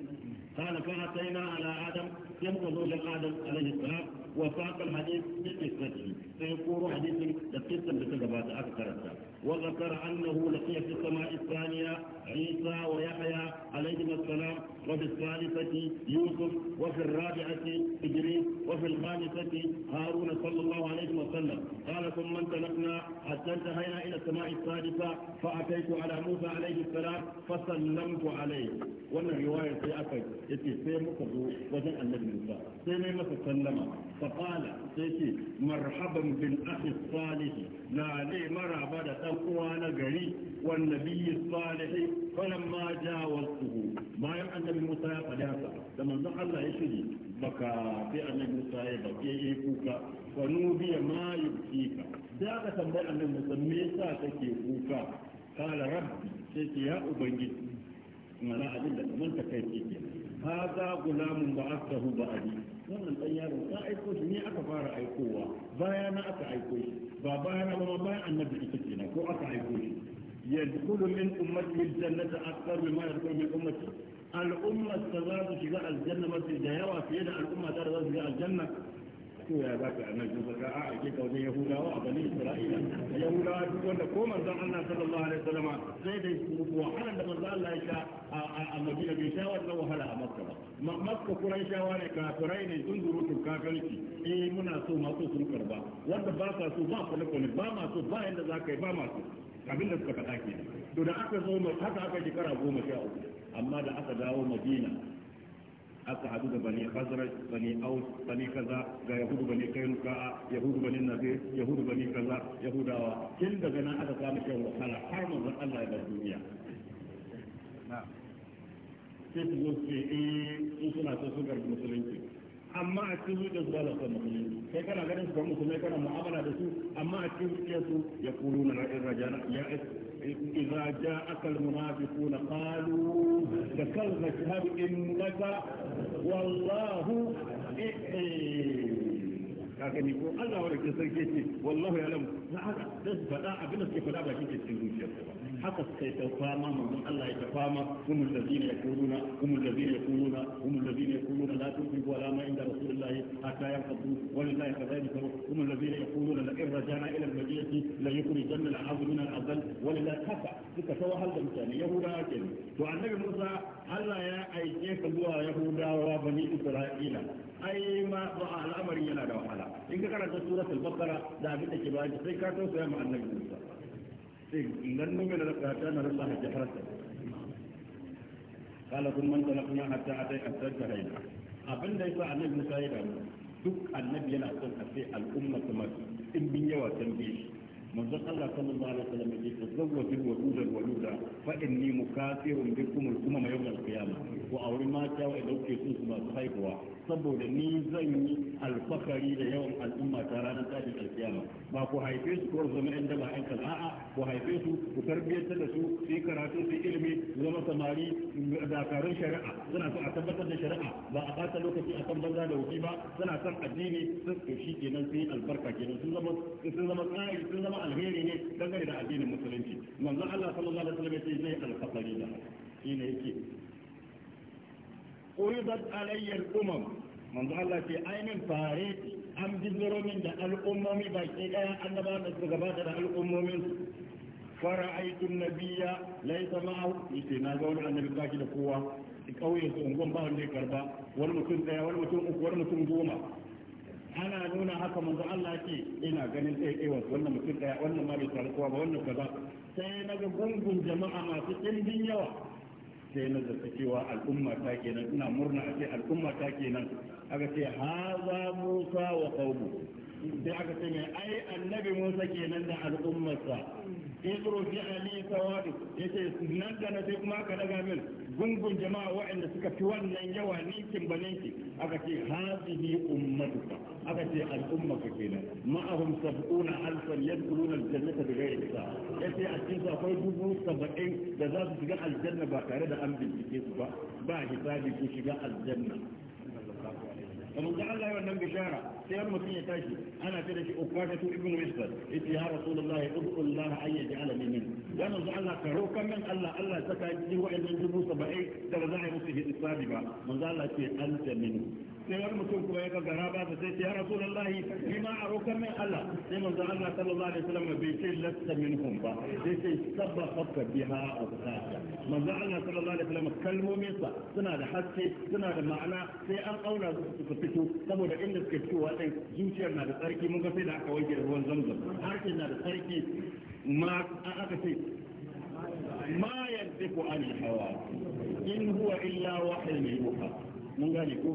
قال فأتينا على آدم يمكن وجه آدم عليه السلام وفاق الحديث بقصته فيقول حديث لقصة بتجبات أكثر السلام وذكر أنه لقي في السماء الثانية عيسى ويحيى عليهما السلام وفي الثالثة يوسف وفي الرابعة إدريس وفي الخامسة هارون صلى الله عليه وسلم قال ثم انطلقنا حتى انتهينا إلى السماء السادسة فأتيت على موسى عليه السلام فسلمت عليه وأن الرواية في أكد يتي سيمكه وجن النبي موسى سيمة سلم فقال سيتي مرحبا بالأخ الصالح لا لي مرحبا uwa na gari wan nabiyyi salih falamma jawaztuhu bayan annabi Musa ya fadasa da manzon Allah ya shiri baka sai annabi Musa ya bake yi kuka wa nubiya ma ka da aka tambayi annabi Musa me yasa kake kuka kala rabbi sai ya ubangiji mana abin da kaman take kenan haza gulamun ba asahu ba abi wannan dan yaro ka aiko shi ne aka fara aikowa baya na aka aiko shi ba baya na ba bayan annabi ita kenan ko aka aiko shi yadkhulu min ummati aljannata akthar mimma yadkhulu min ummati al'umma za su shiga aljanna mafi da yawa fiye da al'umma ta da za su shiga aljanna to ya za ka annabi sun saka a ake kaune yahudawa a bani isra'ila yahudawa duk wanda ko manzon Allah sallallahu alaihi wasallam sai dai wahalan da manzon Allah ya sha a madina bai sha wannan wahala a makka ba makka kuran shawa ne kafirai ne sun zurutun kafirci eh muna so masu sun karba wanda ba sa so ba kula kula ba ma so ba yanda za ka yi ba ma so abin da suka faɗa ke to da aka zo haka aka shekara goma sha uku amma da aka dawo madina aka hadu da bani khazra bani aus bani kaza ga yahudu bani kainuka yahudu bani nabi yahudu bani kaza yahudawa kin daga nan aka samu shan wahala har manzon Allah da duniya sai su zo su eh su suna so su garbi musulunci amma a cikin da su lalata musulmi sai kana ganin su ga musulmai kana mu'amala da su amma a cikin su ya kuru na ra'in rajana ya إذا جاءك المنافقون قالوا ذكرنا اجهب إنك والله kaka ne ko Allah wadda ke sarki ce wallahu ya lamu na haka da su faɗa abin da suke faɗa ba shi ke cikin zuciyarsa ba haka suka yi ta fama manzon Allah ya ta fama humul ladina yaquluna humul ladina yaquluna humul ladina yaquluna la tunfiqu ala ma inda rasulillahi hatta yanqadu walillahi kadhalika humul ladina yaquluna la irjana ila al-madinati la yukhrijanna al-azl min al-azl walillahi haka suka ta wahal da mutane yahudawa kenan to annabi Musa Allah ya aike ka zuwa yahudawa bani Isra'ila ai ma ba al'amari yana da wahala in ka karanta suratul baqara da abin da ke bayan sai ka tausaya ma annabi Musa لن نؤمن لك حتى نرى الله جهرته قال ثم انطلقنا abin da yasa annabi Musa ya damu duk annabi yana son a sai al'umma su in bin yawa tambaye shi من ذا الله صلى الله عليه وسلم تزوج الودود الولودة فإني مكافر بكم الأمم يوم القيامة وأوري ما تاوى إذا أوكي ما صحيحوا صبوا لني زيني الفخري ليوم الأمة ترانا تاتي القيامة ما كو هايفيس كور عند الله عند الآعة وهايفيس وتربية تلسو في كراتو في علمي زما سماري داكارين شريعة سنة أتبت شريعة لا أقاتل لوكتي أتبت ذا لوكي با سنة أتبت الديني سنة شيء كنا في البركة كنا سنة سنة سنة alheri ne dangane da addinin musulunci manzon Allah sallallahu alaihi wasallam yace zai alfaqari da shine yake uridat alayya al-umam manzon Allah ce ainin fare an bizuro min da al'ummomi ba ke daya annaba da su gabata da al'ummomin su فرأيت النبي ليس معه يسي نازل النبي باكي da kowa kauyen su ungon ba wanda ya karba wani mutum daya wani mutum uku wani mutum goma ana nuna haka manzo Allah ce ina ganin ɗaiɗaiwa wannan mutum ɗaya wannan ma bai tare kowa ba wannan kaza sai na ga gungun jama'a masu ɗimbin yawa sai na zata cewa al'umma ta kenan ina murna a ce al'umma ta kenan aka ce haza Musa wa qaumu sai aka ce mai ai annabi Musa kenan da al'ummarsa idru fi ali sawadu yace nan da na sai kuma ka daga min gungun jama'a waɗanda suka fi wannan yawa ninkin ba ninki aka ce hazihi ummatuka aka ce al'umma ka kenan ma'ahum sab'una alfan yadkhuluna aljannata bighayri hisab yace a cikin akwai dubu saba'in da za su shiga aljanna ba tare da an bincike su ba ba hisabi ku shiga aljanna da Allah wannan bishara sai har mutum ya tashi ana ce da shi ukashatu ibnu misbah yace ya rasulullahi ud'u Allah an yaj'ala min min ya manzo Allah karo rokan min Allah Allah saka ji wa'annan dubu 70 da ba za a yi musu hisabi ba manzo Allah ce anta min sai wani mutum kuma ya gagara ba da sai ya rasu lallahi ni ma a rokar min Allah sai manzon Allah sallallahu alaihi wasallam bai ce lasta minhum ba sai sai sabba fakka biha a abdaka manzon Allah sallallahu alaihi wasallam kalmomin sa suna da haske suna da ma'ana sai an auna su suka fito saboda inda suke fitowa din zuciyar na da tsarki mun ga sai da aka wanke da ruwan zamzam harshen na da tsarki ma aka ce ma ما ينطق عن الهوى إن هو إلا وحي يوحى mun gane ko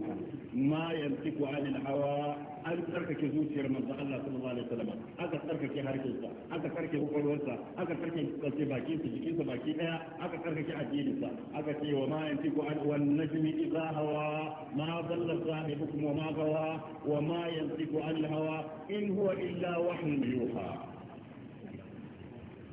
ma yantiku anil hawa an tsarkake zuciyar manzo Allah sallallahu alaihi wasallam aka tsarkake harkinsa aka tsarkake kwakwalwarsa aka tsarkake kace bakin sa jikin sa baki daya aka tsarkake addinin sa aka ce wa ma yantiku an wan najmi idha hawa ma dalla sahibukum wa ma gawa wa ma yantiku an hawa in huwa illa wahyun yuha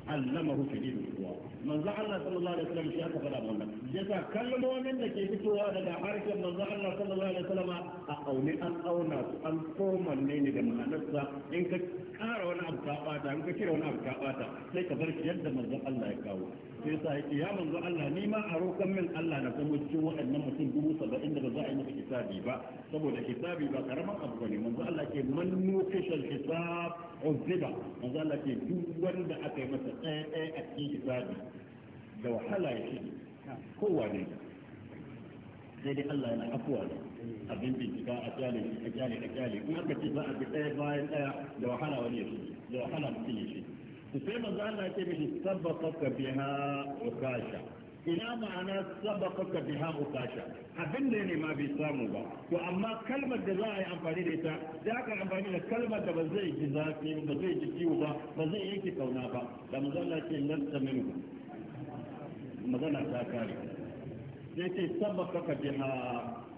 allamahu shadidul quwa manzo Allah sallallahu alaihi wasallam shi aka faɗa wannan yasa kalmomin da ke fitowa daga harshen manzo Allah sallallahu alaihi wasallam a an auna su an ne da ma'anarsa in ka kara wani abu ka bata in ka kira wani abu ka bata sai ka bar shi yadda manzo Allah ya kawo sai yasa yake ya manzo Allah ni ma a min Allah na san cikin waɗannan mutum dubu saba'in da ba za a yi masa hisabi ba saboda hisabi ba karaman abu bane manzo Allah ke man nukishal hisab uzziba manzo Allah ke duk wanda aka yi masa ɗaya ɗaya a cikin hisabi da wahala ya ce kowa ne sai dai Allah yana afuwa ne abin bincika a kyale a kyale a kyale kuma aka ce za a bi ɗaya bayan ɗaya da wahala wani ya ce da wahala mutum ya ce to sai manzo Allah ya ce mishi sabbaka biha ukasha ina ma'ana sabaqaka biha ukasha abin da ne ma bai samu ba to amma kalmar da za a yi amfani da ita za aka amfani da kalmar da ba zai ji zafi ba zai ji ciwo ba ba zai yanke kauna ba da manzo Allah ce lan taminu magana ta kare sai ce sabaka ka uka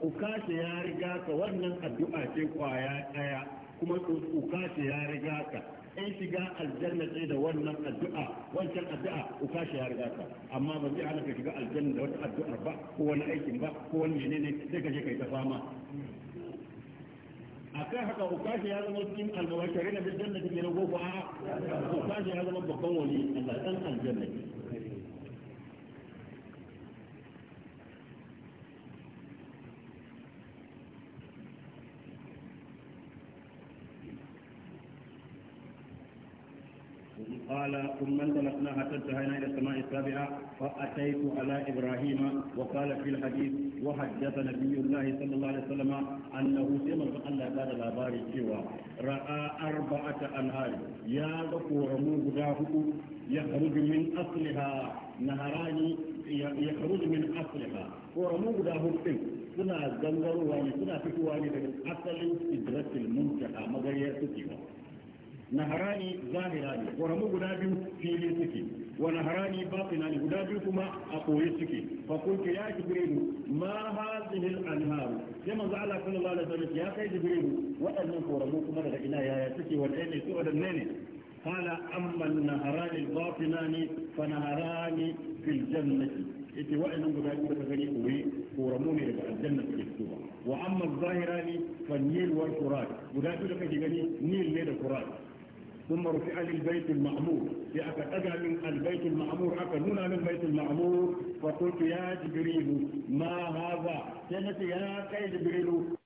ukace ya riga ka wannan addu'a ce kwaya daya kuma ukace ya riga ka in shiga aljanna ce da wannan addu'a wancan addu'a ukashi ya riga ka amma ba zai hana ka shiga aljanna da wata addu'ar ba ko wani aikin ba ko wani menene sai ka je kai ta fama akan haka ukashi ya zama cikin almawashari da aljanna da ke na gogo a ukashi ya zama babban wani Allah dan aljanna قال ثم انطلقنا حتى انتهينا الى السماء السابعه فاتيت على ابراهيم وقال في الحديث وحدث نبي الله صلى الله عليه وسلم انه سيما فقال لا الاباري سوى راى اربعه انهار يا ذكور مو يخرج من اصلها نهران يخرج من اصلها ورمو غدا هوتين suna gangarowa ne suna fitowa ne المنتهى asalin sidratul naharani zahirani ƙoramu guda biyu fili suke wa naharani batinani guda biyu kuma a koye suke fa kuntu ya jibrilu ma hadhihi al-anhar sai manzo Allah sallallahu alaihi wasallam ya kai jibrilu waɗannan ƙoramu kuma daga ina yaya suke wanda ne su waɗanne ne قال أما النهران الباطنان فنهران في الجنة yace wa'annan guda biyu da gani koyi koramu ne daga aljanna suke fitowa wa amma zahirani fa nil wal qurat guda biyu da kake gani nil ne da qurat ثم رفع للبيت المعمور لأتأجى من البيت المعمور حتى هنا من البيت المعمور فقلت يا جبريل ما هذا سنة يا كي جبريل